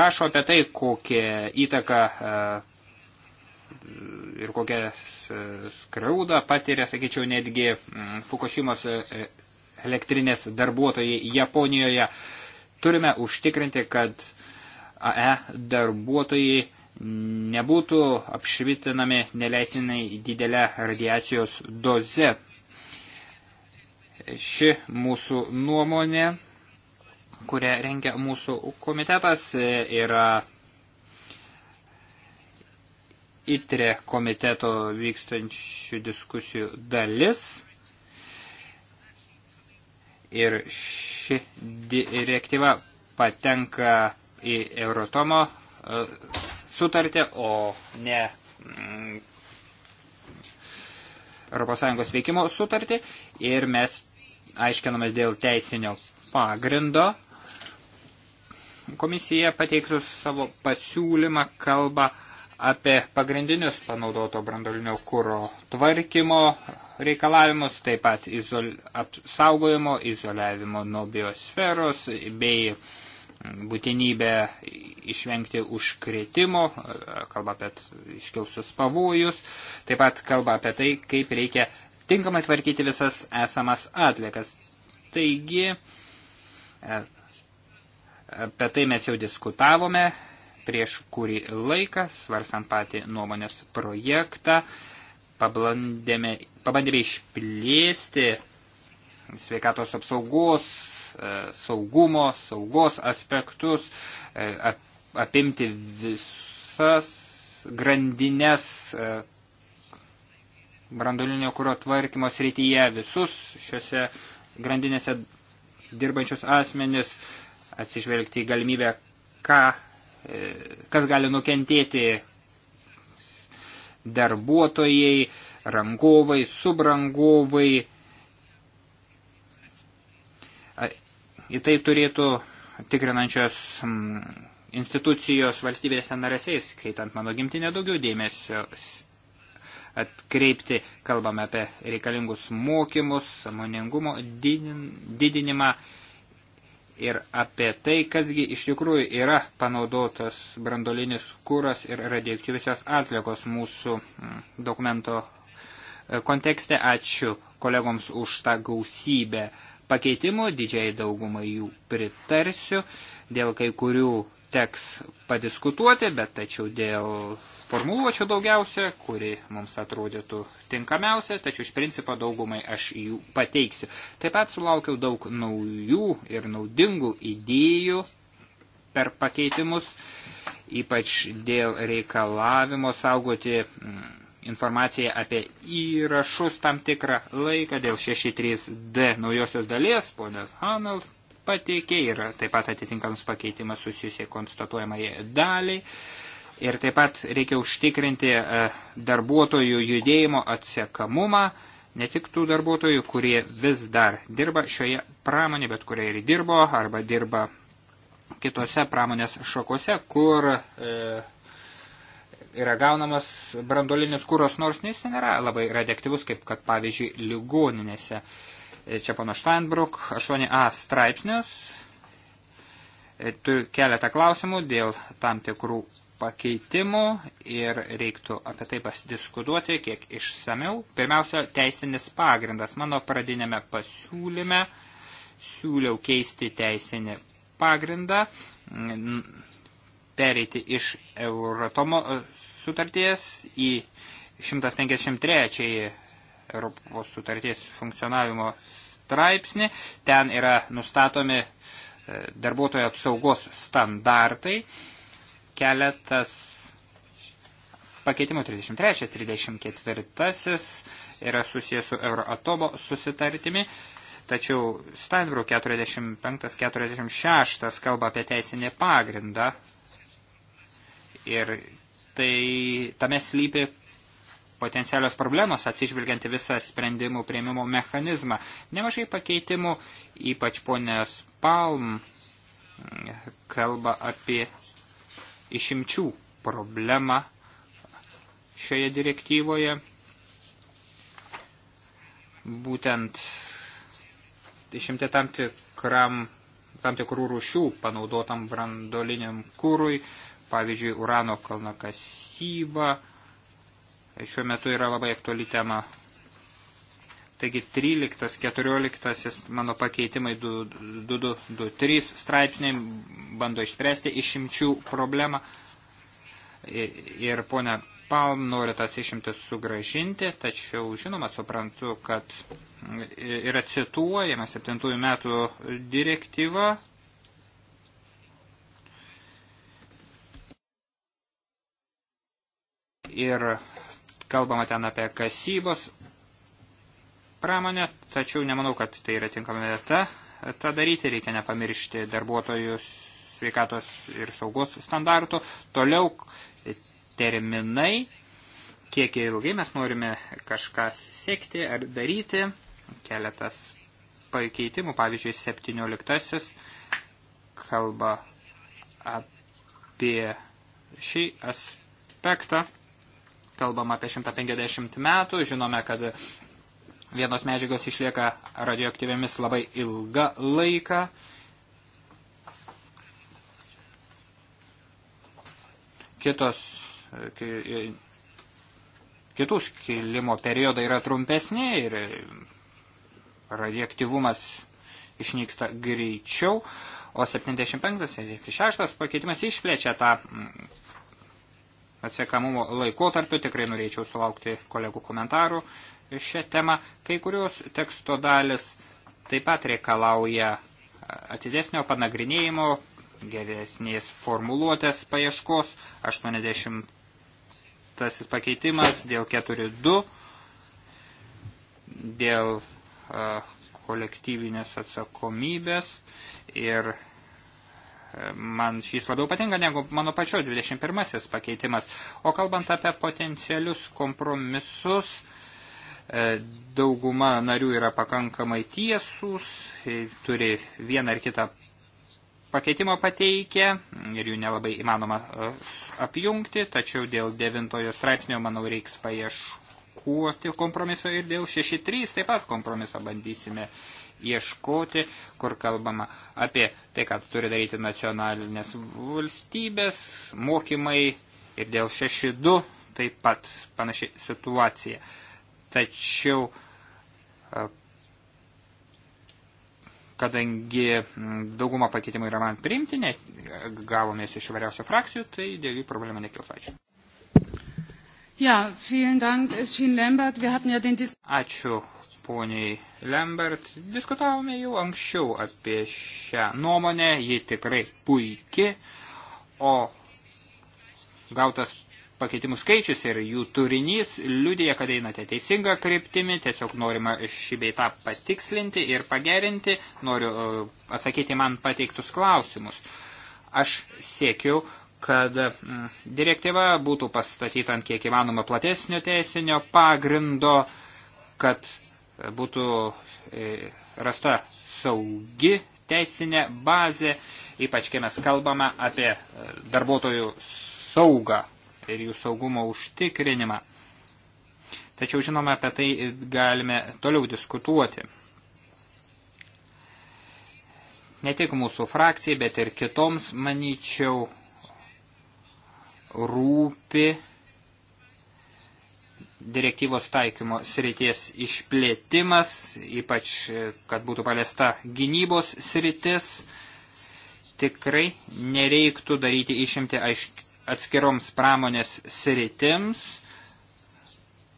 Speaker 2: rašo apie tai, kokią įtaką ir kokią skriaudą patiria, sakyčiau, netgi Fukushimos elektrinės darbuotojai Japonijoje. Turime užtikrinti, kad AE darbuotojai nebūtų apšvitinami neleistinai didelę radiacijos doze. Ši mūsų nuomonė, kurią rengia mūsų komitetas, yra ITRE komiteto vykstančių diskusijų dalis ir ši direktyva patenka į Eurotomo e, sutartį, o ne mm, ES veikimo sutartį ir mes aiškinamės dėl teisinio pagrindo. Komisija pateiktų savo pasiūlymą kalbą apie pagrindinius panaudoto brandolinio kūro tvarkymo reikalavimus, taip pat izol, apsaugojimo, izoliavimo nuo biosferos bei būtinybę išvengti užkretimo, kalba apie iškilusius pavojus, taip pat kalba apie tai, kaip reikia tinkamai tvarkyti visas esamas atliekas. Taigi, e, apie tai mes jau diskutavome, prieš kurį laiką, svarstant patį nuomonės projektą, pabandėme, pabandėme išplėsti sveikatos apsaugos, e, saugumo, saugos aspektus, e, apimti visas grandinės e, brandolinio kūro tvarkymo srityje, visus šiuose grandinėse dirbančius asmenis, atsižvelgti į galimybę, ką kas gali nukentėti darbuotojai, rangovai, subrangovai. Į tai turėtų tikrinančios institucijos valstybėse narėsiais, skaitant mano gimtinę, daugiau dėmesio atkreipti. Kalbame apie reikalingus mokymus, samoningumo didinimą ir apie tai, kasgi iš tikrųjų yra panaudotas brandolinis kūras ir radioaktyvisios atliekos mūsų mm, dokumento e, kontekste. Ačiū kolegoms už tą gausybę pakeitimų, didžiai daugumą jų pritarsiu, dėl kai kurių teks padiskutuoti, bet tačiau dėl formuluočių daugiausia, kuri mums atrodytų tinkamiausia, tačiau iš principo daugumai aš jų pateiksiu. Taip pat sulaukiau daug naujų ir naudingų idėjų per pakeitimus, ypač dėl reikalavimo saugoti mm, informaciją apie įrašus tam tikrą laiką dėl 6.3d naujosios dalies, ponas Hanels pateikė ir taip pat atitinkamas pakeitimas susijusiai konstatuojamai daliai. Ir taip pat reikia užtikrinti e, darbuotojų judėjimo atsekamumą, ne tik tų darbuotojų, kurie vis dar dirba šioje pramonė, bet kurie ir dirbo arba dirba kitose pramonės šakose, kur e, yra gaunamas brandolinis kūros, nors jis nėra labai radioaktyvus, kaip kad pavyzdžiui ligoninėse. E, čia pana Steinbruk, 8a straipsnius, e, turiu keletą klausimų dėl tam tikrų pakeitimų ir reiktų apie tai pasidiskutuoti kiek išsameu. Pirmiausia, teisinis pagrindas. Mano pradinėme pasiūlyme siūliau keisti teisinį pagrindą, pereiti iš Euratomo e, sutarties į 153 Europos sutarties funkcionavimo straipsnį. Ten yra nustatomi e, darbuotojo apsaugos standartai keletas pakeitimų 33-34 yra susijęs su Euroatomo susitartimi, tačiau Steinbrück 45-46 kalba apie teisinį pagrindą ir tai tame slypi potencialios problemos atsižvelgianti visą sprendimų prieimimo mechanizmą. Nemažai pakeitimų, ypač ponės Palm kalba apie išimčių problemą šioje direktyvoje. Būtent išimti tam, tikram, tam tikrų rušių panaudotam brandoliniam kūrui, pavyzdžiui, urano kalnakasyba. Šiuo metu yra labai aktuali tema Taigi 13-14 mano pakeitimai 2-2-3 straipsniai bando išspręsti išimčių problemą. Ir ponia Palm nori tas išimtis sugražinti, tačiau žinoma suprantu, kad yra cituojama 7 metų direktyva. Ir kalbama ten apie kasybos pramonę, tačiau nemanau, kad tai yra tinkama vieta. Ta daryti reikia nepamiršti darbuotojus sveikatos ir saugos standartų. Toliau terminai, kiek ilgai mes norime kažką siekti ar daryti. Keletas pakeitimų, pavyzdžiui, 17 kalba apie šį aspektą. Kalbam apie 150 metų, žinome, kad vienos medžiagos išlieka radioaktyviamis labai ilgą laiką. Kitos, kitų skilimo periodai yra trumpesni ir radioaktyvumas išnyksta greičiau, o 75-76 pakeitimas išplečia tą mm, atsiekamumo laikotarpiu, tikrai norėčiau sulaukti kolegų komentarų šią temą. Kai kurios teksto dalis taip pat reikalauja atidesnio panagrinėjimo, geresnės formuluotės paieškos, 80 pakeitimas dėl 4.2, dėl uh, kolektyvinės atsakomybės ir man šis labiau patinka negu mano pačio 21 pakeitimas. O kalbant apie potencialius kompromisus, E, dauguma narių yra pakankamai tiesūs, e, turi vieną ar kitą pakeitimą pateikę ir jų nelabai įmanoma e, apjungti, tačiau dėl devintojo straipsnio, manau, reiks paieškoti kompromiso ir dėl 6.3 taip pat kompromiso bandysime ieškoti, kur kalbama apie tai, kad turi daryti nacionalinės valstybės, mokymai ir dėl 6.2 taip pat panaši situacija. Tačiau, e, kadangi dauguma pakeitimų yra man priimtinė, gavomės iš įvairiausių frakcijų, tai dėl jų problemų nekils. Ačiū.
Speaker 1: Ja, vielen Dank, Jean Lambert. Wir hatten ja den Dis
Speaker 2: Ačiū, poniai Lambert. Diskutavome jau anksčiau apie šią nuomonę, ji tikrai puiki, o gautas pakeitimų skaičius ir jų turinys liudija, kad einate teisingą kryptimį, tiesiog norima šį beitą patikslinti ir pagerinti, noriu e, atsakyti man pateiktus klausimus. Aš siekiu, kad mm, direktyva būtų pastatyta ant kiek įmanoma platesnio teisinio pagrindo, kad būtų e, rasta saugi teisinė bazė, ypač kai mes kalbame apie e, darbuotojų saugą ir jų saugumo užtikrinimą. Tačiau, žinoma, apie tai galime toliau diskutuoti. Ne tik mūsų frakcijai, bet ir kitoms, manyčiau, rūpi direktyvos taikymo srities išplėtimas, ypač kad būtų paliesta gynybos sritis, tikrai nereiktų daryti išimti aiškiai atskiroms pramonės sritims,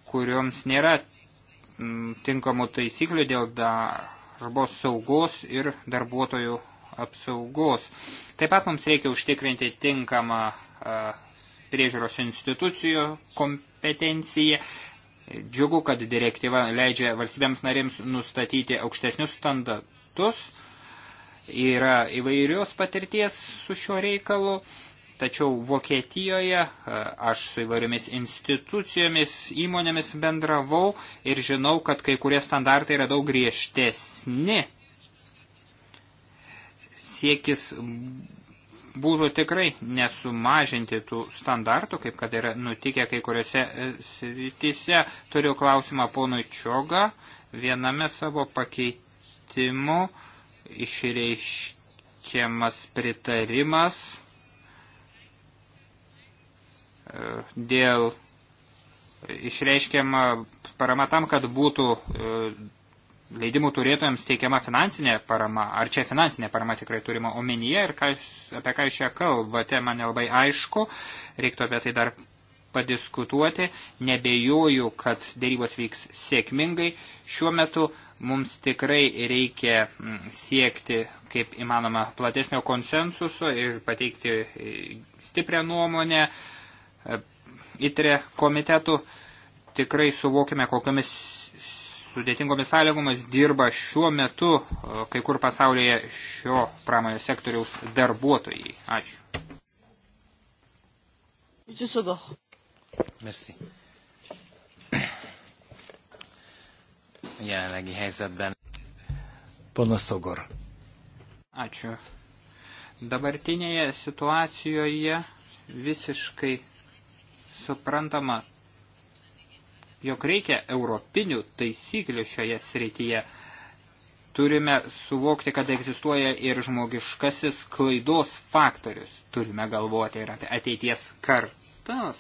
Speaker 2: kurioms nėra mm, tinkamų taisyklių dėl darbo saugos ir darbuotojų apsaugos. Taip pat mums reikia užtikrinti tinkamą e, priežiūros institucijų kompetenciją. Džiugu, kad direktyva leidžia valstybėms narėms nustatyti aukštesnius standartus. Yra įvairios patirties su šiuo reikalu. Tačiau Vokietijoje e, aš su įvairiomis institucijomis, įmonėmis bendravau ir žinau, kad kai kurie standartai yra daug griežtesni. Siekis būtų tikrai nesumažinti tų standartų, kaip kad yra nutikę kai kuriuose e, srityse. Turiu klausimą ponui Čioga. Viename savo pakeitimu išreiškiamas pritarimas dėl išreiškiama parama tam, kad būtų e, leidimų turėtojams teikiama finansinė parama, ar čia finansinė parama tikrai turima omenyje ir ką, apie ką jūs čia kalbate, man nelabai aišku, reiktų apie tai dar padiskutuoti, nebejoju, kad dėrybos vyks sėkmingai, šiuo metu mums tikrai reikia siekti kaip įmanoma platesnio konsensuso ir pateikti e, stiprią nuomonę, uh, ITRE komitetų. Tikrai suvokime, kokiamis sudėtingomis sąlygomis dirba šiuo metu e, kai kur pasaulyje šio pramonės sektoriaus darbuotojai. Ačiū. Merci.
Speaker 3: Jelenlegi helyzetben. Ponas Sogor.
Speaker 2: Ačiū. Dabartinėje situacijoje visiškai suprantama, jog reikia europinių taisyklių šioje srityje. Turime suvokti, kad egzistuoja ir žmogiškasis klaidos faktorius. Turime galvoti ir apie ateities kartas.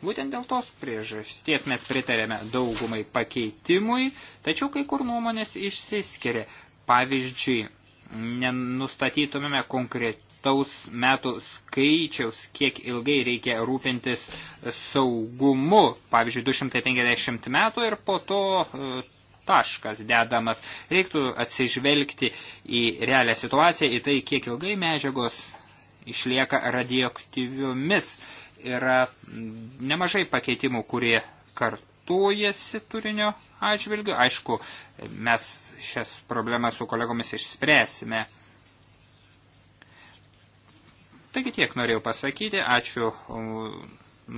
Speaker 2: Būtent dėl tos priežasties mes pritarėme daugumai pakeitimui, tačiau kai kur nuomonės išsiskiria. Pavyzdžiui, nenustatytumėme konkrečių taus metų skaičiaus, kiek ilgai reikia rūpintis saugumu, pavyzdžiui, 250 metų ir po to e, taškas dedamas. Reiktų atsižvelgti į realią situaciją, į tai, kiek ilgai medžiagos išlieka radioaktyviomis. Yra nemažai pakeitimų, kurie kartuojasi turinio atžvilgiu. Aišku, mes šias problemas su kolegomis išspręsime. Taigi tiek norėjau pasakyti. Ačiū um,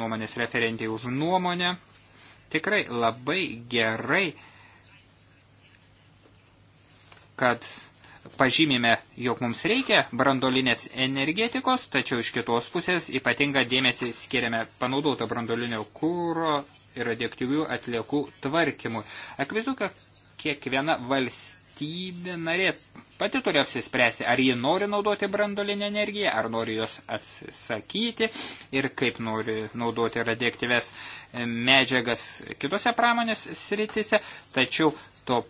Speaker 2: nuomonės referentiai už nuomonę. Tikrai labai gerai, kad pažymime, jog mums reikia brandolinės energetikos, tačiau iš kitos pusės ypatingą dėmesį skiriame panaudoto brandolinio kūro ir radioaktyvių atliekų tvarkymui. Akvizu, kad kiekviena valstybė valstybė narė pati turi apsispręsti, ar ji nori naudoti brandolinę energiją, ar nori jos atsisakyti ir kaip nori naudoti radioaktyves medžiagas kitose pramonės sritise, tačiau to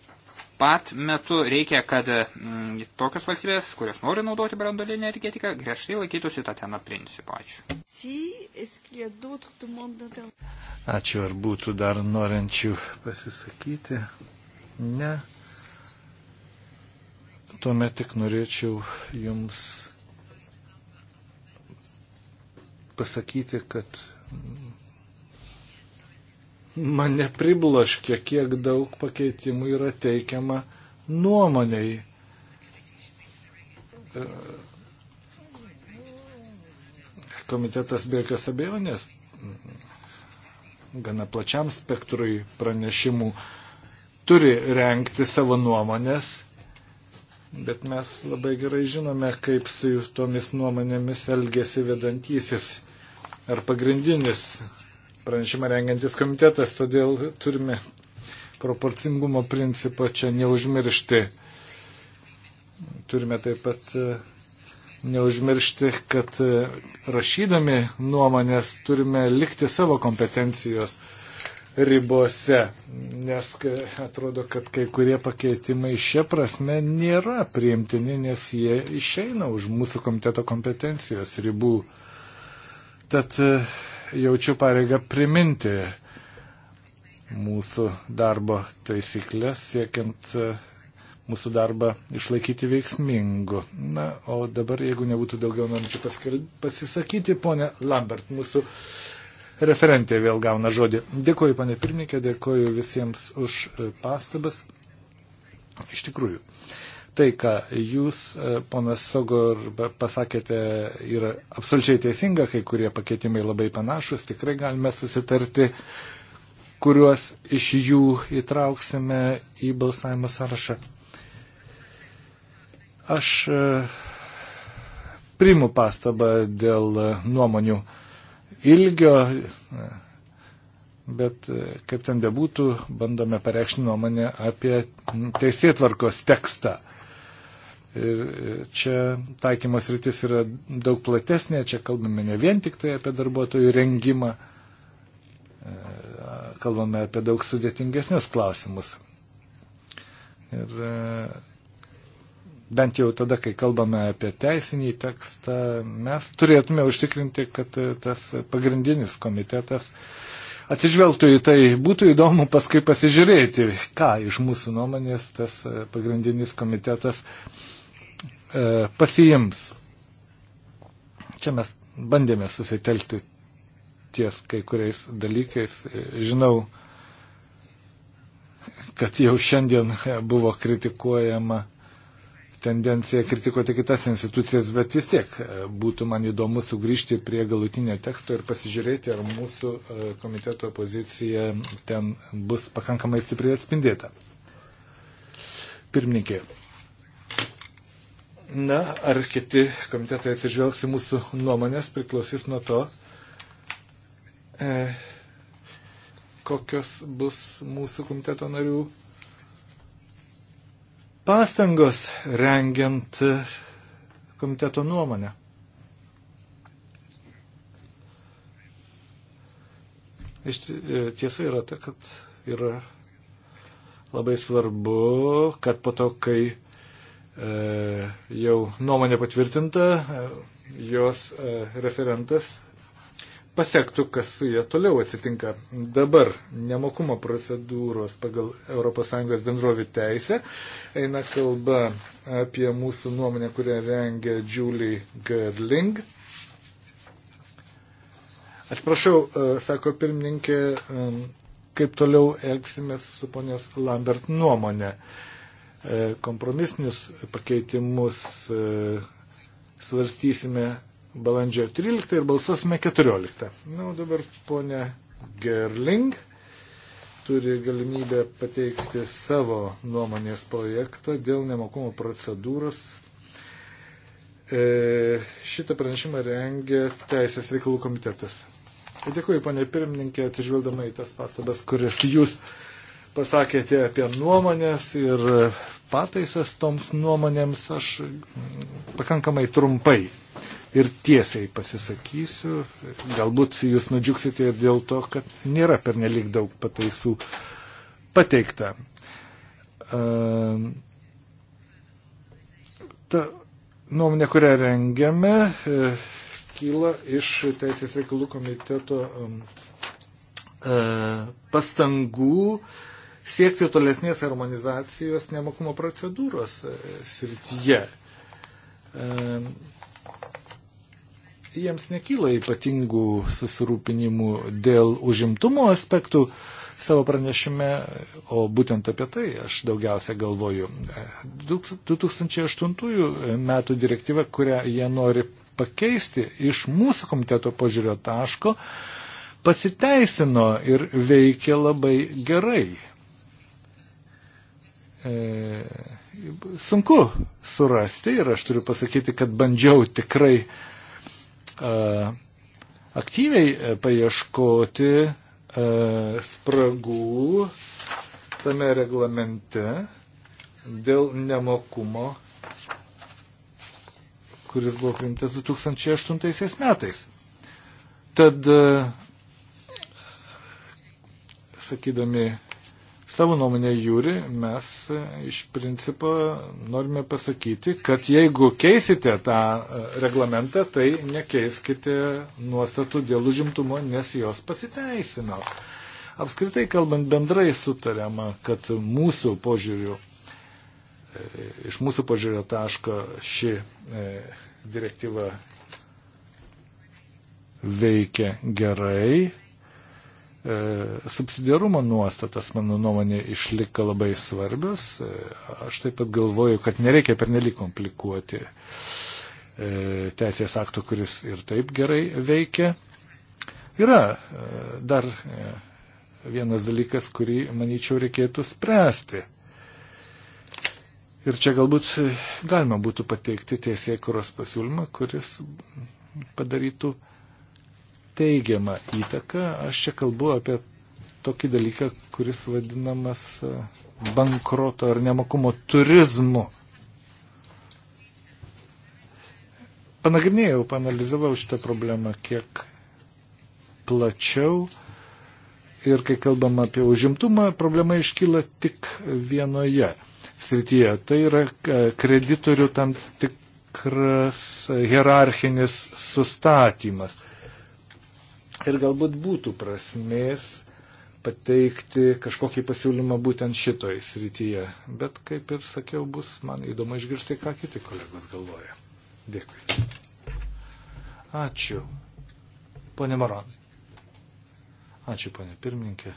Speaker 2: pat metu reikia, kad m, mm, tokios valstybės, kurios nori naudoti brandolinę energetiką, griežtai laikytųsi tą teną principą. Ačiū.
Speaker 3: Ačiū, ar būtų dar norinčių pasisakyti? Ne. Tuomet tik norėčiau Jums pasakyti, kad mane priblaškė, kiek daug pakeitimų yra teikiama nuomoniai. Komitetas be jokios abejonės gana plačiam spektrui pranešimų turi renkti savo nuomonės bet mes labai gerai žinome, kaip su tomis nuomonėmis elgesi vedantysis ar pagrindinis pranešimą rengiantis komitetas, todėl turime proporcingumo principo čia neužmiršti. Turime taip pat e, neužmiršti, kad e, rašydami nuomonės turime likti savo kompetencijos ribose, nes atrodo, kad kai kurie pakeitimai šia prasme nėra priimtini, nes jie išeina už mūsų komiteto kompetencijos ribų. Tad e, jaučiu pareigą priminti mūsų darbo taisyklės, siekiant e, mūsų darbą išlaikyti veiksmingu. Na, o dabar, jeigu nebūtų daugiau norinčių pasisakyti, ponė Lambert, mūsų uh, Referentė vėl gauna žodį. Dėkuoju, panė pirmininkė, dėkuoju visiems už e, pastabas. Iš tikrųjų, tai, ką jūs, e, ponas Sogor, pasakėte, yra absoliučiai teisinga, kai kurie pakeitimai labai panašus, tikrai galime susitarti, kuriuos iš jų įtrauksime į balsavimo sąrašą. Aš e, priimu pastabą dėl nuomonių ilgio, bet e, kaip ten bebūtų, bandome pareikšti nuomonę apie teisėtvarkos tekstą. Ir e, čia taikymas rytis yra daug platesnė, čia kalbame ne vien tik tai apie darbuotojų rengimą, e, kalbame apie daug sudėtingesnius klausimus. Ir bent jau tada, kai kalbame apie teisinį tekstą, mes turėtume užtikrinti, kad e, tas pagrindinis komitetas atsižvelgtų į tai. Būtų įdomu paskui pasižiūrėti, ką iš mūsų nuomonės tas e, pagrindinis komitetas e, pasiims. Čia mes bandėme susitelkti ties kai kuriais dalykais. Žinau, kad jau šiandien buvo kritikuojama tendencija kritikuoti kitas institucijas, bet vis tiek e, būtų man įdomu sugrįžti prie galutinio teksto ir pasižiūrėti, ar mūsų e, komiteto pozicija ten bus pakankamai stipriai atspindėta. Pirmininkė. Na, ar kiti komitetai atsižvelgs į mūsų nuomonės, priklausys nuo to, e, kokios bus mūsų komiteto narių pastangos rengiant komiteto nuomonę. Iš e, tiesa yra ta, kad yra labai svarbu, kad po to, kai e, jau nuomonė patvirtinta, e, jos e, referentas pasiektų, kas su jie toliau atsitinka. Dabar nemokumo procedūros pagal ES bendrovių teisę eina kalba apie mūsų nuomonę, kurią rengia Julie Gerling. Atsiprašau, e, sako pirmininkė, e, kaip toliau elgsimės su ponios Lambert nuomonė. E, kompromisinius pakeitimus svarstysime balandžio 13 ir balsuosime 14. Na, o dabar ponia Gerling turi galimybę pateikti savo nuomonės projektą dėl nemokumo procedūros. E, šitą pranešimą rengia Teisės reikalų komitetas. Dėkuoju, ponė pirmininkė, atsižvelgdama į tas pastabas, kurias jūs pasakėte apie nuomonės ir pataisas toms nuomonėms, aš pakankamai trumpai ir tiesiai pasisakysiu. Galbūt jūs nudžiugsite ir dėl to, kad nėra pernelik daug pataisų pateikta. Ehm, ta nuomonė, kurią rengiame, e, kyla iš Teisės reikalų komiteto ehm, e, pastangų siekti tolesnės harmonizacijos nemokumo procedūros e, srityje. Ehm, jiems nekyla ypatingų susirūpinimų dėl užimtumo aspektų savo pranešime, o būtent apie tai aš daugiausia galvoju. 2008 metų direktyva, kurią jie nori pakeisti iš mūsų komiteto požiūrio taško, pasiteisino ir veikia labai gerai. E, sunku surasti ir aš turiu pasakyti, kad bandžiau tikrai aktyviai e, paieškoti e, spragų tame reglamente dėl nemokumo, kuris buvo priimtas 2008 metais. Tad, e, sakydami Savo nuomonę jūri, mes e, iš principo norime pasakyti, kad jeigu keisite tą e, reglamentą, tai nekeiskite nuostatų dėl užimtumo, nes jos pasiteisino. Apskritai kalbant bendrai sutariama, kad mūsų požiūrių, e, iš mūsų požiūrio taško ši direktyva veikia gerai, E, subsidiarumo nuostatas, mano nuomonė, išlika labai svarbios. E, aš taip pat galvoju, kad nereikia pernelyg komplikuoti e, teisės aktų, kuris ir taip gerai veikia. Yra dar vienas dalykas, kurį, manyčiau, reikėtų spręsti. Ir čia galbūt galima būtų pateikti teisėkuros pasiūlymą, kuris padarytų teigiamą įtaką. Aš čia kalbu apie tokį dalyką, kuris vadinamas e, bankroto ar nemokumo turizmu. Panagrinėjau, panalizavau šitą problemą kiek plačiau ir kai kalbam apie užimtumą, problema iškyla tik vienoje srityje. Tai yra e, kreditorių tam tikras hierarchinis sustatymas ir galbūt būtų prasmės pateikti kažkokį pasiūlymą būtent šitoj srityje. Bet kaip ir sakiau, bus man įdomu išgirsti, ką kiti kolegos galvoja. Dėkui. Ačiū. Pone Maron. Ačiū, pone pirmininkė.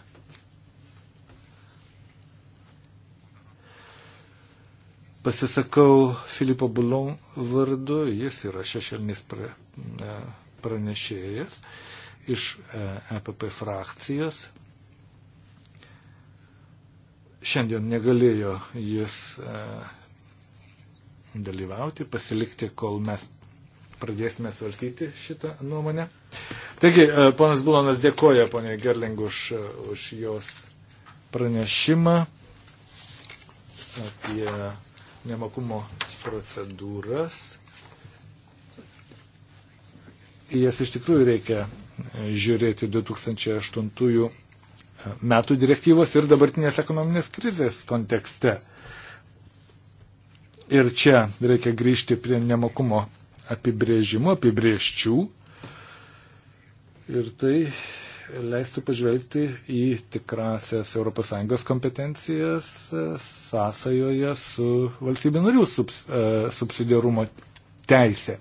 Speaker 3: Pasisakau Filipo Bulon vardu, jis yra šešėlinis e, pranešėjas. Pra iš EPP e frakcijos. Šiandien negalėjo jis e, dalyvauti, pasilikti, kol mes pradėsime svarstyti šitą nuomonę. Taigi, e, ponas Bulonas dėkoja ponė Gerling už, už jos pranešimą apie nemokumo procedūras. Į jas iš tikrųjų reikia žiūrėti 2008 e, metų direktyvos ir dabartinės ekonominės krizės kontekste. Ir čia reikia grįžti prie nemokumo apibrėžimo, apibrėžčių. Ir tai leistų pažvelgti į tikrasias ES kompetencijas e, sąsajoje su valstybė narių subs, e, subsidiarumo teisė.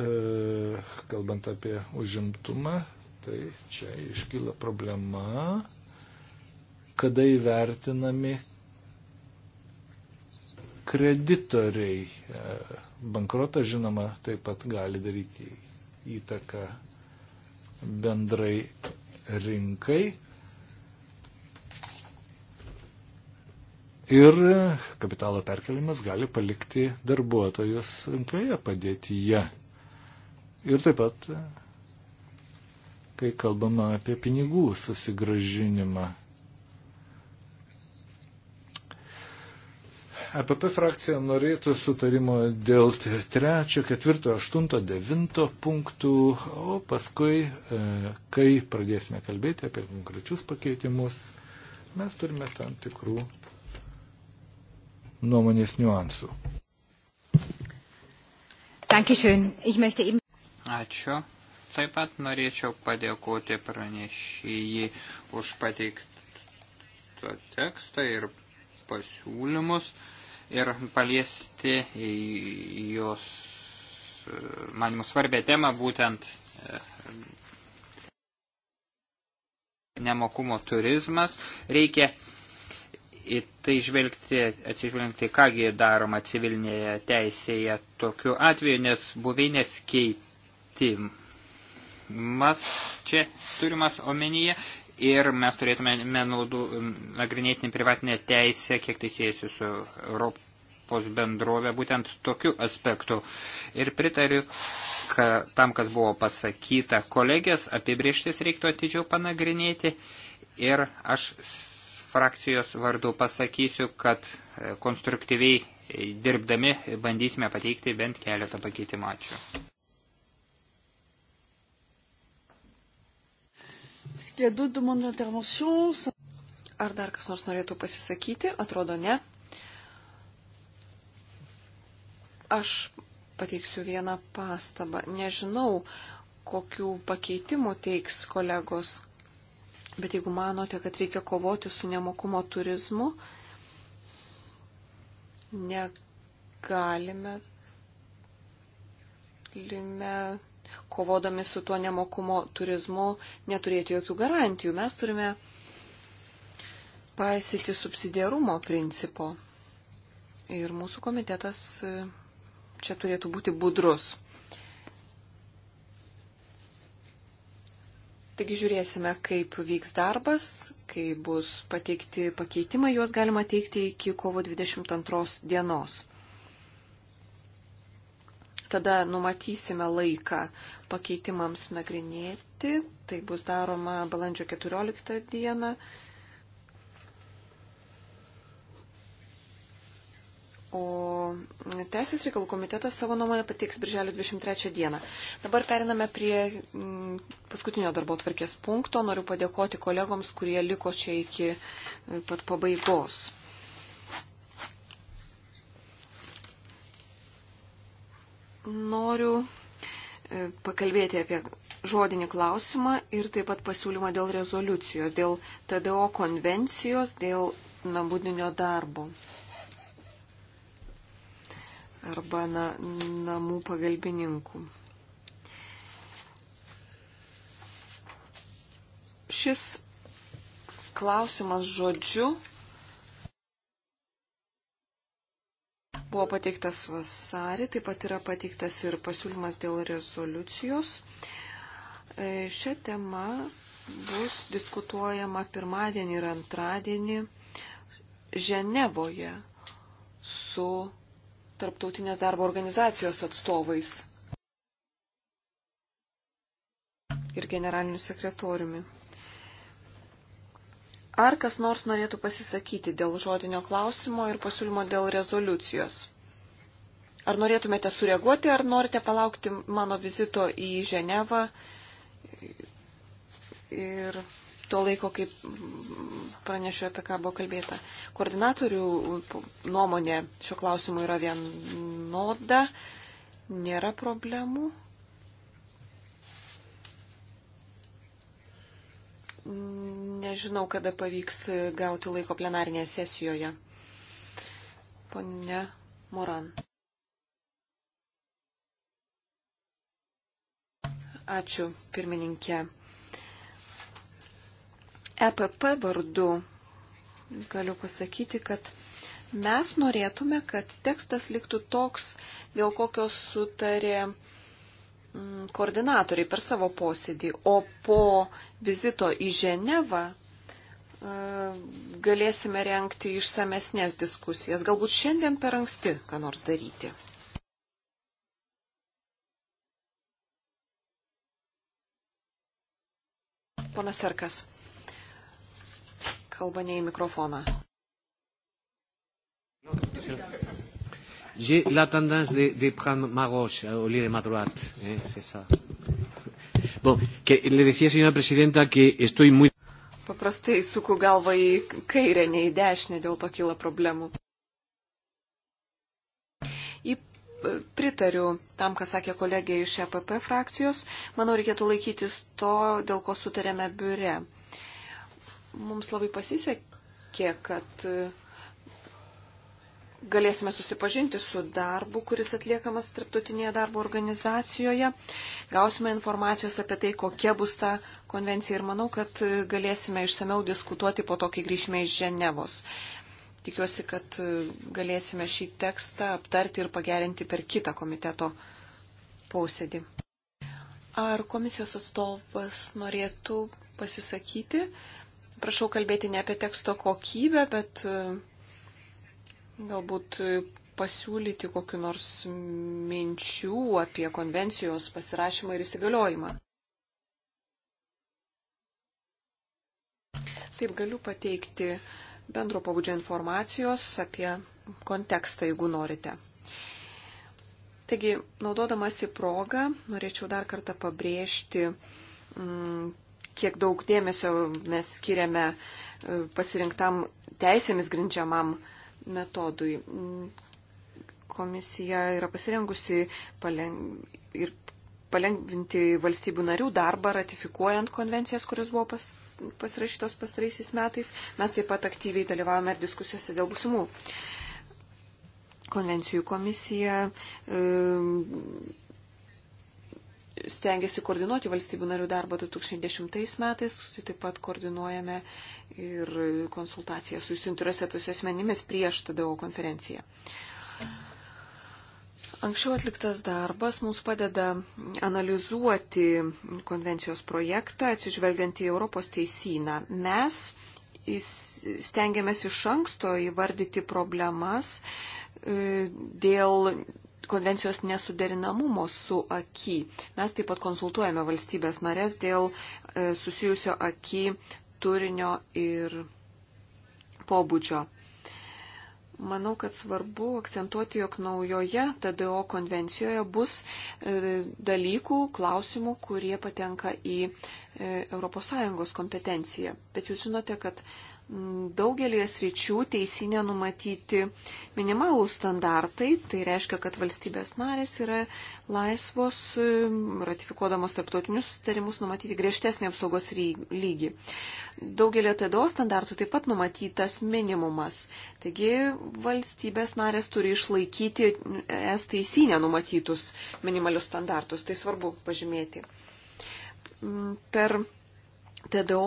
Speaker 3: E, kalbant apie užimtumą, tai čia iškyla problema, kada įvertinami kreditoriai. E, bankrotas, žinoma, taip pat gali daryti įtaką bendrai rinkai. Ir kapitalo perkelimas gali palikti darbuotojus sunkioje padėtyje. Ir taip pat, kai kalbama apie pinigų susigražinimą. EPP frakcija norėtų sutarimo dėl 3, 4, 8, 9 punktų, o paskui, e, kai pradėsime kalbėti apie konkrečius pakeitimus, mes
Speaker 2: turime tam tikrų
Speaker 3: nuomonės niuansų.
Speaker 4: Dankeschön. Ich möchte
Speaker 2: Ačiū. Taip pat norėčiau padėkoti pranešėjai už pateiktą tekstą ir pasiūlymus ir paliesti jos, e, manimų, svarbę temą būtent e, nemokumo turizmas. Reikia į tai žvelgti, atsižvelgti, kągi daroma civilinėje teisėje tokiu atveju, nes buveinės keitė vertimas čia turimas omenyje ir mes turėtume naudų nagrinėti privatinę teisę, kiek tai siejasi su Europos bendrovė, būtent tokiu aspektu. Ir pritariu ka, tam, kas buvo pasakyta kolegės, apibrieštis reiktų atidžiau panagrinėti ir aš frakcijos vardu pasakysiu, kad e, konstruktyviai dirbdami bandysime pateikti bent keletą pakeitimų. Ačiū.
Speaker 1: Ar dar
Speaker 4: kas nors norėtų pasisakyti? Atrodo, ne. Aš pateiksiu vieną pastabą. Nežinau, kokių pakeitimų teiks kolegos, bet jeigu manote, kad reikia kovoti su nemokumo turizmu, negalime galime kovodami su tuo nemokumo turizmu, neturėti jokių garantijų. Mes turime paisyti subsidiarumo principo. Ir mūsų komitetas e, čia turėtų būti budrus. Taigi žiūrėsime, kaip vyks darbas, kai bus pateikti pakeitimai, juos galima teikti iki kovo 22 dienos tada numatysime laiką pakeitimams nagrinėti. Tai bus daroma balandžio 14 dieną. O Teisės reikalų komitetas savo nuomonę pateiks birželio 23 dieną. Dabar periname prie mm, paskutinio darbo tvarkės punkto. Noriu padėkoti kolegoms, kurie liko čia iki pat pabaigos. Noriu e, pakalbėti apie žodinį klausimą ir taip pat pasiūlymą dėl rezoliucijos, dėl TDO konvencijos, dėl namudinio darbo arba na, namų pagalbininkų. Šis klausimas žodžiu buvo pateiktas vasarį, taip pat yra pateiktas ir pasiūlymas dėl rezoliucijos. E, Šią temą bus diskutuojama pirmadienį ir antradienį Ženevoje su Tarptautinės darbo organizacijos atstovais ir generaliniu sekretoriumi. Ar kas nors norėtų pasisakyti dėl žodinio klausimo ir pasiūlymo dėl rezoliucijos? Ar norėtumėte sureaguoti, ar norite palaukti mano vizito į Ženevą ir to laiko, kaip pranešiu, apie ką buvo kalbėta. Koordinatorių nuomonė šio klausimu yra vienoda, nėra problemų. Nežinau, kada pavyks gauti laiko plenarinėje sesijoje. Poninė Moran. Ačiū, pirmininkė. EPP vardu galiu pasakyti, kad mes norėtume, kad tekstas liktų toks, dėl kokios sutarė mm, koordinatoriai per savo posėdį, o po vizito į Ženevą e, galėsime renkti išsamesnės diskusijas. Galbūt šiandien per anksti ką nors daryti. Ponas Serkas, kalba ne į mikrofoną.
Speaker 3: J'ai la tendance de, de prendre ma roche euh, au lieu de ma droite. Eh, C'est ça. Bon,
Speaker 1: que le decía, señora presidenta, que estoy muy.
Speaker 4: Paprastai suku galvą į kairę, ne į dešinę, dėl to kyla problemų. Į, pritariu tam, ką sakė kolegė iš EPP frakcijos. Manau, reikėtų laikytis to, dėl ko sutarėme biure. Mums labai pasisekė, kad uh, galėsime susipažinti su darbu, kuris atliekamas tarptautinėje darbo organizacijoje. Gausime informacijos apie tai, kokia bus ta konvencija ir manau, kad galėsime išsameu diskutuoti po to, kai grįšime iš Ženevos. Tikiuosi, kad galėsime šį tekstą aptarti ir pagerinti per kitą komiteto posėdį. Ar komisijos atstovas norėtų pasisakyti? Prašau kalbėti ne apie teksto kokybę, bet galbūt e, pasiūlyti kokiu nors minčių apie konvencijos pasirašymą ir įsigaliojimą. Taip galiu pateikti bendro pabudžio informacijos apie kontekstą, jeigu norite. Taigi, naudodamasi progą, norėčiau dar kartą pabrėžti, mm, kiek daug dėmesio mes skiriame e, pasirinktam teisėmis grindžiamam uh, metodui. Komisija yra pasirengusi paleng... ir palengvinti valstybių narių darbą, ratifikuojant konvencijas, kurios buvo pas... pasirašytos pastaraisiais metais. Mes taip pat aktyviai dalyvavome ir diskusijose dėl būsimų konvencijų komisija. E stengiasi koordinuoti valstybių narių darbą 2010 metais, tai taip pat koordinuojame ir konsultaciją su suinteresuotus asmenimis prieš TDO konferenciją. Anksčiau atliktas darbas mums padeda analizuoti konvencijos projektą, atsižvelgiant į Europos teisyną. Mes stengiamės iš anksto įvardyti problemas e, dėl konvencijos nesuderinamumo su aky. Mes taip pat konsultuojame valstybės narės dėl e, susijusio aky turinio ir pobūdžio. Manau, kad svarbu akcentuoti, jog naujoje TDO konvencijoje bus e, dalykų, klausimų, kurie patenka į ES kompetenciją. Bet jūs žinote, kad daugelį sričių teisinė numatyti minimalų standartai. Tai reiškia, kad valstybės narės yra laisvos, e, ratifikuodamos tarptautinius sutarimus, numatyti griežtesnį apsaugos lygį. Daugelį TDO standartų taip pat numatytas minimumas. Taigi valstybės narės turi išlaikyti es teisinę numatytus minimalius standartus. Tai svarbu pažymėti. Mm, per TDO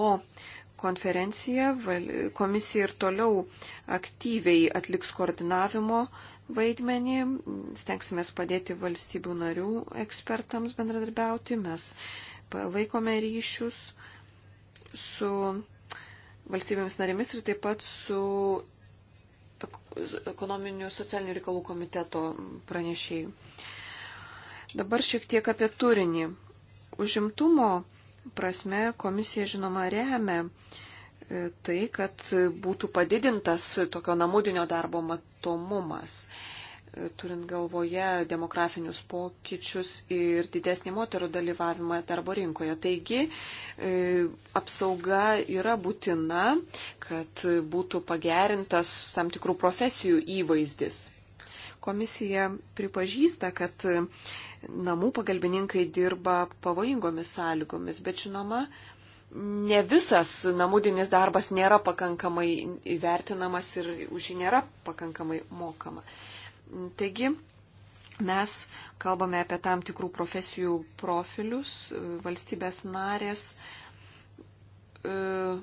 Speaker 4: konferenciją. Komisija ir toliau aktyviai atliks koordinavimo vaidmenį, stengsime padėti valstybių narių ekspertams bendradarbiauti, mes palaikome ryšius su valstybėmis narėmis ir taip pat su ekonominių socialinių reikalų komiteto pranešėjų. Dabar šiek tiek apie turinį. Užimtumo prasme komisija žinoma remia e, tai, kad būtų padidintas tokio namudinio darbo matomumas, e, turint galvoje demografinius pokyčius ir didesnį moterų dalyvavimą darbo rinkoje. Taigi e, apsauga yra būtina, kad būtų pagerintas tam tikrų profesijų įvaizdis. Komisija pripažįsta, kad namų pagalbininkai dirba pavojingomis sąlygomis, bet žinoma, ne visas namudinis darbas nėra pakankamai įvertinamas ir už jį nėra pakankamai mokama. Taigi, mes kalbame apie tam tikrų profesijų profilius, valstybės narės e,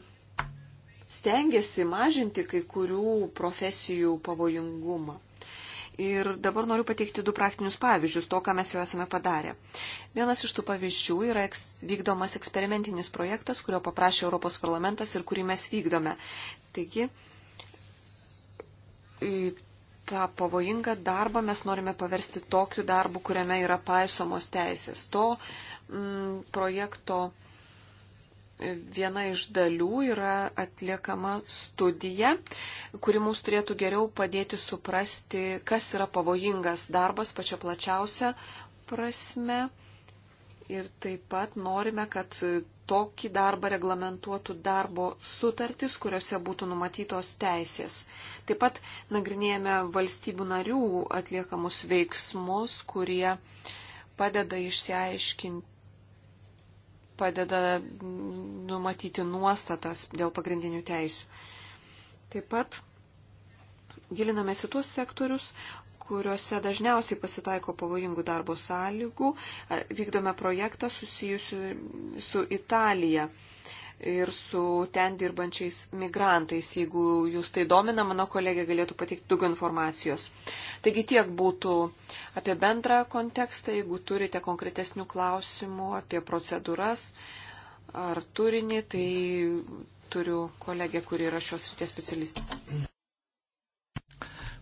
Speaker 4: stengiasi mažinti kai kurių profesijų pavojingumą. Ir dabar noriu pateikti du praktinius pavyzdžius to, ką mes jau esame padarę. Vienas iš tų pavyzdžių yra eks, vykdomas eksperimentinis projektas, kurio paprašė Europos parlamentas ir kurį mes vykdome. Taigi, tą pavojingą darbą mes norime paversti tokiu darbu, kuriame yra paisomos teisės. To m, mm, projekto viena iš dalių yra atliekama studija, kuri mums turėtų geriau padėti suprasti, kas yra pavojingas darbas pačia plačiausia prasme. Ir taip pat norime, kad tokį darbą reglamentuotų darbo sutartis, kuriuose būtų numatytos teisės. Taip pat nagrinėjame valstybių narių atliekamus veiksmus, kurie padeda išsiaiškinti padeda numatyti nuostatas dėl pagrindinių teisių. Taip pat gilinamės į tuos sektorius, kuriuose dažniausiai pasitaiko pavojingų darbo sąlygų. Vykdome projektą susijusiu su Italija ir su ten dirbančiais migrantais. Jeigu jūs tai domina, mano kolegė galėtų pateikti daugiau informacijos. Taigi tiek būtų apie bendrą kontekstą, jeigu turite konkretesnių klausimų apie procedūras ar turinį, tai turiu kolegę, kuri yra šios ryties specialistė.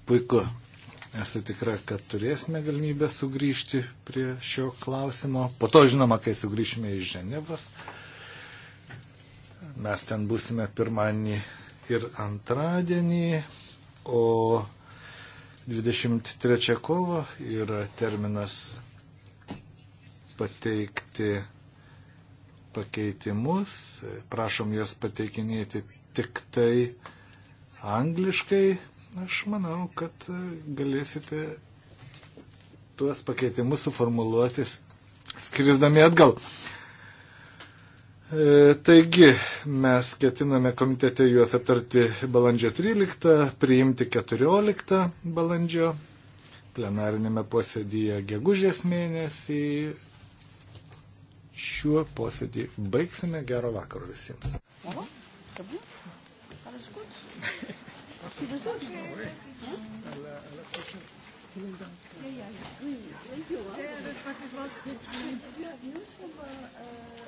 Speaker 3: Puiku. Esu tikra, kad turėsime galimybę sugrįžti prie šio klausimo. Po to, žinoma, kai sugrįšime į Ženevas. Mes ten būsime pirmadienį ir antradienį, o 23 kovo yra terminas pateikti pakeitimus. Prašom juos pateikinėti tik tai angliškai. Aš manau, kad galėsite tuos pakeitimus suformuluotis skrisdami atgal. E, taigi, mes ketiname komitete juos aptarti balandžio 13, priimti 14 balandžio, plenarinėme posėdyje gegužės mėnesį. Šiuo posėdį baigsime. Gero vakaro visiems.
Speaker 1: Aha, Ja, ja, ja. Oui, oui, oui. Ja, dat was dit. Ja, nieuws van. Uh,